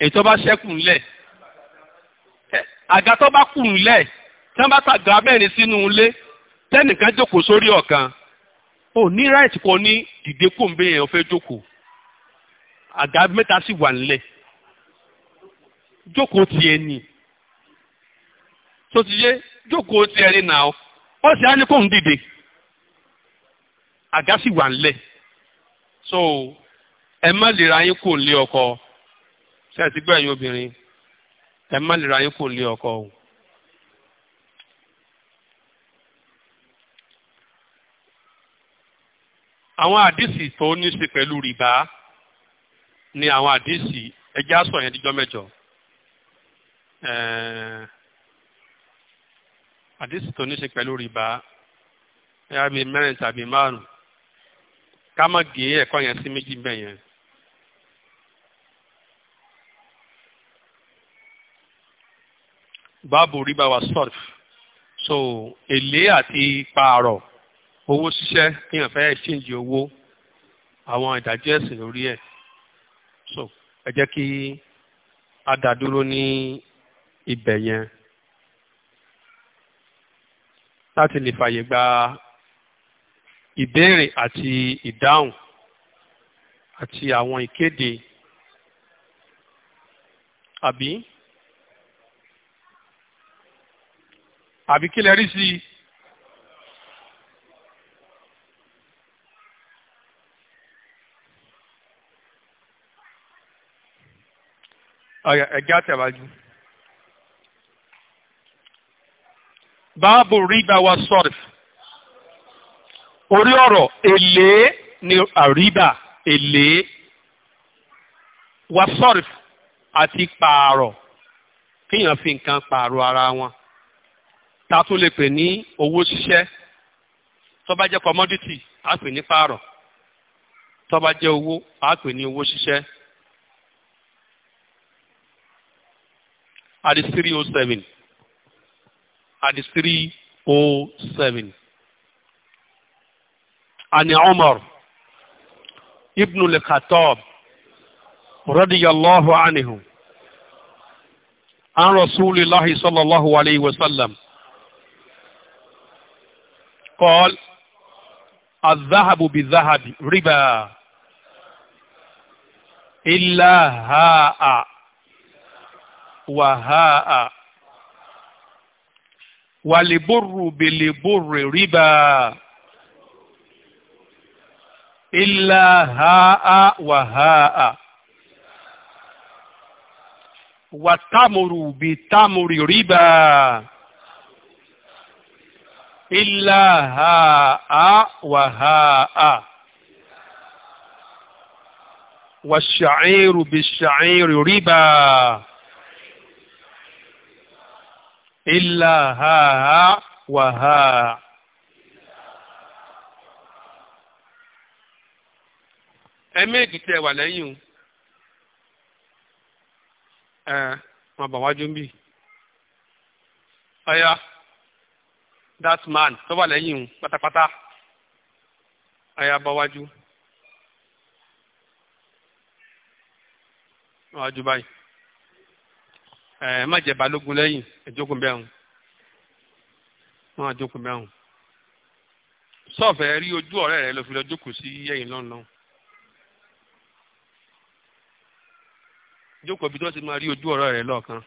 ètò bá ṣẹ́kù ńlẹ̀ àga tó bá kù ńlẹ̀ tí wọ́n bá tàgbà mẹ́rin sínú ilé tẹ́nìkan jókòó sórí ọ̀kan ò ní ráìtì kan ní dìde kò yẹn ọ̀fẹ́ jókòó àga mẹ́ta sì wà nílẹ̀ jókòó tiẹ̀ ni tó ti yé jókòó tiẹ̀ ni nà ó ó sì á ní kò ń dìde àga sì wà nílẹ̀ so ẹ má lè ra yín kò lé ọkọ ṣe àti gbẹ̀yìn obìnrin ẹ má lè ra yín kò lé ọkọ o. àwọn àdìsí tó ní ṣe pẹ̀lú rìbá ni àwọn àdìsí ẹjẹ́ àṣọ yẹn díjọ́ mẹ́jọ àdìsí tó ní ṣe pẹ̀lú rìbá ẹ̀yà bíi mẹ́rin tàbí márùn-ún ká má gé ẹ̀kọ́ yẹn sí méjì bẹ́ẹ̀ yẹn. báàbù rìbá wa sọ̀rọ̀ so èlé àti pààrọ̀ owó ṣiṣẹ́ kéèyàn fẹ́ ṣéǹjì owó àwọn ìdájọ́ ẹ̀sìn lórí ẹ̀ so ẹ jẹ́ kí a dá dúró ní ibẹ̀ yẹn láti lè fàyè gba ìbéèrè àti ìdáhùn àti àwọn ìkéde àbí àbí kí lẹ rí sí i. ọ̀yà ẹ̀jẹ̀ àtẹ̀wájú. báàbù ríbà wa sọ̀rọ̀ orí ọ̀rọ̀ èlé ni àríbà èlé wa sọ̀rọ̀ àti pààrọ̀ kíyàn fi nǹkan pààrọ̀ ara wọn ta tún lè pè ní owó ṣíṣẹ́ tó jẹ́ commodity a pè ní pààrọ̀ tó jẹ́ owó a pè ní owó ṣíṣẹ́ àdí three oh seven àdí three oh seven. عن عمر ابن الخطاب رضي الله عنه عن رسول الله صلى الله عليه وسلم قال الذهب بالذهب ربا إلا هاء wàháà wàlébòrò bèlébòrò rìbá ilà háà wàháà wàtàmùrù bìtàmùrì rìbá ilà háà wàháà. والشعير بالشعير ربا ìlà hàhà wàhà. ẹ méjì tẹ wà lẹ́yìn o ẹ wọn bá wájú ń bì that man tó wà lẹ́yìn o pátápátá ọ̀yà bá wájú wájú báyìí ẹ má jẹ balógun lẹ́yìn ẹjókòó bẹ́ẹ̀ hùn wọn àjókòó bẹ́ẹ̀ hùn sọ́ọ̀fẹ́ rí ojú ọ̀rẹ́ rẹ lọ fi lọ jókòó sí ẹ̀yìn lọ́nà jókòó bí tó ti máa rí ojú ọ̀rẹ́ rẹ lọ́ọ̀kan.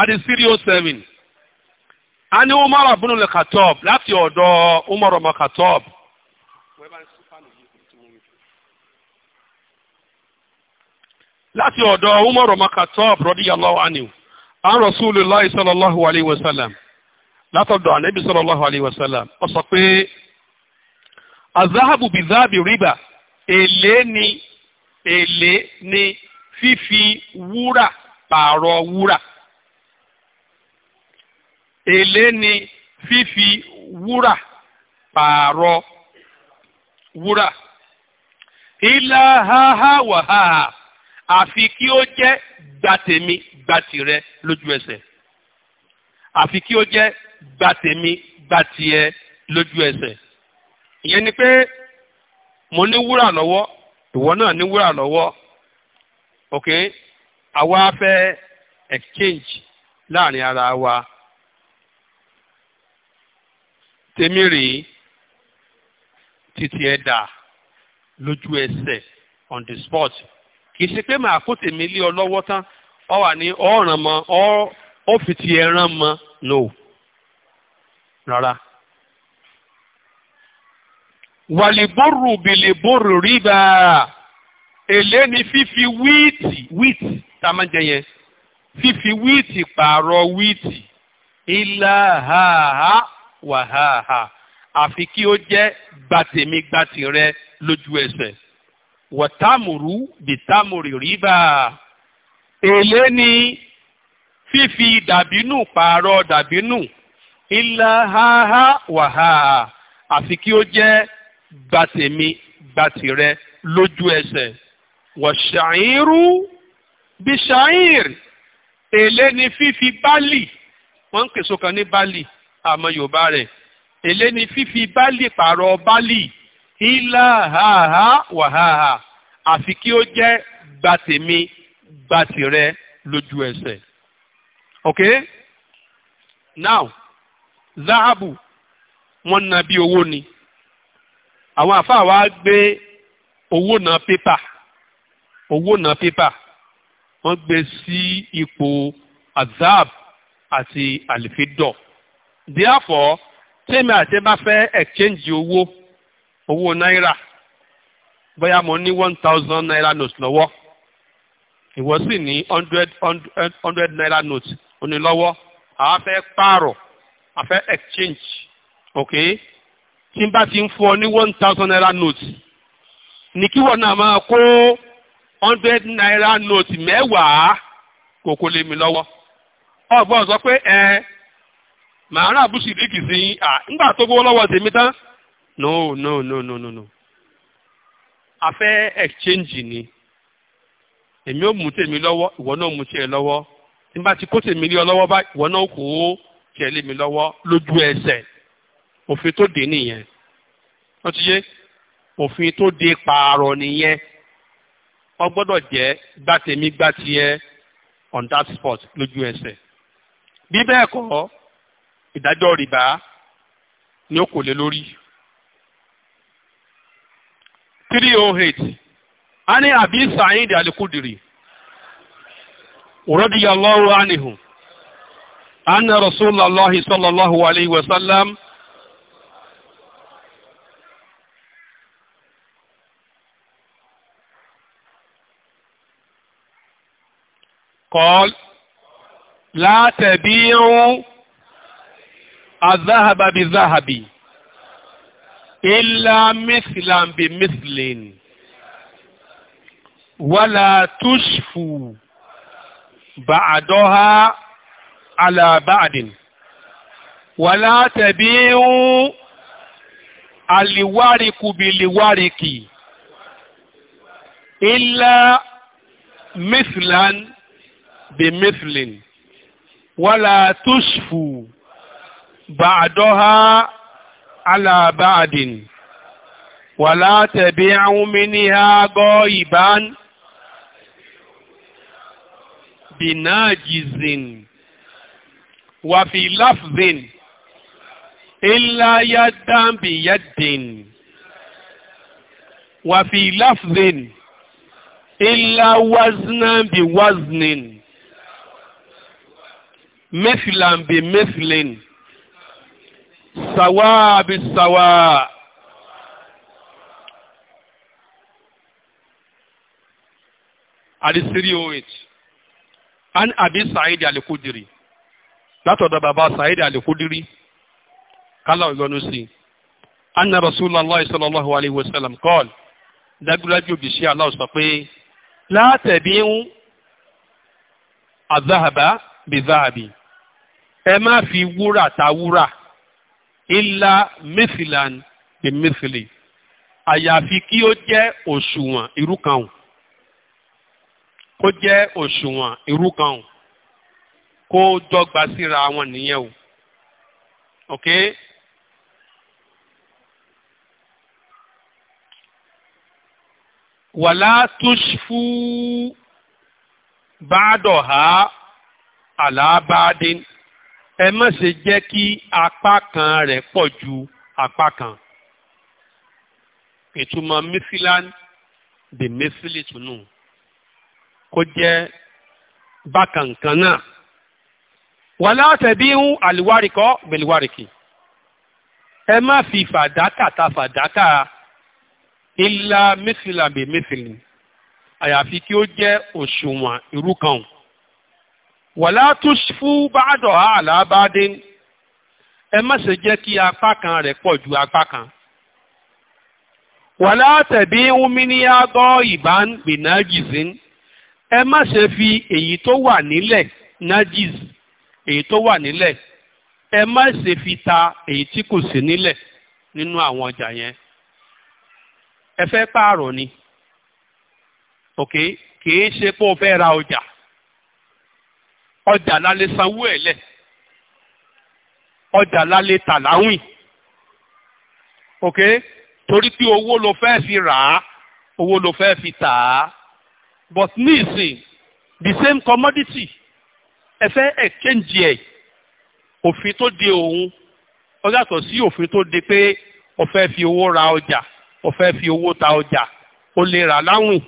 adi serious seven a ní umar abunul katob láti ọ̀dọ̀ umar ọmọ katob. láti ọ̀dọ̀ umar makatab radiyallahu anhu an rasulillah sallallahu alayhi wa sallam látọ̀dọ̀ anabi sallallahu alayhi wasallam sallam sọ pé azahabu bizahabi riba èlé ni èlé ni fífi wúrà pààrọ̀ wúrà èlé ni fífi wúrà pààrọ̀ wúrà ilá háhá ha. àfi kí ó jẹ́ gba tèmi gba tìrẹ lójú ẹsẹ̀ àfi kí ó jẹ́ gba tèmi gba tìẹ lójú ẹsẹ̀ ìyẹn ni pé mo ní wúrà lọ́wọ́ ìwọ náà ní wúrà lọ́wọ́ ok àwa fẹ́ exchange láàrin ara wa tèmi rèé títí ẹ̀ dà lójú ẹsẹ̀ on the spot kì í ṣe pé màá kó tèmi lé ọ lọ́wọ́ tán ọ wà ní ọ̀ràn mọ́ ọ fi ti ẹran mọ́ no rárá. wàlíbòrò bìlìbòrò rìbá èlé ni fífi wíìtì wíìtì tá a máa ń jẹ yẹn fífi wíìtì pààrọ̀ wíìtì ilá hàhà wàhàhà àfi kí ó jẹ́ gbàtèmi gbàtì rẹ lójú ẹsẹ̀ wọ̀tàmùrú bìtàmùrì rìbá èlé ni fífi dàbínù pààrọ̀ dàbínù ilà háhá wàhá àfi kí ó jẹ́ gbàtèmi gbàtìrẹ lójú ẹsẹ̀ wọ̀ṣàìrú bí èlé ni fífi bálì wọ́n ń pèsò kan ní bálì àmọ́ yorùbá rẹ̀ èlé ni fífi bálì pààrọ̀ bálì ilá haha ha àfi kí ó jẹ́ gbàtèmi gbàtìrẹ lójú ẹsẹ̀. okay now zahabu wọ́n na bí owó ni àwọn àfáà wa gbé owó na pépà owó na pépà wọ́n gbé sí ipò azab àti àlìfídọ̀ therefore tèmi àti ẹ bá fẹ́ exchange owó owó náírà bóyá mo ní one thousand naira note lọ́wọ́ ìwọ sì ní hundred hundred naira note onílọ́wọ́ àá fẹ́ pààrọ̀ àá fẹ́ exchange ok tí n bá ti ń fún ọ ní one thousand naira note ní kí wọ́n náà máa kó hundred naira note mẹ́wàá kòkó lé mi lọ́wọ́ ọ̀gbọ́n sọ pé ẹ màá rà bùsùlìkì sí i nígbà tó gbowó lọ́wọ́ tèmi tán no no no no no no a fẹ́ exchange ni èmi ò mú tèmi lọ́wọ́ ìwọ náà mú tiẹ̀ lọ́wọ́ tí n bá ti kó tèmi lé ọ lọ́wọ́ bá ìwọ náà kó tiẹ̀ lé mi lọ́wọ́ lójú ẹsẹ̀ òfin tó dé nìyẹn ó ti yé òfin tó dé pààrọ̀ nìyẹn wọ́n gbọ́dọ̀ jẹ́ gbá tèmi gbá tiẹ̀ on that spot lójú ẹsẹ̀ bí bẹ́ẹ̀ kọ́ ìdájọ́ rìbá ni ó kò lé lórí three oh eight ani abi sa'id alikudiri radiyallahu anhu anna rasulallah sallallahu alayhi wa sallam قال لا تبيعوا الذهب بالذهب إلا مثلا بمثل ولا تشفو بعضها على بعض ولا تبيع الورق بالورق إلا مثلا بمثل ولا تشفو بعضها على بعد ولا تبيع منها غائبا بناجز وفي لفظ إلا يدا بيد وفي لفظ إلا وزنا بوزن مثلا بمثل sàwá bí sàwá. àdìsírí oh an àbí sàáìdì àlékúdìrí látọ̀dọ̀ bàbá sàáìdì àlékúdìrí kálá ìlọ́nu sí i anna rasulallah sallallahu alayhi wa sallam kọ́ọ̀lù dágúdájú òbíṣẹ́ aláwọ̀ sọ pé látẹ̀bí ń àzáhàbá bí záhàbí ẹ má fi wúrà ta wúrà ilá mẹ́sìlán ní mẹ́sìlì àyàfi kí ó jẹ́ òṣùwọ̀n irú kan kó jẹ́ òṣùwọ̀n irú kan kó dọ́gba síra wọn nìyẹn o ok. wàlá tuṣfú bàdọ̀ ha àlàbàdín ẹ má ṣe jẹ́ kí apá kan rẹ̀ pọ̀ ju apá kan ìtumọ̀ mísílán dè mísílì tùnú kó jẹ́ bákan kan náà wà látẹ̀bí ń àlìwárìkọ́ bẹ̀lìwárìkì ẹ má fi fàdákà ta fàdákà ilá mísílà bè mísílì àyàfi kí ó jẹ́ òṣùwọ̀n irú kan wàlá tó fún bàdọ̀ àlàbádé ẹ má ṣe jẹ́ kí apá kan rẹ̀ pọ̀ ju apá kan wàlá tẹ̀bí wúmíníàgọ́ ìbán bìnájìzín ẹ má ṣe fi èyí tó wà nílẹ̀ nájìz èyí tó wà nílẹ̀ ẹ má ṣe fi ta èyí tí kò sí nílẹ̀ nínú àwọn ọjà yẹn ẹ fẹ́ pààrọ̀ ni òkè kìí ṣe pé o fẹ́ ra ọjà. Okay? ọjà la lè sanwó ẹ̀ lẹ̀ ọjà la lè tà láwìn ok torí pé owó ló fẹ́ fi rà á owó ló fẹ́ fi tà á but ní ìsìn the same commodity ẹ fẹ́ exchange ẹ̀ òfin tó de òun ó yàtọ̀ sí òfin tó de pé ó fẹ́ fi owó ra ọjà ó fẹ́ fi owó ta ọjà ó lè rà láwìn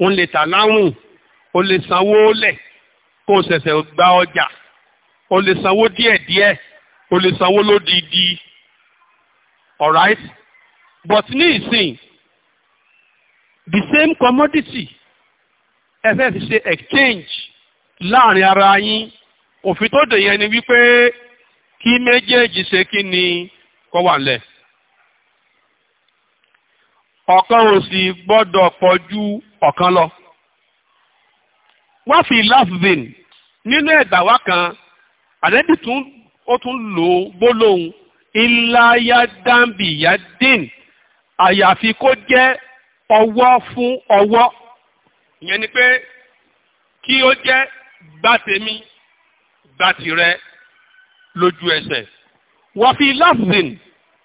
ó lè tà láwìn ó lè sanwó lẹ̀ kó o ṣẹ̀ṣẹ̀ gba ọjà o lè sanwó díẹ̀díẹ̀ o lè sanwó lódìdí alright but ní ìsìn the same commodity ẹ fẹ́ fi ṣe exchange láàrin ara yín òfin tó dè yẹn ni wípé kí méjèèjì ṣe kí ni kó wà lẹ̀. ọ̀kan ò sì gbọ́dọ̀ pọ̀ ju ọ̀kan lọ. wọ́n fi láfùbìn nínú ẹ̀gbà wa kan ànábì tún ó tún lò ó gbólóhùn ìlàyàdàmbìyàdìn àyàfi kó jẹ́ ọwọ́ fún ọwọ́ ìyẹn ni pé kí ó jẹ́ gbà tèmi gbà tìrẹ lójú ẹsẹ̀ wọ́n fi láfìn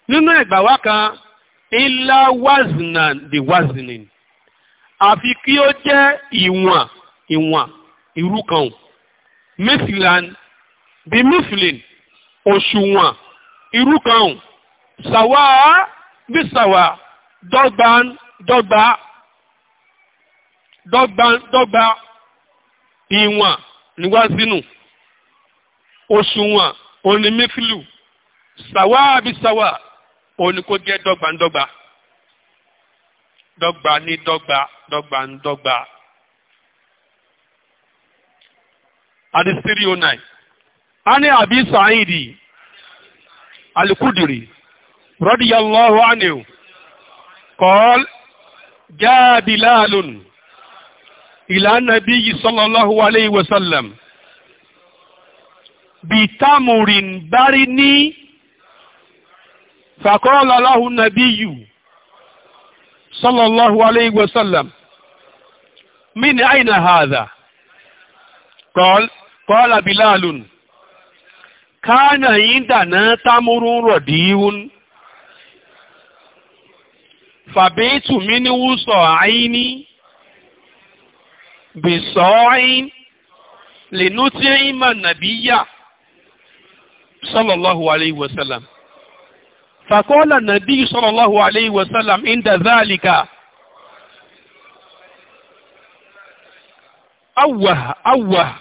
nínú ẹ̀gbà wa kan ìlà waznan di waznin àfi kí ó jẹ́ ìwọ̀n ìwọ̀n irú kan mẹ́sìlán bí mẹ́sìlín òṣùwọ̀n irú kan ṣàwá bí ṣàwá dọ́gba dọ́gba dọ́gba dọ́gba ìwọ̀n ni wazinu òṣùwọ̀n òní mẹ́sìlù ṣàwá bí ṣàwá òní kò jẹ́ dọ́gba dọ́gba dọ́gba ní dọ́gba dọ́gba dọ́gba. àdìs three oh nine ani abi sa'idi al-Khudri radiyallahu anhu qala jaa bilalun ila nabiyyi sallallahu alayhi wa sallam bitamurin barini faqala lahu nabiyyu sallallahu alayhi wa sallam min ayna hadha qala kọ́lá bilalun kánà yín dàná támúrú rọ̀díwún fàbẹ́tù mínú sọ àìní bèsọ́ àìn lẹ́nu tí ìmọ̀ nàbíyà sallallahu alayhi wa sallam فقال النبي صلى الله عليه وسلم عند ذلك أوه أوه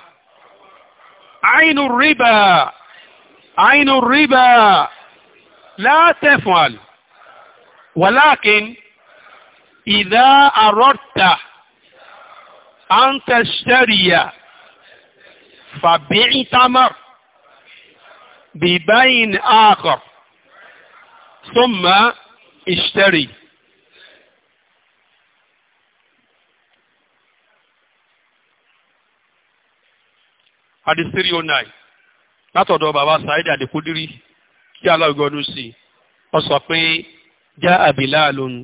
عين الربا عين الربا لا تفعل ولكن إذا أردت أن تشتري فبيع تمر ببين آخر ثم اشتري àti three oh nine látọ̀dọ̀ bàbá Saheed Adékúdírí kí aláwùjọ́nù sí ọ sọ pé já àbíláàlùn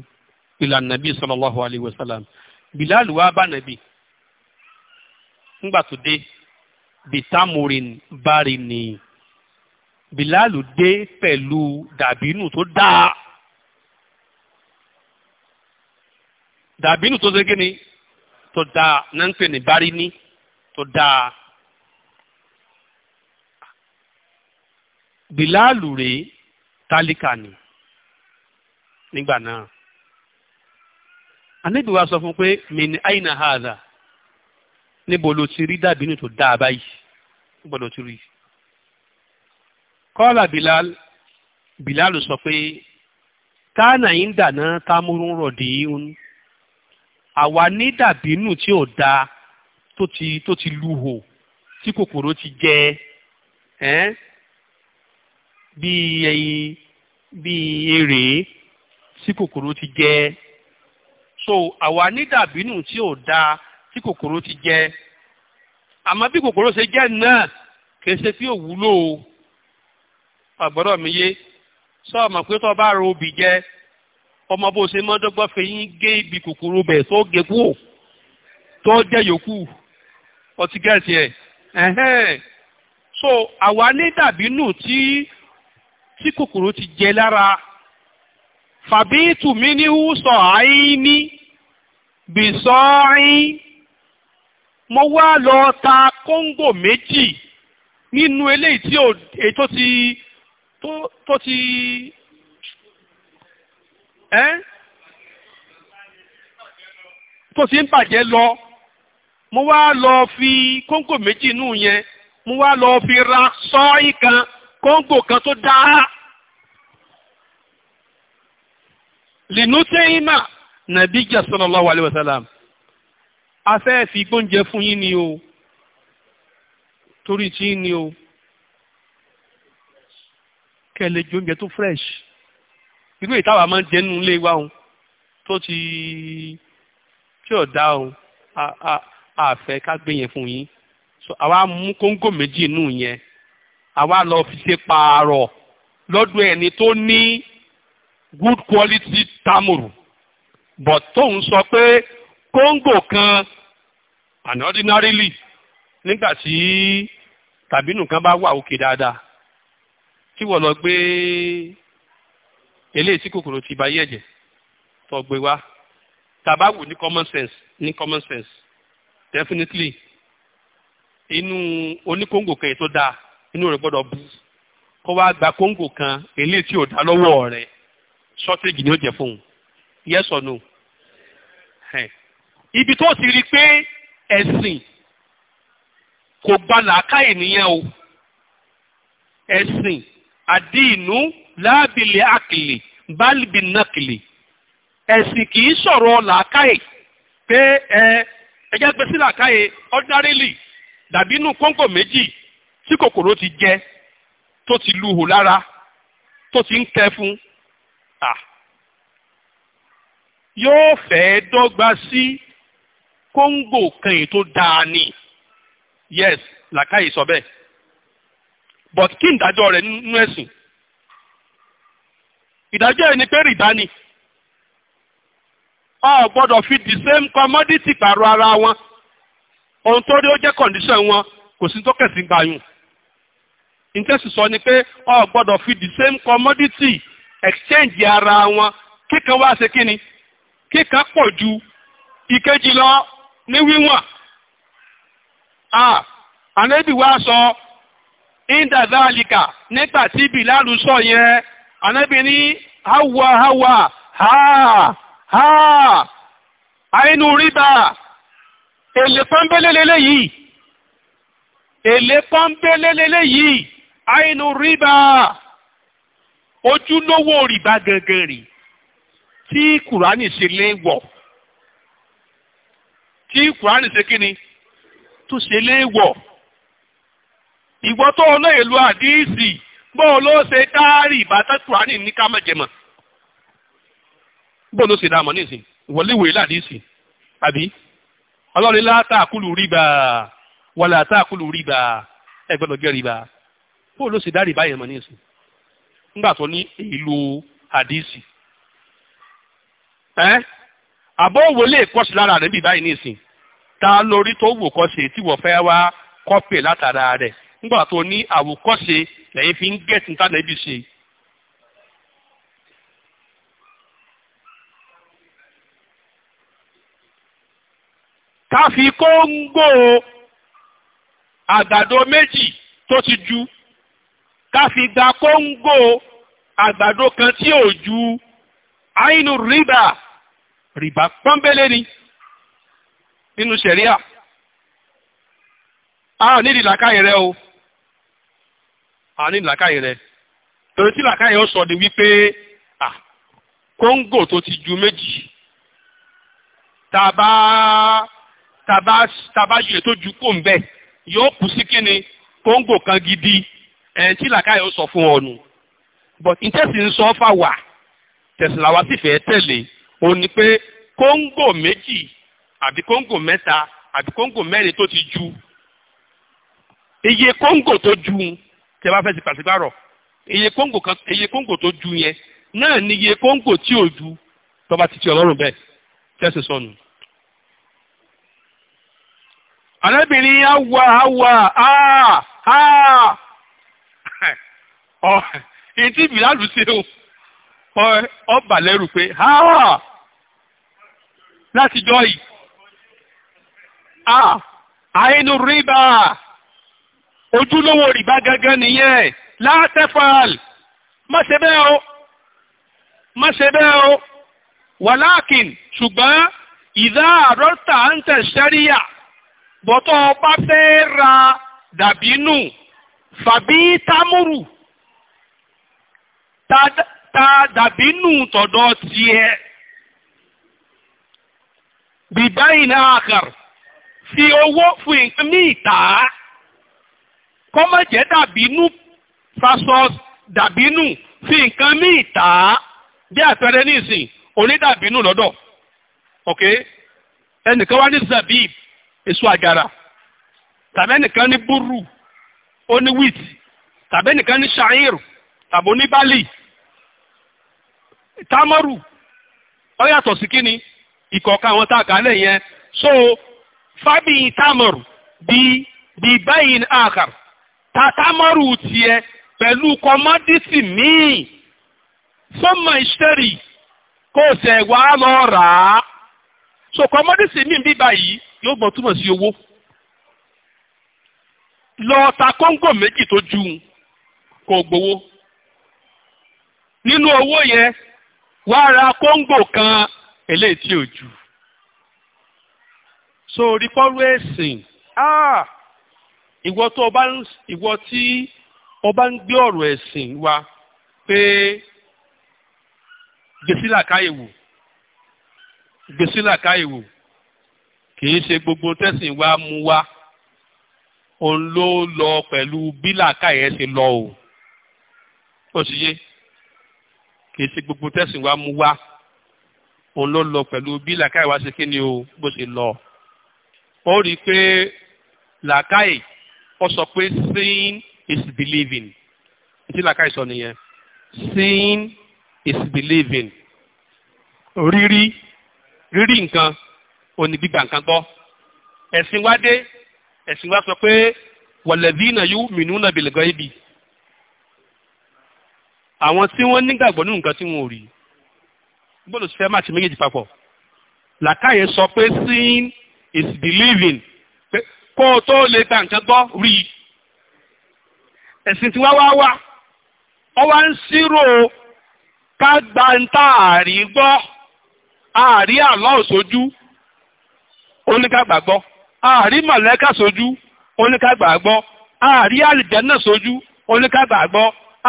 ìlànà nàbí sallallahu alayhi wa sallam bíláàlù wa bá nàbí ńgbà tó dé bìtámùrìn bárì ni bíláàlù dé pẹ̀lú dàbínù tó dáa dàbínù tó ṣe kí ni tó dáa náà ń pè ní bárì ni tó dáa. bìláàlù rèé tálíkà ni nígbà náà àníbi wa sọ fún pé min aina haza níbo ló ti rí dàbínú tó dáa báyìí níbo ló ti rí kọ́lá bìláàlù bìláàlù sọ pé kánà yín dàná támúrún rọ̀dì ń àwa ní dàbínú tí ò dáa tó ti tó ti lu hò tí kòkòrò ti jẹ ẹ́. Eh? bí ẹyin bí eré tí kòkòrò ti jẹ so àwa ní tí ò dáa tí kòkòrò ti jẹ àmọ́ bí kòkòrò ṣe jẹ náà kì í ṣe tí ò wúlò o mi sọ ọmọ pé tó bá ro obì jẹ ọmọ bó ṣe mọ́dọ́gbọ́n gé ibi kòkòrò tó o tó yòókù ọtí so àwa ní tí kòkòrò ti jẹ lára fàbíìtù mi ní húsọ àìní bìsọ́ọ́ín mo wá lọ ta kóńgò méjì nínú eléyìí tí ètò ti tó ti ẹ́ tó ti ń bàjẹ́ lọ mo wá lọ fi kóńgò méjì nù yẹn mo wá lọ fi ra sọ́ọ́ín kan kóńgò kan tó dáa lìnútẹ́yìnmà nàbíjà sallallahu alaihi wasallam afẹ́ fi gbóúnjẹ fún yín ni o torí tí ni o kẹlẹ̀ ju tó fresh irú ìtawà máa ń jẹnu ilé wa o tó ti tí ò dá o àfẹ́ ká gbé yẹn fún yín àwa mú kóńgò méjì nù yẹn àwa lọ fi ṣe pààrọ̀ lọ́dún ẹni tó ní good quality tamuru but tóun sọ pé kóńgò kan and ordinarily nígbà tí tàbí nǹkan bá wà òkè dáadáa tí wọ́n lọ gbé eléyìí tí kòkòrò ti ba yé ẹ̀jẹ̀ tó gbé wá tàbá ní common sense ní common sense definitely inú oníkóńgò kan yìí tó dáa inú rẹ̀ gbọ́dọ̀ bú kó wá gba kóńgò kan eléyìí tí ò dá lọ́wọ́ rẹ̀ shortage ni ó jẹ́ fún un yes or no ibi tó ti rí pé kò gba làákà ènìyàn o ẹ̀sìn àdínú inu àkìlì bálìbì nàkìlì ẹ̀sìn kì í sọ̀rọ̀ làákàyè pé ẹ e gbé sí làákàyè ordinarily dàbí inú kóńgò méjì tí kòkòrò ti jẹ tó ti luhò lára tó ti ń kẹ fún à yóò fẹ́ dọ́gba sí kóńgò kan tó dáa ni yes làkàyè sọ bẹ́ẹ̀ but kí ìdájọ́ rẹ̀ nínú ẹ̀sìn ìdájọ́ ẹni pé rìbá ni ọ gbọ́dọ̀ fi the same commodity pààrọ̀ ara wọn ohun tó rí ó jẹ́ condition wọn kò sí tó kẹ̀sìn gbàyùn ìtẹ́sì sọ ni pé o gbọ́dọ̀ fi the same commodity exchange ara wọn kíkan wá ṣe kíni kíkan pọ̀ ju ìkejì lọ ní wíwọ̀n a ànábì wá sọ indazalika nígbà tí bilalu sọ yẹn ànábì ní hawa hawa ha ha àìnú rìbá èlé pọ́nbélélélé yìí èlé pọ́nbélélélé yìí àìnú rìbá ojúlówó rìbá gangan rì tí kùránì ṣe léèwọ̀ tí kùránì ṣe kíni tó ṣe léèwọ̀ ìwọ tó olóyè lu àdíìsì bóun ló ṣe dá rìbá tá kùránì ní ká má jẹmọ́ bóun ló ṣe dá mọ̀ nísìnyí wọléwèé làdíìsì àbí ọlọ́run látàkùlù rìbá wọlé àtàkùlù rìbá ẹ gbọ́dọ̀ jẹ́ rìbá. bóòlù ó sì dá rìbá yẹn mọ̀ nísìn nígbà tó ní ìlú àdìsí ẹ́ àbọ̀ òwò lè kọ́sí lára rẹ̀ bí báyìí nísìn ta lórí tó wò kọ́sí tí wọ́n fẹ́ wá kọ́pì látara rẹ̀ nígbà tó ní àwòkọ́sí lẹ́yìn fi ń gẹ̀tì tánẹ́bí ṣe. ká káfí kóńgò àgbàdo méjì tó ti ju ká fi gba kóńgò àgbàdo kan tí ò ju àínú rìbá rìbá pọ́nbélé ni nínú sẹ̀ríà a ò nídìí làákàyè rẹ o a ò nídìí làákàyè rẹ torí tí làákàyè ó sọ ni wípé à kóńgò tó ti ju méjì tàbá tàbá tàbá yìí tó ju kóńbẹ yóò kù sí kíni kóńgò kan gidi ẹ̀ tí làkàyè ó sọ fún ọ nù but ìtẹ̀sí ń sọ fà wà tẹ̀síláwá sì fẹ́ tẹ̀lé ó ní pé kóńgò méjì àbí kóńgò mẹ́ta àbí kóńgò mẹ́rin tó ti ju iye kóńgò tó ju tẹ bá fẹ́ ti pàṣípàrọ̀ iye kóńgò kan iye kóńgò tó ju yẹn náà ni iye kóńgò tí ò ju tó bá ti ti ọlọ́run bẹ́ẹ̀ tẹ́sí sọnù. arábìnrin awa awa aaa aaa ọ èyí tí bìlálù ṣe o ọ bà lẹ́rù pé háà láti jọ yìí ah àìnú rìbá ojúlówó rìbá gangan nìyẹn látẹ́fàl má ṣe bẹ́ẹ̀ o má ṣe bẹ́ẹ̀ o wàláàkìn ṣùgbọ́n ìdá àrọ́tà ń tẹ̀ ṣẹ́ríyà bọ́tọ̀ ọba fẹ́ ra dàbínú fàbí támúrù ta dàbínú tọ̀dọ̀ tiẹ̀ bìbáyìn àkàr fi owó fún nǹkan ní ìta kọ́mọ̀jẹ́ dàbínú fasos dàbínú fi nǹkan ní ìta bí àpẹẹrẹ nísìn onídàbínú lọ́dọ̀ ok ẹnìkan wá ní zabib èso àjàrà tàbí ẹnìkan ní búrú ó ní wheat tàbí ẹnìkan ní ṣàìrù tàbí oníbálì Tamaru. Ọ yàtọ̀ sí kíni ìkọ̀ọ̀kan àwọn tá yẹn so fábì támọ́rù bí bí báyìí àkàr Tamaru pẹ̀lú kọmọ́dísì míì sọ́mọ ìṣẹ́rì kó o wá lọ rà á so kọmọ́dísì míì biba yi yóò gbọ́n túmọ̀ sí owó lọ ta méjì tó ju kò gbowó nínú owó yẹn wá ra kóńgò kan eléyìí tí ò jù so rípọ́rú ẹ̀sìn ah, ìwọ tó ọba ìwọ tí ọba ń gbé ọ̀rọ̀ ẹ̀sìn wa pé gbèsílà káyèwò gbèsílà káyèwò kìí ṣe gbogbo tẹ̀sìn wa mú wa òun ló lọ pẹ̀lú bílà káyẹ̀ ṣe lọ o ó sì yé kì í ṣe gbogbo tẹ̀sìn wa mú wá òun ló lọ pẹ̀lú bí làákàyè wa ṣe kí o bó ṣe lọ. ó rí i pé làákàyè ó sọ pé seeing is believing tí làákàyè sọ nìyẹn seeing is believing rírí rírí nǹkan òní gbígbà nǹkan gbọ́ ẹ̀sìn wa dé ẹ̀sìn wa sọ pé wọ̀lẹ̀dí yóò mìíràn bìlẹ̀ gan ibi àwọn tí wọ́n nígbàgbọ́ nínú nǹkan tí wọn ò rí gbọ́dọ̀ fẹ́ máa ṣe méjèèjì papọ̀ làkàyè sọ pé seeing is believing pé kó o tó lè gba nǹkan gbọ́ rí i ẹ̀sìn tí wá wá wá ọ wá ń ṣírò ká gba ń tá àárí gbọ́ àárí àlọ́ òṣojú oníkàgbà gbọ́ àárí mọ̀lẹ́kà sójú oníkàgbà gbọ́ àárí àlìjẹ́ náà sójú oníkàgbà gbọ́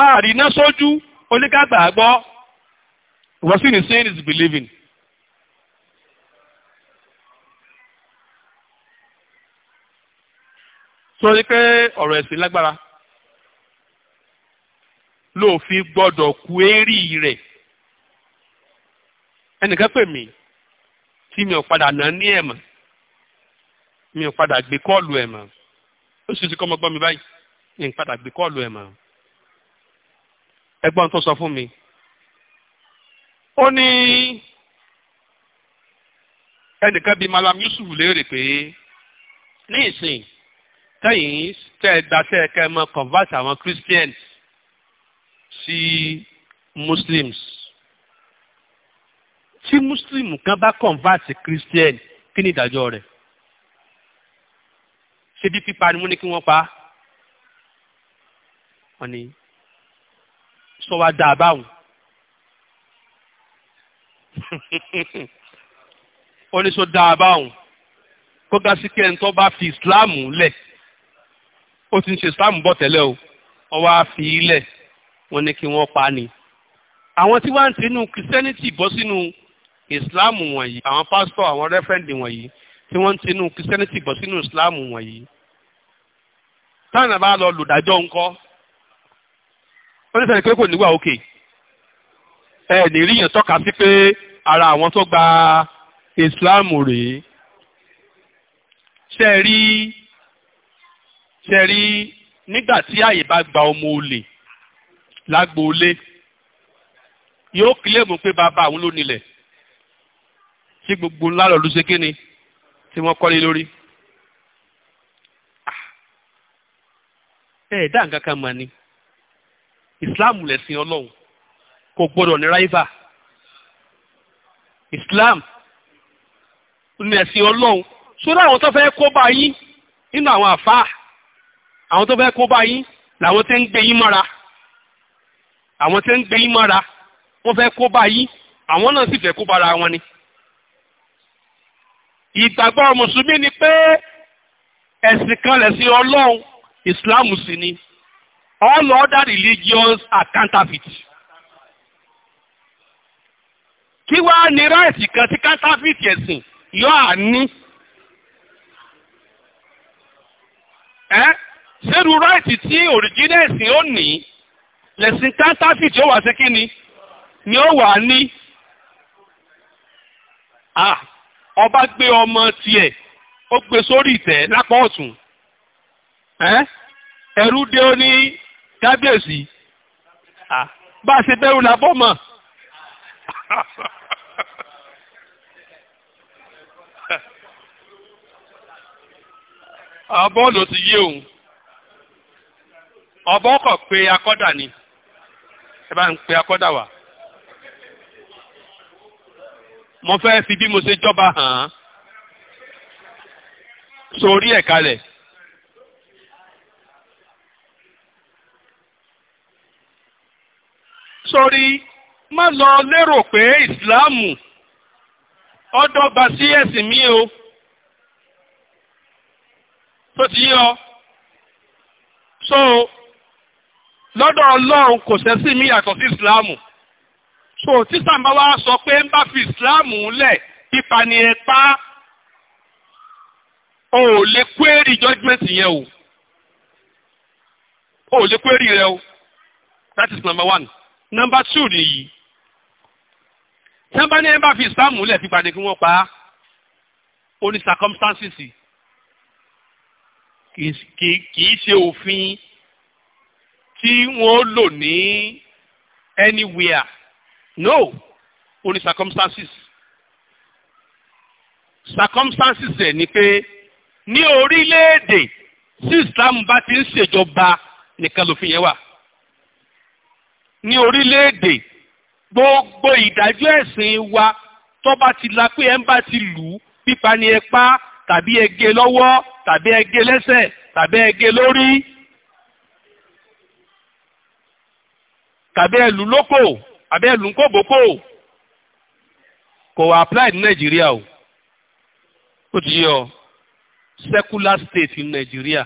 àríná sójú oníkàgbà gbọ́ what in is saying is believing. sọ ni pé ọ̀rọ̀ ẹ̀sìn lágbára lófin gbọ́dọ̀ kú érì rẹ̀ ẹnìkan pè mí tí mi ò padà nà mi ò padà gbé kọ́ọ̀lù ẹ̀ ó sì ti kọ́ ọmọ gbọ́ ẹ̀gbọ́n tó sọ fún mi ó ní ẹnìkan bíi malam yusuf léèrè pé ní ìsìn tẹ̀yìn tẹ́ ẹ gbaṣẹ́ kẹ́ mọ convert àwọn christians sí muslims tí muslim kan bá convert christian kí ni ìdájọ́ rẹ̀ ṣé bí pípa ni wọ́n ní kí wọ́n pa á wọ́n sọ wá dáa báwọn. <laughs> ó ní sọ dáa báwọn kó ga sí pé ẹni tó bá fi Islam lẹ̀ ó ti ń ṣe Islam bọ̀ tẹ́lẹ̀ o wọ́n wá fi í lẹ̀ kí wọ́n pa ni. àwọn tí wọ́n ń tinú Christianity bọ́ sínú Islam wọ̀nyí àwọn pásítọ̀ àwọn rẹ́fẹ̀ndì wọ̀nyí tí wọ́n ń tinú Christianity bọ̀ sínú Islam wọ̀nyí. táwọn náà bá lọ lùdájọ́ ńkọ́ wọ́n ní sẹ́ni pé kò níwà òkè ẹ ní rí yẹn tọ́ka sí pé ara àwọn tó gba ìsìláàmù rèé ṣe rí ṣe rí nígbà tí àyè bá gba ọmọ olè lágbóolé yóò kílèmù pé bàbá àwọn ló nílẹ̀ tí gbogbo ńlá lọ ṣe kíni tí wọ́n kọ́lé lórí. Ah. ẹ nǹkan kan mọ̀ ni islam lẹ̀sìn ọlọ́run kò gbọ́dọ̀ ní ráìvà islam ní ẹ̀sìn ọlọ́run sódà àwọn tó fẹ́ kó bá yín nínú àwọn àfáà àwọn tó fẹ́ kó bá yín làwọn tẹ́ ń gbé yín mọ́ra àwọn tẹ́ ń gbé yín mọ́ra wọ́n fẹ́ kó bá yín àwọn náà sì fẹ́ kó bára wọn ni. ìgbàgbọ́ mùsùlùmí ni pé ẹ̀sìn kan lẹ̀sìn ọlọ́run ìsìláàmù sì ni. All other religions are counterfeit. Kí wá ní ráìsì kan tí counterfeit ẹ̀sìn yóò à ní? Ẹ́ ṣẹ́rù ráìsì tí original ẹ̀sìn ó ní lẹ̀sìn counterfeit ó wà sí kí ni? Ni ó wà ní. Ah, ọba gbé ọmọ tiẹ̀, ó gbé sórí ìtẹ́ lápá ọ̀tún. Ẹ́ ẹ̀rú dé ó ní kábíyèsí ah, bá a ṣe bẹ̀rù làbọ̀ mọ̀. <laughs> Ah, bọ́ọ̀lù ti yé òun ọ̀bọ kọ̀ pé akọ́dà ni ẹ bá ń pe akọ́dà wá. mo fẹ́ fi bí mo ṣe jọba hàn án sórí ẹ̀ kalẹ̀. sórí má lọ lérò pé ìsìláàmù ọdọ́gba sí ẹ̀sìn mi o tó ti yọ so lọ́dọ̀ ọlọ́run kò sẹ́sìn mi yàtọ̀ sí ìsìláàmù so títà bá wá sọ pé ń bá fi ìsìláàmù lẹ̀ pípa ni ẹ pa o ò lè query judgement yẹn o o lè query rẹ o that is number one nọmba two nìyí tí wọ́n bá ní ẹ̀ bá fi islam múlẹ̀ fi gbàdé kí wọ́n pa á ó ní circumstances kì í ṣe òfin tí wọ́n lò ní anywhere no ó ní circumstances circumstances ẹ̀ ni pé ní orílẹ̀-èdè tí islam bá ti ń ṣèjọba nìkan lòfin yẹn wà ní orílẹ̀-èdè gbogbo ìdájọ́ ẹ̀sìn wa tó bá ti la pé ẹ̀ ti lù ú pípa ni ẹ pa tàbí ẹ gé lọ́wọ́ tàbí ẹ gé lẹ́sẹ̀ tàbí ẹ gé lórí tàbí ẹ lóko àbí ẹ lù kò apply ní nàìjíríà o ó ti yọ secular state ní nàìjíríà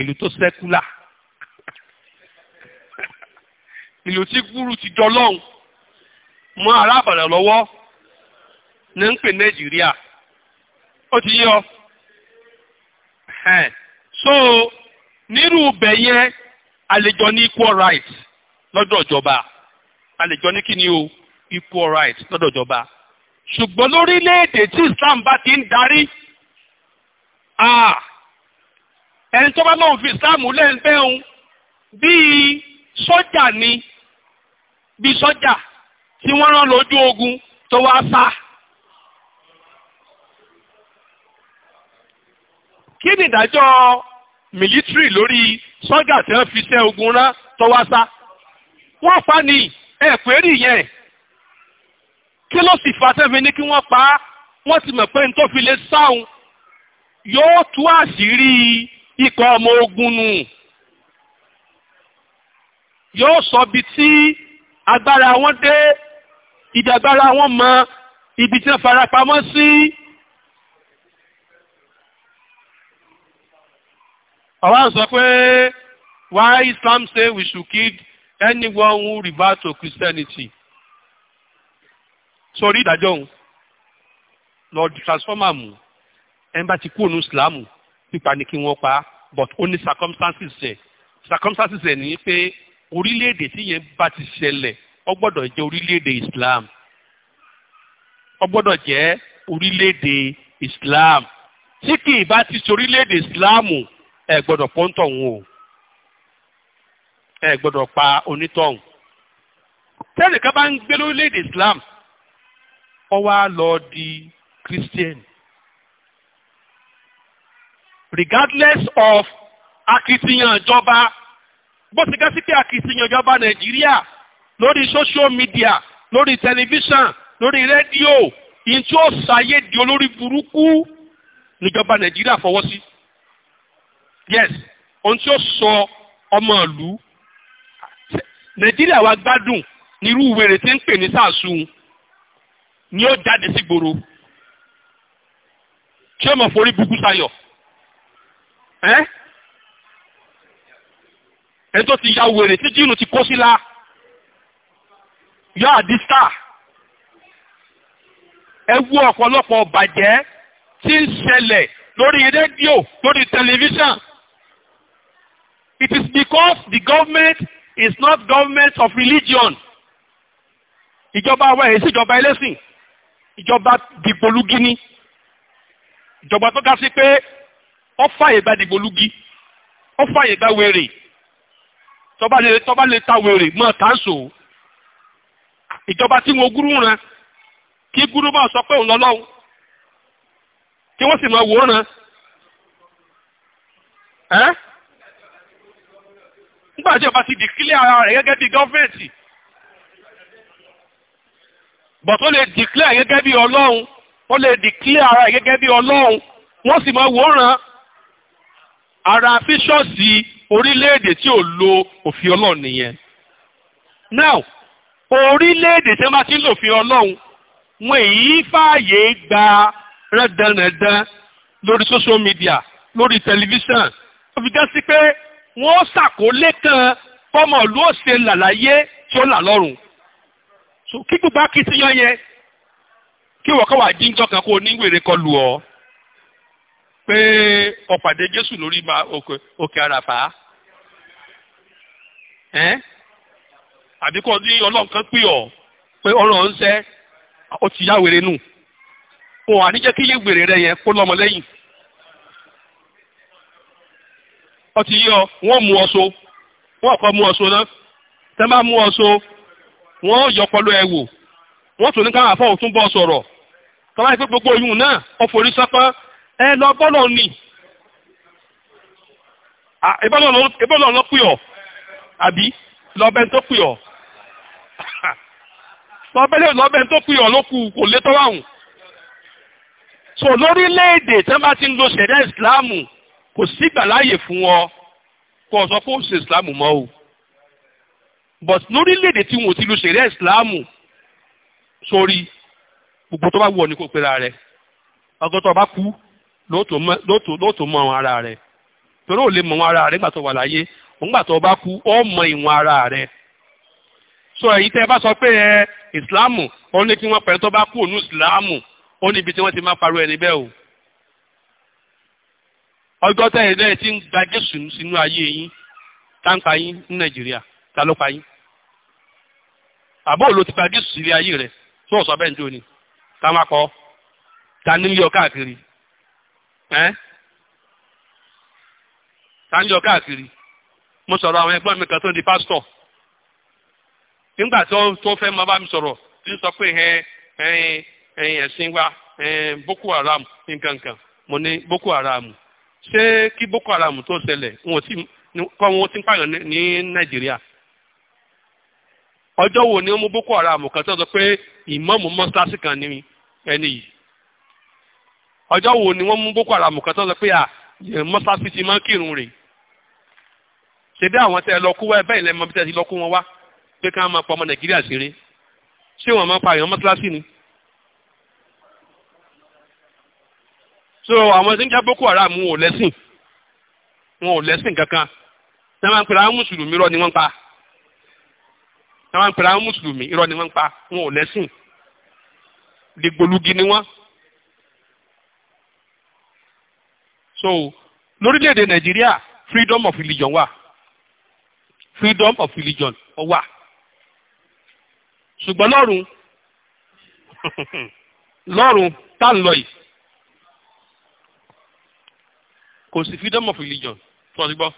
ìlú tó secular. ìlú tí gúrú ti dọlọ́hùn mọ́ arábàdà lọ́wọ́ ní ń pè nàìjíríà ó ti yọ so nírú ibẹ̀ yẹn àlejò ní equal rights lọ́dọ̀ ìjọba àlejò ní kíni o equal rights lọ́dọ̀ ìjọba ṣùgbọ́n lórílẹ̀‐èdè tí Islam bá ti ń darí ẹni tó bá lóun fi Islam lẹ́ńbẹ́ òun bíi sọ́jà ni bí sọ́jà tí wọ́n rán lójú ogun tó wá sá. kí ni ìdájọ́ mìlítírì lórí sọ́jà tí wọ́n fi ṣe ogun rán tó wá sá? wọ́n pa ni ẹ̀ pẹ́rì yẹn kí ló sì fa sẹ́fẹ̀ ní kí wọ́n pa á wọ́n ti mọ̀ pé n tó fi lè sáhùn yóò tú àṣírí ikọ̀ ọmọ ogun nù yóò sọ bí tí agbára wọn dé ìdàgbára wọn mọ ibi tí wọ́n farapamọ́ sí. ọ̀wá sọ pé why Islam say we should kill anyone who revert to Christianity sórí ìdájọ́ òun lọ́ọ̀dù transformer mu ẹni bá ti kú òun Islam pípa ni kí wọ́n pa but only circumstances ẹ̀ circumstances ẹ̀ ní pé orílẹ̀-èdè tí yẹn bá ti ṣẹlẹ̀ ó gbọ́dọ̀ jẹ́ orílẹ̀-èdè Islam ó gbọ́dọ̀ jẹ́ orílẹ̀-èdè Islam tí kì í bá ti ṣorílẹ̀-èdè Islam ẹ gbọ́dọ̀ pọ́ńtọ̀ wọn o ẹ gbọ́dọ̀ pa onítọ̀hún tẹ́nìkan bá ń gbé lórílẹ̀-èdè Islam ó wá lọ di Christian regardless of akitiyan ìjọba bó ti gá sí pé àkìtìyàn ìjọba nàìjíríà lórí social media lórí tẹlifíṣàn lórí rédíò yìí tí ó ṣàyè di olórí burúkú níjọba nàìjíríà fọwọ́ sí. yes ohun tí ó sọ ọmọ ìlú nàìjíríà wa gbádùn nírú wèrè tí ń pè ní sàásùn ni ó jáde sí gbòòrò tí ó mọ̀ forí burúkú sayọ̀. Eh? ẹni ti ya wèrè tí jíìnù ti kó sílá yọ àdìsá ẹ ọ̀pọ̀lọpọ̀ bàjẹ́ tí ń ṣẹlẹ̀ lórí rédíò lórí tẹlifíṣàn it is because the government is not government of religion ìjọba wa èyí sí ìjọba ẹlẹ́sìn ìjọba dìgbòlugi ni ìjọba tó ga sí pé ó fàyè gba dìgbòlugi ó fàyè gba wèrè tọ́ba lè tọ́ba lè ta wèrè mọ́ tánṣó ìjọba tí wọn gúrú rẹ kí gúrú bá sọ pé òun lọ́lọ́run kí wọ́n sì máa wò ó rẹ ẹ́ nígbà tí ọba ti dìkílẹ̀ ara rẹ̀ gẹ́gẹ́ bí gọ́fẹ̀ntì bọ̀ tó lè dìkílẹ̀ gẹ́gẹ́ bí ọlọ́run ó lè dìkílẹ̀ ara rẹ̀ gẹ́gẹ́ bí ọlọ́run wọ́n sì máa wò ó rẹ ara fíṣọ́ọ̀sì orílẹ̀-èdè tí ò lo òfin ọlọ́run nìyẹn. now orílẹ̀-èdè tí wọ́n bá ti ń lo òfin ọlọ́run wọn èyí fààyè gba rẹ́dẹ̀rẹ́dẹ́ lórí social media lórí tẹlifíṣàn ó fi jásí pé wọ́n ṣàkólé kan fọ́mọ̀ ìlú òsè làlàyé tí ó là lọ́rùn. so kí gbogbo akitiyan yẹn kí wọ́n kọ́ wà jíjọ́ kan kó o ní wèrè kọ lù ọ́. pé ọpade pàdé Jésù lórí òkè àràfà àbí kò ní ọlọ́run kan pè ọ́ pé ọ̀rọ̀ ń sẹ́ ó ti nù kí rẹ yẹn kó lọ́mọ lẹ́yìn ó ti yí ọ wọ́n mú ọ so náà tẹ́ bá mú ọ so wọ́n yọ ọpọlọ ẹ wò wọ́n tún ní káwọn àfọwọ́ gbogbo oyún náà ó forí ẹ lọ bọ́lọ̀ ni ìbọ́lọ̀ lọ pè ọ́ àbí lọ́bẹ̀ tó pè ọ́ lọ́bẹ̀ <laughs> lọ́bẹ̀ tó pè ọ́ ló kù kò lé tọ́wọ́ àwùn so lórílẹ̀-èdè tí wọ́n bá ti ń lo ṣẹ̀dá ìsìláàmù kò sígbà láàyè fún ọ kò sọ pé ó ṣe ìsìláàmù mọ́ o but lórílẹ̀-èdè tí wọn ò ti lo ṣẹ̀dá ìsìláàmù sórí gbogbo tó bá wù ọ ní kó pera rẹ ọgọ́tọ̀ bá kú lóòtò mọ àwọn ara rẹ̀ torí ò lè mọ àwọn ara rẹ̀ nígbà tó wà láyé nígbà tó bá kú ó mọ ìwọ̀n ara rẹ̀ so èyí tẹ́ ẹ bá sọ pé ẹ ìsìláàmù ó ní kí wọ́n pẹ̀lú tó bá kú òun ìsìláàmù ó níbi tí wọ́n ti máa parọ́ ẹni bẹ́ẹ̀ o ọjọ́ tẹ́ ẹ tí ń gba Jésù sínú ayé yín táǹkà yín ní Nàìjíríà ta ló pa yín àbọ̀ ló ti gba Jésù sílé ayé rẹ̀ tó ọ̀sọ́ bẹ́ẹ̀ ń dóni ká má kọ́ ta ní ọ káàkiri ẹ́ ta ń a káàkiri mo sọ̀rọ̀ àwọn ẹgbọ́n mi kan tó di pásítọ̀ nígbà tó fẹ́ máa bá mi sọ̀rọ̀ tí ń sọ pé wa Boko Haram nkankan mo ní Boko Haram ṣé kí Boko Haram tó ṣẹlẹ̀ kọ́ wọn ti pààyàn ní Nàìjíríà wo ni mú Boko Haram kan tó sọ pé ìmọ̀ọ́mù mọ́ṣáláṣí kan ní ẹni ọjọ́ wo ni wọ́n mú boko haram kan tó sọ pé à mọ́sáàsì ti máa ń kírun rè ṣe bí àwọn tẹ ẹ lọ kú wá bẹ́ẹ̀ lẹ́mọ bí tẹ ti lọ kú wọn wá pé ká máa pa ọmọ nàìjíríà ṣeré ṣé wọn máa pa èèyàn mọ́sáàsì ni. so àwọn tí ń já boko haram wọn ò lẹ́sìn wọn ò lẹ́sìn kankan tí wọ́n pèrè àwọn mùsùlùmí irọ́ ni wọ́n ń pa tí wọ́n pèrè àwọn mùsùlùmí irọ́ ni wọ́n ń pa wọn ò lẹ́sìn lè ni wọ́n. so lórílẹ̀‐èdè nàìjíríà freedom of religion wà freedom of religion wà ṣùgbọ́n <laughs> tá freedom of religion tó ọ ti gbọ́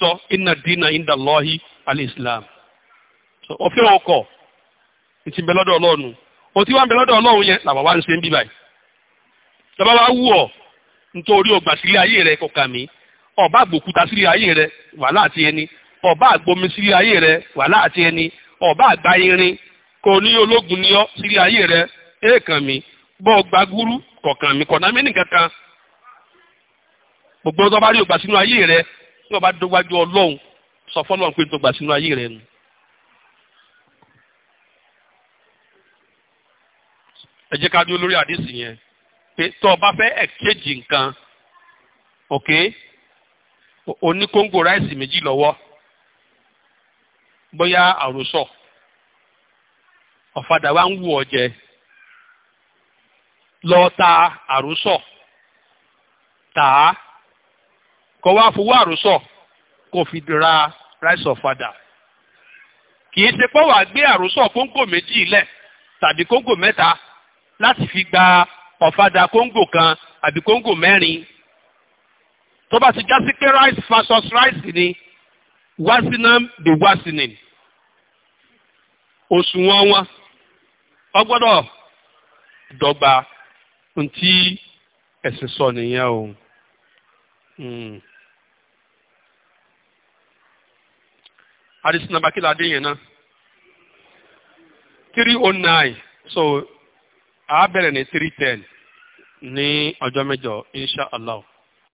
sọ inna dina inda Allahi al-Islam òfin ọkọ̀ ti ọlọ́run o ti wá ọlọ́run yẹn làwọn wá ń tọ́ba wá wù ọ nítorí ọgbà sílé ayé rẹ mí ọba ayé rẹ wàhálà àti ẹni ọba àgbomi sílé ayé rẹ wà àti ẹni ọba àgbà irin kò ní ayé rẹ èèkàn mi bọ́ ọgbà gúrú kọ̀ọ̀kan mi kọ̀ọ̀nà mí nìkan gbogbo ọba ayé rẹ ní ọba dọgbàjú ọlọ́run sọ ayé rẹ pé tọ ọ bá fẹ́ exchange nǹkan ok o kóńgò ráìsì méjì lọ́wọ́ bóyá àròsọ ọ̀fadà wa ń wù ọ jẹ lọ ta àròsọ tà á kó wá fowó àròsọ kó fi ra ráìsì ọ̀fadà kì í ṣe wàá gbé àròsọ kóńgò méjì lẹ̀ tàbí kóńgò mẹ́ta láti fi gba ọ̀fadà kóńgò kan àbí kóńgò mẹ́rin tó bá ti já sí pé rice versus rice ni wasinam the wasinin òṣùwọ̀n wọn wọ́n gbọ́dọ̀ dọ́gba ntí ẹ̀sìn sọ nìyẹn o. adesina bakila adeyina na three oh nine so a bẹ̀rẹ̀ ní three ten ní ọjọ́ mẹ́jọ insha